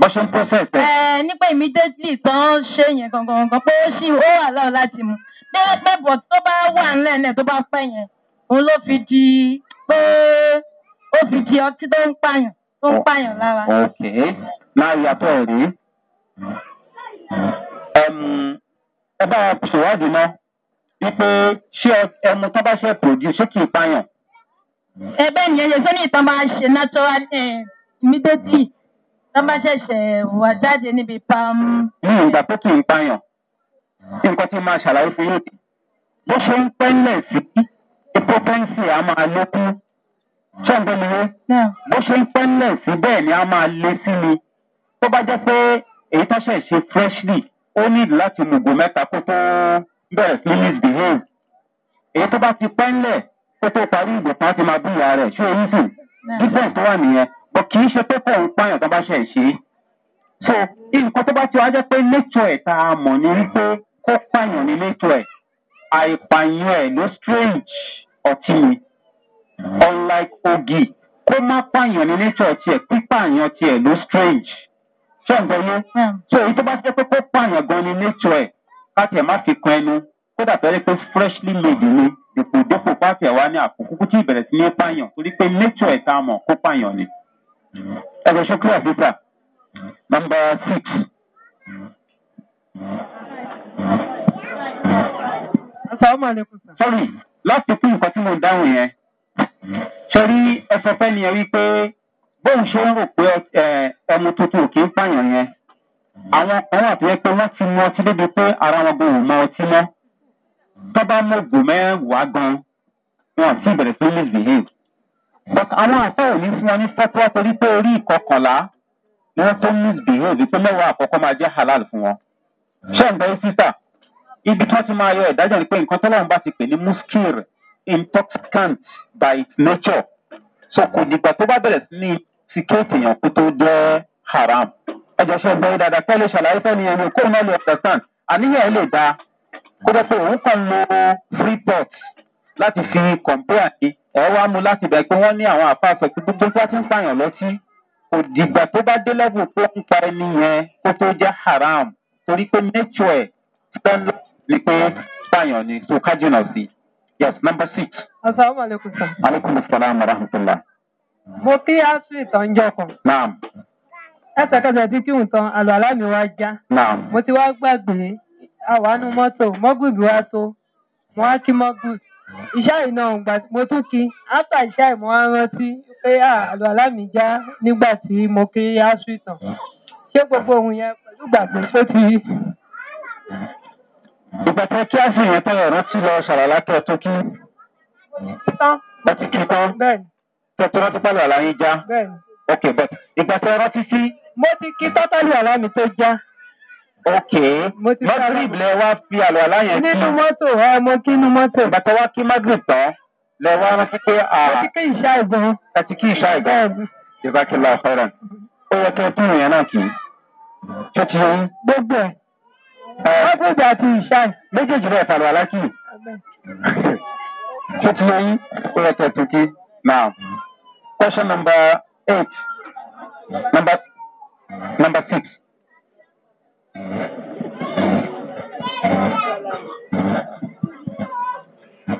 [SPEAKER 1] bó ṣe ń process ẹ. ẹ
[SPEAKER 3] nípa immediately tán ṣe yẹn gangan pé ó ṣì ó wà láwọn láti mu pé bọ̀ tó bá wà ńlẹ̀ náà tó bá pẹ́ yẹn òun ló fi di pé
[SPEAKER 1] ó fi di ọtí tó ń pààyàn
[SPEAKER 3] tó ń pààyàn lára. ok
[SPEAKER 1] máa yàtọ̀ ẹ̀ rí ẹ bá wa ṣèwádìí mọ́ wípé ṣé ẹmu tó bá ṣe produce ṣé kì í pààyàn. ẹ
[SPEAKER 3] bẹ́ẹ̀ ni ẹyẹ sẹ́ni ìtàn máa ṣe natural immediately tó bá ṣẹ̀ṣẹ̀ wà jáde níbi pam.
[SPEAKER 1] ní ìgbà tó kì í pààyàn nǹkan tí máa ṣàlàyé fún yóò bó ṣe ń pẹ́ńlẹ̀ sí ipò a á máa lókun ṣẹ́ǹdé mi yé bó ṣe ń pẹ́ ńlẹ̀ sí bẹ́ẹ̀ ni a máa lé sí mi tó bá jẹ́ pé èyí tó ṣẹ̀ ṣe freshly ó nílò láti lùgò mẹ́ta kó tó bẹ̀rẹ̀ sí misbehave èyí tó bá ti pẹ́ ńlẹ̀ kó tó parí ìgò kan ti máa bí ìyá rẹ̀ ṣé oyún sùn difference tó wà nìyẹn but kì í ṣe pé kò ń pààyàn tó bá ṣẹ̀ ṣe so nǹkan tó bá ti wá jẹ́ pé nature ẹ̀ tá a mọ̀ ní wípé kó pààyàn ní nature ẹ̀ àìpààyàn ẹ̀ ló strange ọtí mi unlike ogi kó má pààyàn ní nature tiẹ̀ pípààyàn tiẹ̀ ló strange ṣé ǹ gbọ́yé hmm. so èyí tó bá jẹ́ pé kó pààyàn gan ni nature ẹ̀ káàtì ẹ̀ má fi kan ẹnu kódà pẹ̀lú pé freshly made ni dèpòdépò káàtì ẹ̀ wá ní àkókò tí ìbẹ̀rẹ̀ sí ní pààyàn torí pé nature ẹ̀ tá a mọ̀ kó pààyàn ni. ẹgbẹ́ ṣe clear sísà number six. Sorry, láti pín nǹkan tí mo dáhùn yẹn. sẹ́rí ẹsẹ̀ fẹ́ ni ẹ wí pé bóun ṣe ń rò pé ẹmu tuntun ò kí ń pààyàn yẹn àwọn kan wà tó yẹ pé pé ara wọn gan ò mọ ọtí mọ tó bá mú ògùn mẹ́wàá gan wọn sì but àwọn ò ní fún wọn ní torí pé orí ìkọkànlá ni tó misbehave pé máa ibi tí ti máa yọ ni pé nǹkan bá ti pè intoxicant by its nature so kò dìgbà tó bá bẹ̀rẹ̀ sí ní ti kéèkì èèyàn kó tó jẹ́ haram. ẹjọ sọ gbọ́ dáadáa pẹ́ lè ṣàlàyé fẹ́ni ẹ̀rọ kó náà lè understand àníyàn ẹ̀ lè da kó jẹ́ pé òun kàn ń lo free pot láti fi compare ní ẹ̀ wá mu láti bẹ̀ pé wọ́n ní àwọn àpáàsọ pé gbogbo tí wọ́n ti ń pààyàn lọ́tí kò dìgbà tó bá dé level pé ń pa ẹni yẹn kó tó jẹ́ haram torí pé nature ẹ̀ fẹ́ ń lọ pé pààyàn ni so kájìnà sí i. Yes, number six.
[SPEAKER 3] Asalaamu alaikum sir.
[SPEAKER 1] Aleykum salaam wa rahmatulah.
[SPEAKER 3] Mo kí Asri tán jọ kan. Naam. Ẹsẹ̀kẹsẹ̀ tí kí n tan àlùalá mi wá já. Naam. Mo ti wá gbàgbé àwánú mọ́tò mọ́gùbì wá tó. Mo wá kí mọ́gùbì. Iṣẹ́ iná ọ̀gbà mo tún kí. Áfà iṣẹ́ mo wá rántí pé àlùalá mi já nígbà tí mo kí Asri tán. Ṣé gbogbo ohun yẹn
[SPEAKER 2] pẹ̀lú gbàgbé
[SPEAKER 1] ṣó ti rí? ìgbà tẹ kí àsìn yẹn tẹ rántí lọ ṣàlàlá kẹ tó kí bàtí kí tán tẹ tó rántí pálọ̀ àlá yín já ok but ìgbà tẹ rántí sí. mo ti kí tọ́tàlì àlá tó já. ok magrib lẹ wá fi àlọ́ àlá yẹn kí. nínú mọ́tò ẹ mo kí inú mọ́tò. ìgbà tẹ wá kí magrib tán lẹ wá rántí pé. a ti kí ìṣá ìgbọ̀n. ẹ ti kí ìṣá ìgbọ̀n. ìgbà kí lọ ọ̀fẹ́ràn. ó yẹ kẹ́ mọ́tòjà àti ìṣàn méjèèjì náà fàlọ́ aláṣì tó ti yẹn kó yẹ tẹ̀tù kí now question number eight number number six.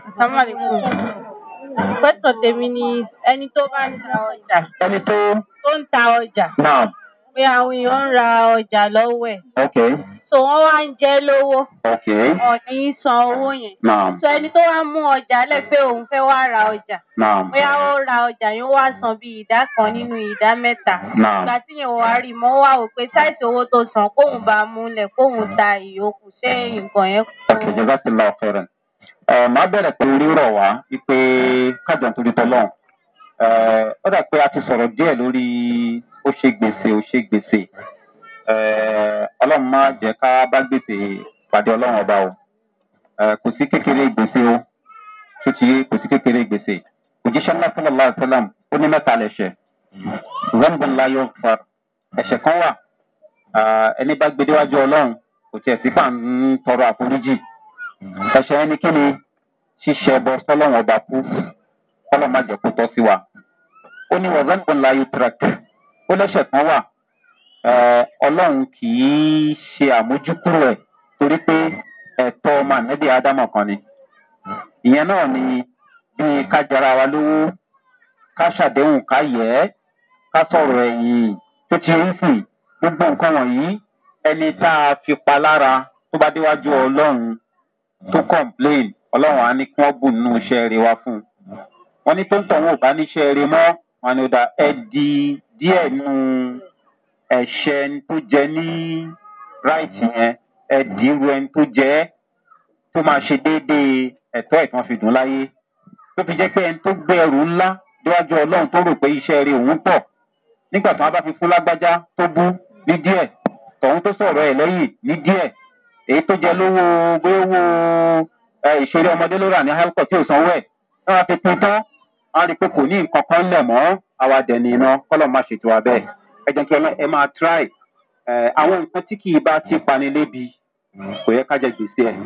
[SPEAKER 3] Assalamualaikum. Question tèmi ni ẹni
[SPEAKER 4] tó bá ń ta ọjà. Ẹni tó. Tó ń ta ọjà. Náà pé àwọn èèyàn ń ra ọjà lọ́wọ́ ẹ̀. Okay. So wọ́n wá ń jẹ́ lówó. Okay. Ọ̀ní san owó yẹn. Naam. So ẹni tó wá mú ọjà lẹ̀ pé òun fẹ́ wá ra ọjà. Naam. Bóyá ó ra ọjà yẹn wá san bí ìdá kan nínú ìdá mẹ́ta. Naam. Ìgbà tí yẹn wá rí mọ́ wá wò pé sáìsì owó tó san kóun bá múlẹ̀ kóun ta ìyókù ṣé nǹkan yẹn kú.
[SPEAKER 1] Okay, Màá bẹ̀rẹ̀ pé rírọ̀ wá wípé kájà nítorí tọ́lọ́run. Ó dà pé a ti sọ̀rọ̀ díẹ̀ lórí ó ṣe gbèsè ó ṣe gbèsè ọlọ́run má jẹ́ ká bá gbèsè pàdé ọlọ́run ọba o kò sí kékeré gbèsè o tó ti yé kò sí kékeré gbèsè òjíṣẹ́ ńlá sọ́lọ́lá àṣẹlám ó ní mẹ́ta lẹ̀ṣẹ̀ rẹ́ǹbọ̀n láyọ̀ fà ẹ̀ṣẹ̀ kan wà ẹni bá gbé déwájú ọlọ́run kò tiẹ̀ sí fà ń tọrọ àforíjì ẹ̀ṣẹ̀ ẹni kí ni ṣíṣe ẹbọ sọ́lọ́run ọba kú kọ́lọ́ má jẹ́ kó tọ́ sí wa ó ní wọ́n rẹ́ǹbọ̀n láyọ̀ tẹ̀rẹ̀kì ó lẹ́sẹ̀ kan wà ọlọ́run kì í ṣe àmójúkúrò ẹ̀ torí pé ẹ̀tọ́ ọmọ ànábì ádámọ̀ kan ni ìyẹn náà ni bíi ká jara wa lówó ká ṣàdéhùn ká yẹ ẹ́ ká sọ̀rọ̀ ẹ̀yìn tó ti ń sìn gbogbo nǹkan wọ̀nyí ẹni tá a fi pa lára tó bá déwájú ọlọ́run tó complain ọlọ́run á ní kí wọ́n bù iṣẹ́ rẹ wá fún un wọ́n ní tó ń tọ̀wọ́ bá níṣẹ́ rẹ mọ́ wọn ni ó da ẹ di díẹ̀ nu ẹ̀ṣẹ̀ ẹni tó jẹ ní ráìtì yẹn ẹ dì í ru ẹni tó jẹ ẹ́ tó máa ṣe déédéé ẹ̀tọ́ ẹ̀ tí wọ́n fi dùn láyé tó fi jẹ́ pé ẹni tó gbé ẹrù ńlá déwájú ọlọ́run tó rò pé iṣẹ́ rẹ̀ òun pọ̀ nígbà tí wọ́n bá fi fún lágbájá tó bú ní díẹ̀ tọ̀hún tó sọ̀rọ̀ ẹ̀ lẹ́yìn ní díẹ̀ èyí tó jẹ lówó gbé owó ìṣeré ọmọdé ló rà tí ò sanwó ẹ̀ wọ́n á fi pin tán á rí i pé kò ní nǹkan kan lẹ̀ mọ́ àwa dẹ̀ ní iná má wa bẹ́ẹ̀ ẹ jẹ́ kí ẹ máa try àwọn nǹkan tí kì í bá ti pani lébi kò yẹ ká jẹ gbèsè ẹ̀.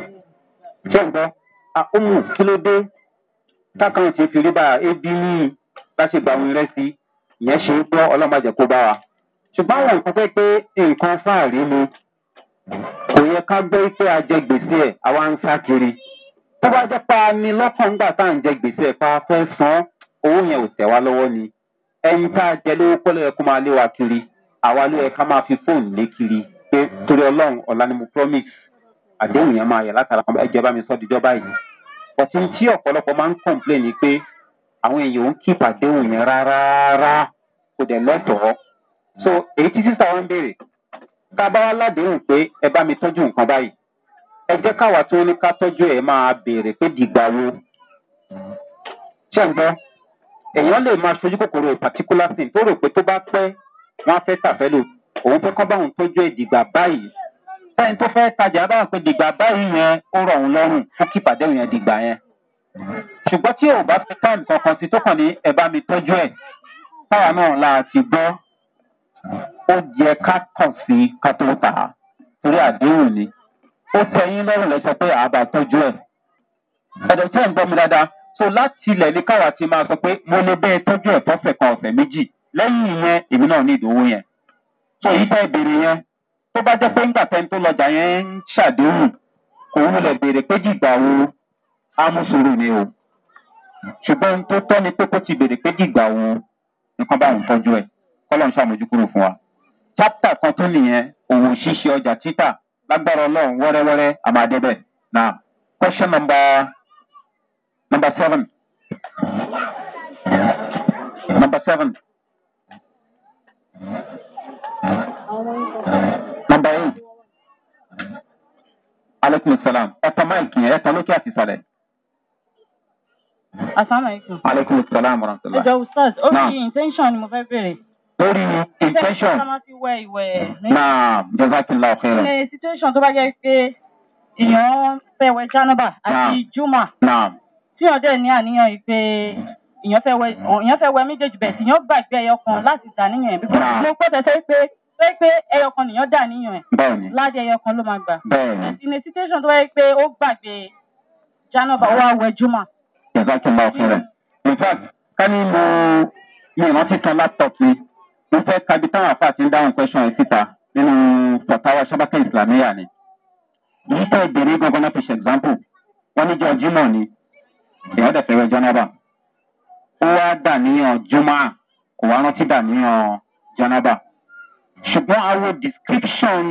[SPEAKER 1] ṣé ń gbọ́ kí ló dé tákàǹtì fi rí bá ebi ní láti gba ìrẹsì ìyẹn ṣe kiri tó bá jẹ́ pa ni lọ́kàn ńgbà tá owó yẹn ò lọ́wọ́ ni ẹni tá a jẹ lówó pẹ́ kó máa wa kiri àwa ló yẹ ká fi fóònù lé kiri pé torí ọlọ́run ọ̀la ma promise àdéhùn yẹn mi sọ báyìí tí ọ̀pọ̀lọpọ̀ máa ń complain ni pé àwọn èèyàn ò ń àdéhùn yẹn rárá kò so èyí tí sísá wa béèrè ká bá wa ládéhùn pé ẹ bá mi tọ́jú nǹkan báyìí ẹ jẹ́ káwa tó ní ká tọ́jú máa béèrè pé wo ṣé èèyàn lè máa ṣojú kòkòrò particular thing tó rò pé tó bá pẹ́ wọ́n á fẹ́ tàfẹ́lò òun fẹ́ kán bá òun tọ́jú ẹ̀ dìgbà báyìí fẹ́ni tó fẹ́ tajà bá wà pé dìgbà báyìí yẹn ó rọ̀ òun lọ́rùn fún kí ìpàdé yẹn dìgbà yẹn ṣùgbọ́n tí ò bá fi táìmù kankan sí tó kàn ní ẹ bá mi tọ́jú ẹ̀ táwa náà la ti gbọ́ ó yẹ ká kàn sí ká tó tà á torí àdéhùn ni ó tẹ yín lọ́rùn lẹ́sọ pé àbá tọ́jú ẹ̀ ẹ̀dọ̀ tí ẹ̀ ń gbọ́ mi dáadáa so láti ilẹ̀ ní káwa ti máa sọ pé mo lè bẹ́ẹ̀ tọ́jú ẹ̀ tọ́sẹ̀ kan ọ̀sẹ̀ méjì lẹ́yìn ìyẹn èmi náà ní ìdòwò yẹn so èyí tẹ́ béèrè yẹn tó bá jẹ́ pé ńgbà tẹ́ni tó lọ́jà yẹn ń ṣàdéhùn kò wúlẹ̀ béèrè pé jìgbà wo amúsùrù ni o ṣùgbọ́n tó tọ́ ni pé kó ti béèrè pé jìgbà wo nǹkan bá òun tọ́jú ẹ̀ kọ́lọ́n ṣàmójú kúrò fún wa chapter kan tó nìyẹn òwò ṣíṣe ọjà títà lágbára ọlọ́run wẹ́rẹ́wẹ́rẹ́ àmàdébẹ̀ now question number. Number seven. Number seven. Number eight. Aleykum salam. Ẹ̀tọ́ máìkì yẹn, ẹ̀tọ́ lókè àti ìsàlẹ̀.
[SPEAKER 3] Asalaamualeykum. Aleykum salam
[SPEAKER 1] wa rahmatulah. Ẹ̀jọ̀ Ustaz, ó fi
[SPEAKER 3] intention ni mo fẹ́ bèrè.
[SPEAKER 1] Lórí intention. Ṣé ká máa
[SPEAKER 3] fi wẹ ìwẹ̀ ní? Náà,
[SPEAKER 1] Jazakallah khairan. Ṣé
[SPEAKER 3] situation tó bá jẹ́ pé èèyàn fẹ́ wẹ Jánúbà àti Júmà? Náà tí èèyàn dẹ̀ ní àníyàn yìí pé èèyàn fẹ́ wẹ mm. èèyàn fẹ́ wẹ méjèèjì bẹ́ẹ̀ èèyàn gbàgbé ẹyọ kan mm. láti dà níyàn ẹ̀ bí ah. mo gbọ́dọ̀ sọ pé sọ pé ẹyọ kan nìyàn dà níyàn ẹ̀ ládé ẹyọ kan ló máa gbà in a situation tó wáyé pé ó gbàgbé janaba ó wá wẹ juma.
[SPEAKER 1] ìyàtọ̀ tó ń bá ọkùnrin rẹ̀ in fact ká ní mo mi ìrántí kan laptop mi mo fẹ́ kabi táwọn afa ti ń dáhùn question yìí síta nínú fatawa sábàkẹ́ ìsìlámíyà ni. èyí tẹ́ ìbéèrè gangan náà fi ṣe example wọ́n ní jẹ́ ọjímọ̀ ni ìyàwó dẹ̀ fẹ́ wẹ jọ́nàbà ó wá dàníyàn jùmọ̀ kò wá rántí dàníyàn jọ́nàbà ṣùgbọ́n àwọn description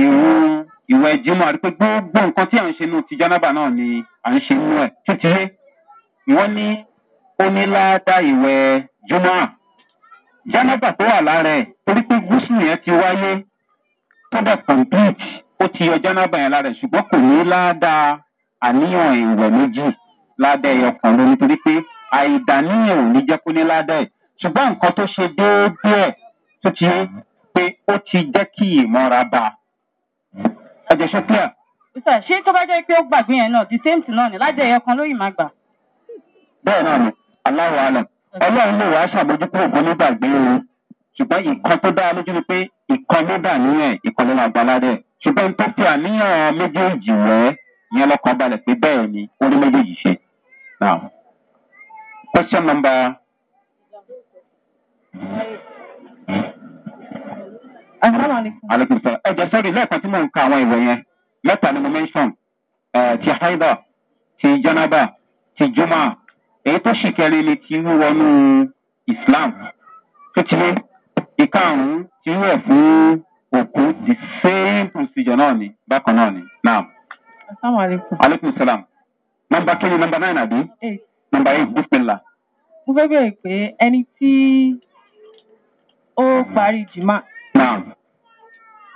[SPEAKER 1] ìrún ìwẹ̀ jùmọ̀ àti pé gbogbo nǹkan tí à ń ṣe nù ti jọ́nàbà náà ni à ń ṣe nù ẹ̀ títí wọ́n ní ó ní láàdá ìwẹ̀ jùmọ̀ jọ́nàbà tó wà lára ẹ̀ torí pé gúúsù yẹn ti wáyé tó dẹ̀ complete ó ti yọ jọ́nàbà yẹn lára ẹ̀ ṣùgbọ́n kò ní láàdá àníyàn ìwẹ̀ méjì ládàá ẹyọ kan ló nítorí pé àìdàníyàn ò ní jẹ́ kó ní ládàá ẹ̀ ṣùgbọ́n nǹkan tó ṣe déédéé ẹ̀ tó ti rí pé ó ti jẹ́ kí ìmọ̀ra bá a. ọjọ́ ṣe clear.
[SPEAKER 3] ṣé tó bá jẹ́ pé ó gbàgbé yẹn náà the same thing náà ni ládàá ẹyọ kan ló yìí máa gbà.
[SPEAKER 1] bẹ́ẹ̀ náà ni aláwọ̀ àlọ́ ọlọ́run lè wá ṣàbójúkú ògùn nígbàgbé o ṣùgbọ́n ìkan tó dáa lójú ni pé ìkan ló dà níyẹn ìkan ló máa gbà ládàá ṣùgbọ́n tó fi àníyàn méjèèjì wẹ́ ìyẹn lọ́kàn balẹ̀ pé bẹ́ẹ̀ ni ó ní méjèèjì ṣe. Now, question number. aleykum salaam ẹ jẹ sọrí lẹẹkan tí mò ń ka àwọn ìwé yẹn mẹta ni mo mention ti haida ti janaba ti juma èyí tó sì kẹrin ni ti wíwọnú islam tó ti lé ìkarùn-ún ti wíwọ̀ fún òkú the same procedure náà ni bákan náà ni now.
[SPEAKER 3] asalaamualeykum.
[SPEAKER 1] aleykum nọmba kí ni nọmba nine àbí eh. nọmba eight bísímìlà.
[SPEAKER 3] mo fẹ́ bẹ̀rẹ̀ pé ẹni tí ó parí jìmá.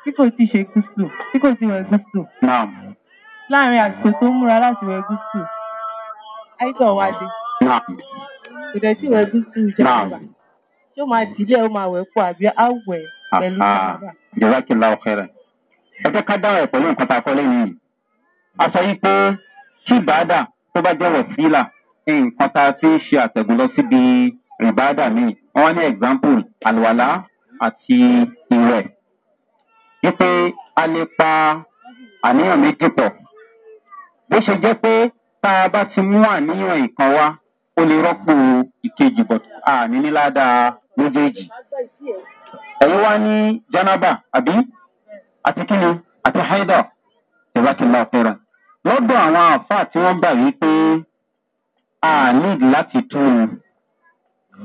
[SPEAKER 3] tí kò ti ṣe gúúsù tí kò ti wẹ̀ gúúsù. láàrin àsìkò tó múra láti wẹ̀ gúúsù àìsàn wa dé. kò dẹ̀ tí wẹ̀ gúúsù jàmbá. ṣé ó máa dìlé ó máa wẹ̀ pọ̀ àbí á wẹ̀
[SPEAKER 1] pẹ̀lú jàmbá. jẹ́rẹ́ kí n la ọ̀kẹ́rẹ́ ẹ jẹ́ ká dáhùn ẹ̀ pẹ̀lú nǹkan tá a kọ́ lẹ́yìn yìí. a sọ yí pé tí ìbáàdà tó bá jẹ́ wọ̀síìlà nǹkan tá a fi ń ṣe àtẹ̀gùn lọ síbi ìbáàdà míì wọ́n ní example àlùwàlá àti ìwẹ̀ wípé a lè pa àníyàn méjì pọ̀ bó ṣe jẹ́ pé tá a bá ti mú àníyàn ìkan wá ó lè rọ́pò ìkejì bọ̀ àní níláda méjèèjì ẹ̀yin wá ní janaba àbí àti kíni àti haida ìbá ti lọ fẹ́ràn lọ́dọ̀ àwọn àáfàá tí wọ́n gbà wípé a nídìí láti tú un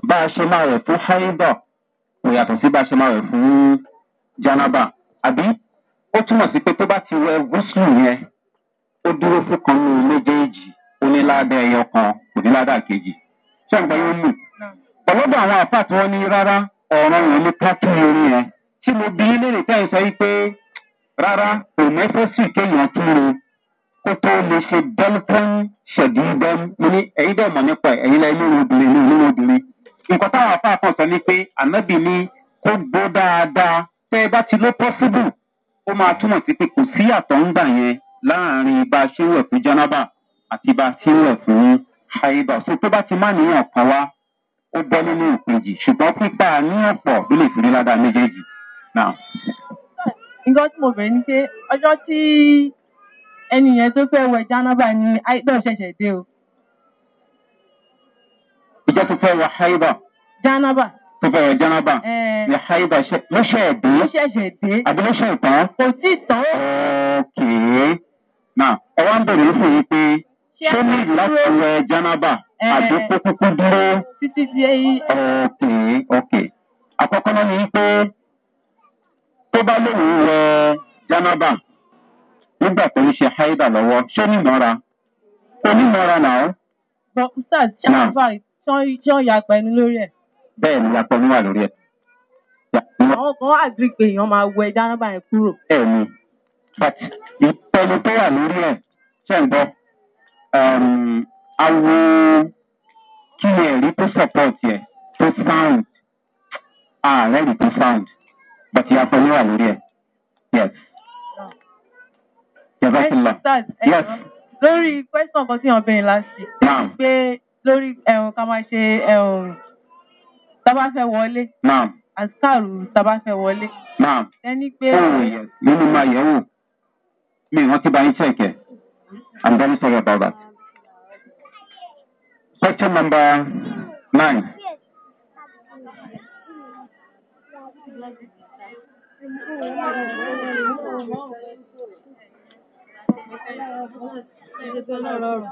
[SPEAKER 1] bá a ṣe máa rẹ̀ fún haidọ̀ kò yàtọ̀ sí bá a ṣe máa rẹ̀ fún janaba àbí ó túmọ̀ sí pé tó bá ti wẹ gúúsùlù yẹn ó dúró fún kan nínú méjèèjì ó ẹyọ kan kò ní ládàá kejì ṣé nǹkan yóò lù ọlọ́dọ̀ àwọn àáfàá tí wọ́n ní rárá ọ̀ràn yẹn ní kákí orin yẹn tí mo bí lérè tẹ́ ẹ sọ yìí pé rárá kò mẹ́fẹ́ sì kéèyàn tún ro kó tó lè ṣe dẹ́lkún ṣẹ̀dídán mo ní ẹ̀yin dẹ̀ mọ̀ nípa ẹ̀ ẹ̀yin lẹ́yìn lórí obìnrin ní lórí obìnrin. nǹkan táwọn afáàfọ̀ sọ ni pé ànábì ni kó gbó dáadáa tẹ́ ẹ bá ti ló pọ́síbù ó máa túmọ̀ sí pé kò sí àtọ̀ ń gbà yẹn láàrin bá a ṣe ń wẹ̀ fún jánábà àti bá a ṣe ń wẹ̀ fún haiba so tó bá ti má níyàn kan wá ó bọ́ nínú ìpèjì ṣùgbọ́n pípa níyàn pọ̀ ló lè fi rí ládàá méjèèjì.
[SPEAKER 3] nǹkan tí mo bẹ̀rẹ̀ ni pé ọjọ́ tí ẹni yẹn tó fẹ́ wẹ̀ jánábà ni haidọ̀ ṣẹ̀ṣẹ̀ dé o.
[SPEAKER 1] ìjọ tó fẹ́ wẹ̀ haidọ̀. jánábà. tó fẹ́ wẹ̀ jánábà. ni haidọ̀ ló ṣẹ̀ dé. ló ṣẹ̀ṣẹ̀ dé. àbí ló ṣẹ̀ tán. kò tí ì tán. ọ̀kẹ́ náà ẹ wá ń bèrè fún yín pé
[SPEAKER 2] tó ní láti
[SPEAKER 1] wẹ̀ jánábà àbí kó kúkú dúró. títí di èyí. ọ̀kẹ́ ọ̀kẹ́ àkọ́kọ́ náà ni pé tó bá lóun wẹ̀ jánábà nígbà tó ń ṣe haida lọ́wọ́ ṣé nímọ̀ra kò nímọ̀ra náà.
[SPEAKER 3] bọ ustaz ṣé àwọn fà ṣé wọn yà pẹ̀lú lórí ẹ̀.
[SPEAKER 1] bẹ́ẹ̀ ni yàtọ̀ mi wà lórí ẹ̀.
[SPEAKER 3] àwọn kan wà sí pé èèyàn máa wọ ẹja nọ́mbà yẹn
[SPEAKER 2] kúrò. bẹ́ẹ̀ ni ìpẹ̀lú tó wà lórí ẹ̀ ṣe ń bọ́
[SPEAKER 1] awo kí ni ẹ̀rí tó support yẹ tó sound ààrẹ rí tó sound bàtí yàtọ̀ mi wà lórí ẹ̀
[SPEAKER 2] yes
[SPEAKER 3] lórí question kan tí yàn bẹ̀rẹ̀ láti pé lórí ẹ̀hún ká máa ṣe ẹ̀hún tá bá fẹ́ wọlé àṣàrù tá bá fẹ́ wọlé. ẹni pé. Oh,
[SPEAKER 1] nínú máa yẹ̀ wò mi wọ́n ti bá yín ṣẹ̀kẹ̀ i'm very sorry about that. question number
[SPEAKER 2] nine. Thank you. Ẹ̀ẹ́dẹ́gbẹ́ náà rọrùn.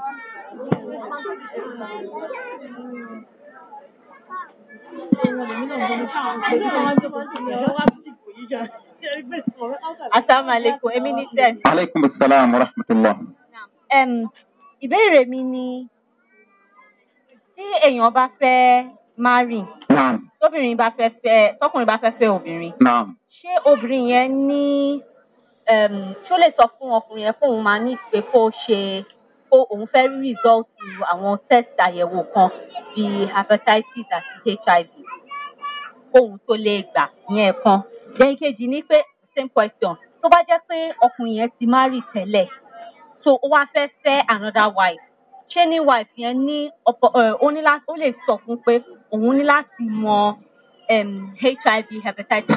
[SPEAKER 4] Assalamu alaikum, èmi ni Sẹ́ẹ̀.
[SPEAKER 1] Aleykum salaam wa rahmatulah.
[SPEAKER 4] Ìbéèrè mi ni tí èèyàn bá fẹ́ márì. Tóbìnrin bá fẹ́ fẹ́ tọkùnrin bá fẹ́ fẹ́ obìnrin. Ṣé obìnrin yẹn ní ṣó um, lè sọ fún ọkùnrin yẹn pé òun máa ní pé kó ṣe pé òun fẹ́ rí rìsọ́ọ̀tì àwọn test àyẹ̀wò kan bíi hepatitis àti hiv kóun tó lè gbà yẹn kan. Then kejì ni pé same question tó bá jẹ́ pé ọkùnrin yẹn ti marry tẹ́lẹ̀ so ó wá fẹ́ fẹ́ another wife ṣé ní wife yẹn ní ó ní láti ó lè sọ fún pé òun ní láti mọ um, hiv hepatitis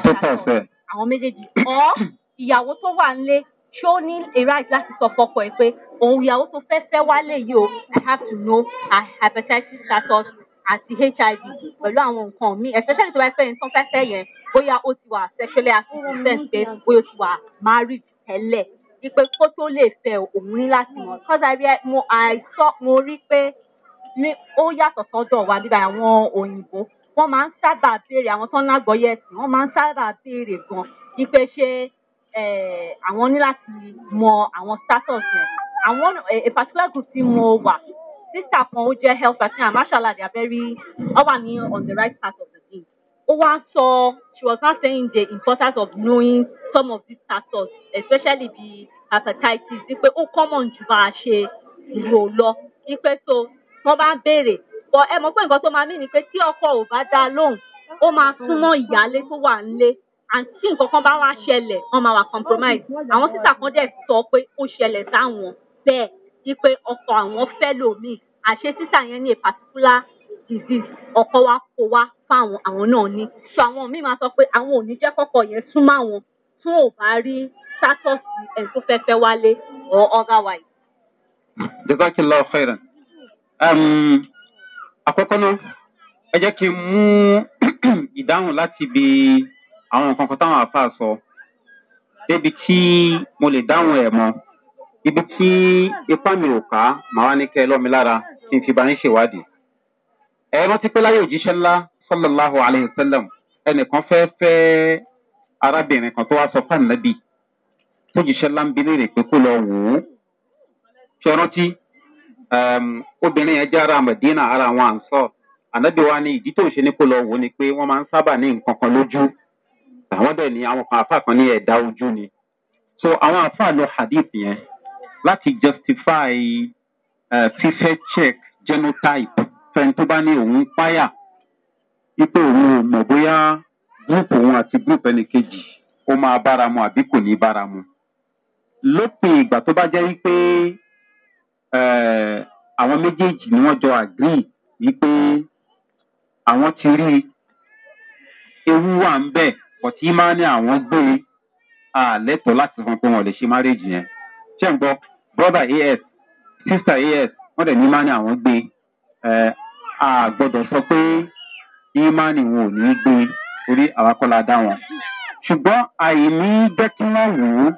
[SPEAKER 4] àwọn méjèèjì ọ́ ìyàwó tó wà nílé ṣé ó ní a right láti sọ fọkọ ẹ̀ pé òun ìyàwó tó fẹ́ fẹ́ wálé yìí o i have to know her hepatitis status àti hiv pẹ̀lú àwọn nǹkan míì especially tó bá fẹ́ nǹkan fẹ́ fẹ́ yẹn bóyá ó ti wà sexually active in pé bóyá ó ti wà married tẹ́lẹ̀ wípé kó tó lè fẹ́ òun ní láti mọ̀ because i rí mo i mo rí pé ní ó yàtọ̀ sọ́dọ̀ wa bíbá àwọn òyìnbó wọ́n máa ń sábà béèrè àwọn tó ń lágbọ́yé wọ́n máa ń sábà béèrè gan-an wípé um àwọn ní láti mọ àwọn status yẹn àwọn eh, a particular group tí mo wà sister kan ó jẹ́ health practitioner mashallah they are very wọ́n wà ní on the right part of the game ó wá sọ she was not saying the importance of knowing some of these status especially the hepatitis wípé ó common ju bá a ṣe rò lọ wípé so wọ́n bá béèrè but ẹ mọ̀ pé nǹkan tó máa mí ni pé tí ọkọ ò bá dá lóhùn ó máa súnmọ́ ìyáálé tó wà nílé and tí nǹkan kan bá wá ṣẹlẹ̀ wọ́n máa wà compromise àwọn sísà kan dẹ̀ sọ pé ó ṣẹlẹ̀ sáwọn bẹ́ẹ̀ ni pé ọkọ àwọn fẹ́ lòmíì àṣẹ sísà yẹn ní a particular disease ọkọ wa kó wá fáwọn àwọn náà ní so àwọn míì máa sọ pé àwọn ò ní jẹ́ kọ́kọ́ yẹn súnmọ́ àwọn tó ò bá rí status ẹ̀ tó fẹ́ fẹ́ wálé or otherwise.
[SPEAKER 1] jazakallah khairan àkọ́kọ́ náà ẹ jẹ́ kí n mú ìdáhùn láti ibi àwọn nǹkan kan táwọn àáfàá sọ débi tí mo lè dáhùn ẹ̀ mọ́ ibi tí ipá mi ò ká màá wá ní kẹ́ ẹ lọ́mi lára tí n fi bá ń ṣèwádìí. ẹ rántí pé láyé òjíṣẹ́ ńlá sallallahu alayhi wa sallam ẹnìkan fẹ́ fẹ́ arábìnrin kan tó wá sọ fún ànábì tó jíṣẹ́ ńlá ń bi léèrè pé kó lọ wò ó ṣe rántí obìnrin yẹn jẹ́ ara mẹ̀dínà ara àwọn àǹsọ̀ ànábì wa ìdí tó ṣe ní kó lọ wò ó ni pé wọ́n máa ń sábà ní nǹkan kan lójú àwọn dẹ̀ ní àwọn kan àfa kan ní ẹ̀dá ojú ni so àwọn àfa lọ hadith yẹn láti justify eh, fífẹ́ check genotype fẹ́ni tó bá ní òun páyà wípé òun ò mọ̀ bóyá group òun àti group ẹnì kejì ó máa bára mu àbí kò ní bára mu lópin ìgbà tó bá jẹ́ wípé eh, àwọn méjèèjì ni wọ́n jọ agree wípé àwọn ti rí ewu wà ń bẹ́ẹ̀ bọ̀tí máa ní àwọn gbé àlẹ́tọ̀ láti fún pé wọn lè ṣe márèèjì yẹn ṣé ń gbọ́ brother as sister as wọ́n dẹ̀ ní máa ní àwọn gbé a gbọ́dọ̀ sọ pé ìmánì wọn ò ní í gbé orí àwa kọ́ la dá wọn ṣùgbọ́n àìní jẹ́ kí wọ́n wò ó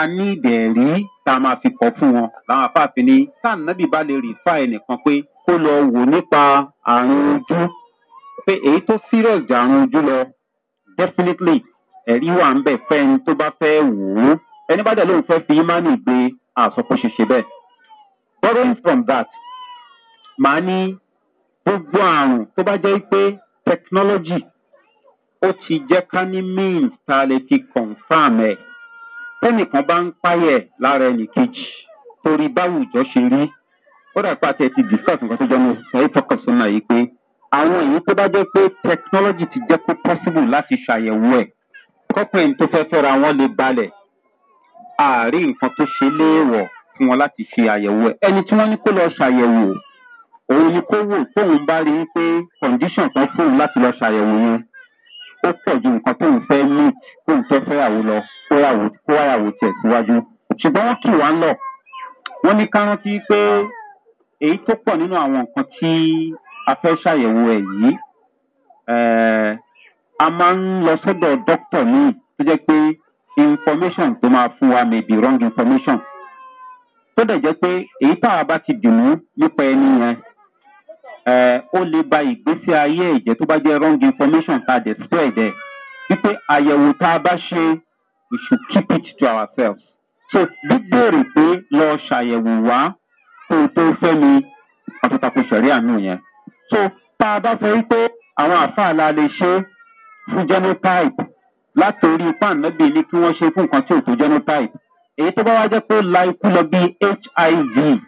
[SPEAKER 1] a ní ìdẹ̀rí tá a máa fi kọ́ fún wọn làwọn afáàfin ni táà nábì bá lè rí fáì nìkan pé kó lọ wò nípa àrùn ojú pé èyí tó serious jà àrùn ojú lọ definitely ẹ̀rí wà ń bẹ̀ fẹ́ni tó bá fẹ́ wò ó ẹni bá dẹ̀ lóun fẹ́ fi imani gbé àsọkóṣeṣe bẹ́ẹ̀. borrowing from that màá ní gbogbo àrùn tó bá jẹ́ pé technology ó ti jẹ́ ká ní means tá a lè fi confam ẹ̀ tẹ́nìkan bá ń páyẹ̀ lára ẹnìkejì torí báwùjọ ṣe rí ó dà pé àti ẹ̀ ti discuss nǹkan tó jẹ́ mo sọ é tọkọ̀ sọ́nà yìí pé àwọn èyí tó bá jẹ́ pé technology ti jẹ́ pé possible láti ṣàyẹ̀wò ẹ̀ kọ́pìn tó fẹ́ fẹ́ra wọn lè balẹ̀ ààrí nǹkan tó ṣe léèwọ̀ fún wọn láti ṣe àyẹ̀wò ẹ̀ ẹni tí wọ́n ní kó lọ ṣàyẹ̀wò òun ni kó wò tóun bá rí i pé condition kan fóun láti lọ ṣàyẹ̀wò yẹn ó pọ̀ ju nǹkan tóun fẹ́ meet tóun fẹ́ fẹ́yàwó lọ kó wáyàwó tiẹ̀ ṣùgbọ́n wọ́n kì wá ń lọ wọ́n ní ká rántí pé èyí tó pọ̀ nínú àwọn nǹkan tí a fẹ́ ṣàyẹ̀wò ẹ̀ yìí eh, a máa ń lọ sọ́dọ̀ dókítà míì tó jẹ́ pé information tó máa fún wa may be wrong information tó dẹ̀ jẹ́ pé èyí tá a bá ti dùnú nípa ẹni yẹn eh, ó lè ba ìgbésí ayé ẹ̀jẹ̀ tó bá jẹ́ wrong information tá a dẹ̀ sọ ẹ̀jẹ̀ wípé àyẹ̀wò tá a bá ṣe we should keep it to ourselves so bíbèrè pé lọ ṣàyẹ̀wò wá kó o tó fẹ́ mi àtúntàkùn sẹ̀rí àánú yẹn so tá a bá sọ wípé àwọn àáfàá la lè ṣe fún genotype látòrí pàǹdàbí ni kí wọ́n ṣe fún nǹkan tí ò tó genotype èyí tó bá wá jẹ́ pé la ikú lọ bí hiv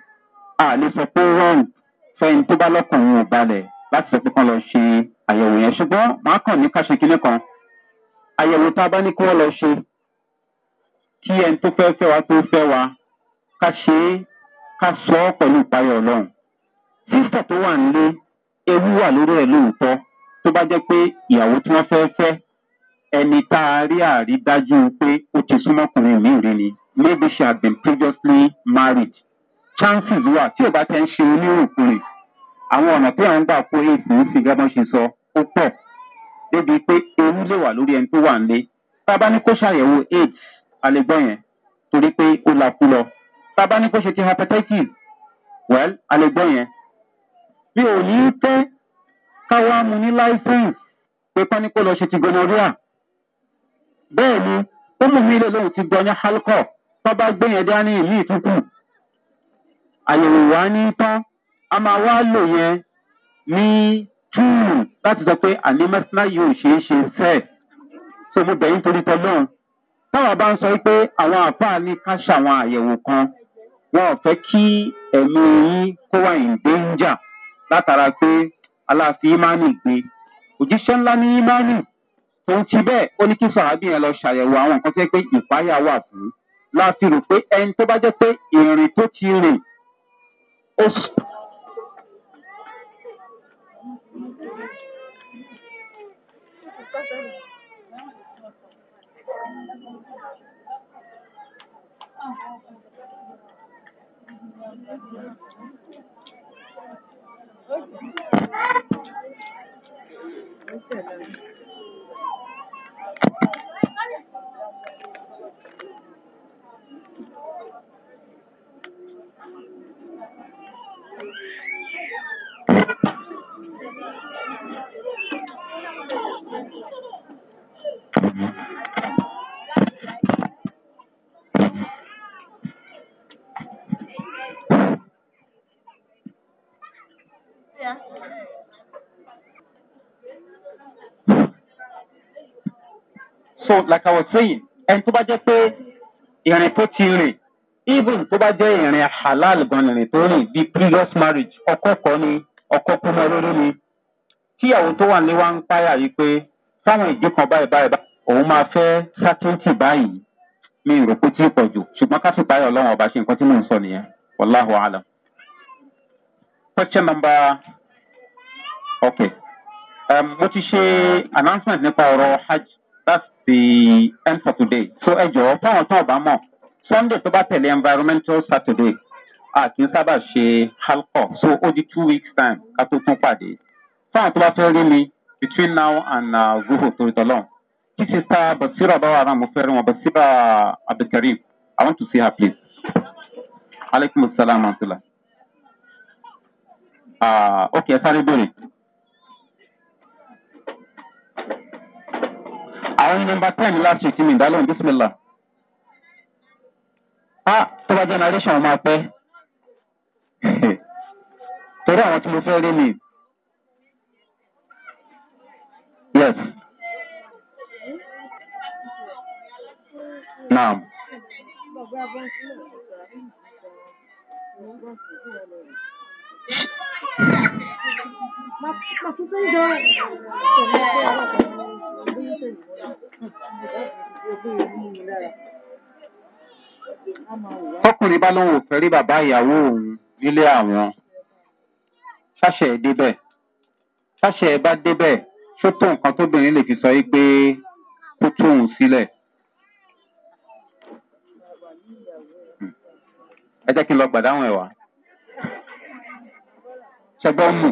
[SPEAKER 1] a lè sọ pé wrong fẹ́ni tó bá lọ́kùnrin ò balẹ̀ láti sọ pé kán lọ ṣe àyẹ̀wò yẹn ṣùgbọ́n màá kàn ní káṣe kinní kan àyẹ̀wò tá a bá ní kí wọ́n lọ ṣe kí ẹni tó fẹ́ fẹ́ wa tó fẹ́ wa ká ṣe é ká sọ ọ́ pẹ̀lú ìpayọ̀ ọlọ́run sísẹ̀ tó wà nílé ewu wà lórí ẹ̀ lóòótọ́ tó bá jẹ́ pé ìyàwó tí wọ́n fẹ́ fẹ́ ẹni tá a rí àrídájú pé ó ti súnmọ́kùnrin mi rí ni maybe she had been previously married chances wà tí ò bá tẹ́ ń ṣe onírùkúrìn àwọn ọ̀nà tí àwọn gbà kó èsì ń fi gẹ́gẹ́ ṣe sọ ó pọ̀ débi pé ewu lè wà lórí ẹni tó wà nílé tá a bá ní kó ṣàyẹ̀wò aids a lè gbọ́ yẹn torí pé ó la kú lọ tá a bá ní kó ṣe ti hepatitis well a lè gbọ́ yẹn bí ò ní pé káwá mu ní láìsẹ̀ǹsì pé kán lọ ṣe ti gonorrhea. bẹ́ẹ̀ ni mi ti tó bá gbé yẹn dání ìlú ìtúkù. àyẹ̀wò wa ní tán a máa wá lò yẹn ní túùrù láti sọ pé ànímọ́sílá yóò ṣeé ṣe fẹ́ẹ̀. tó mo bẹ̀yìn torí bá ń sọ pé àwọn àpá ní ká ṣàwọn àyẹ̀wò kan wọn ò fẹ́ kí ẹ̀mí yín kó wà ní látara pé aláàfin imani gbé òjíṣẹ́ ńlá ní imani tòun ti bẹ́ẹ̀ ó ní kí sàábì yẹn lọ ṣàyẹ̀wò àwọn nǹkan tó yẹ pé ìpáyà wà fún láti rò pé ẹni tó bá jẹ́ pé ìrìn tó ti rìn so like i was saying ẹni tó bá jẹ́ pé ìrìn tó ti rìn even tó bá jẹ́ ìrìn halal gan ìrìn tó rìn bíi previous marriage ọkọ kọ ni ọkọ kó mọ lórí ni tíyàwó tó wà ní wá ń páyà yìí pé táwọn ìdí kan báyìí báyìí òun máa fẹ́ sátẹ́ǹtì báyìí mi rò pé tí pọ̀ jù ṣùgbọ́n ká sì páyà ọlọ́run ọba ṣe nǹkan tí mò ń sọ nìyẹn wàláhùn àlọ́. question number okay um, mo ti ṣe announcement nípa ọ̀rọ̀ hajj that's the end for today. so ẹ jọ̀wọ́ fáwọn tó ọba mọ̀ sunday tó bá tẹ̀lé environmental saturday a kì í sábà ṣe halkọ so ó di two weeks time ká tó tún pàdé fáwọn tó bá fẹ́ rí mi between now and uh, zuhu torí tọ́lọ́ kí sista basira báwa ara mo fẹ́ rí wọn basira abdulkareem i want to see her please. aleykum salaam wa rahmatulah. Uh, ok ẹ sáré àwọn nọmba ten last ṣe tìmí ìdálóhùn bísímìlà. a ah, tó bá generation ọmọ apẹ torí àwọn tí mo fẹ́ rí mi. yes.
[SPEAKER 3] naam. Thank
[SPEAKER 1] you. 马马出生的，我们这样的，我不认识你，
[SPEAKER 2] 我不认识你了。
[SPEAKER 1] tọkùnrin bá lóun ò fẹ́ rí bàbá ìyàwó òun nílé àwọn ṣáṣẹ̀ ẹ̀ débẹ̀ ṣáṣẹ̀ ẹ̀ bá débẹ̀ ṣó tó nǹkan tóbìnrin lè fi sọ yí pé kó tóun sílẹ̀. Hmm. ẹ jẹ́ kí n lọ gbàdáhùn ẹ̀ wá ṣẹgbọ́mù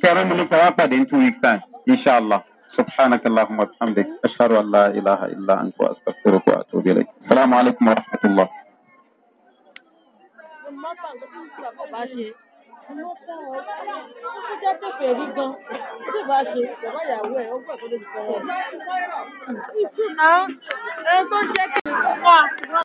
[SPEAKER 1] kẹrin mi ní ká wá pàdé ní two weeks time inshallah subhanak allahumma alhamdulilayi ashhadu an la ilaha illa anta astaghfiruka wa atubu ilayk assalamu alaikum wa rahmatullah
[SPEAKER 3] nọ́mbà tó tó
[SPEAKER 2] jẹ́ kí n fún wa.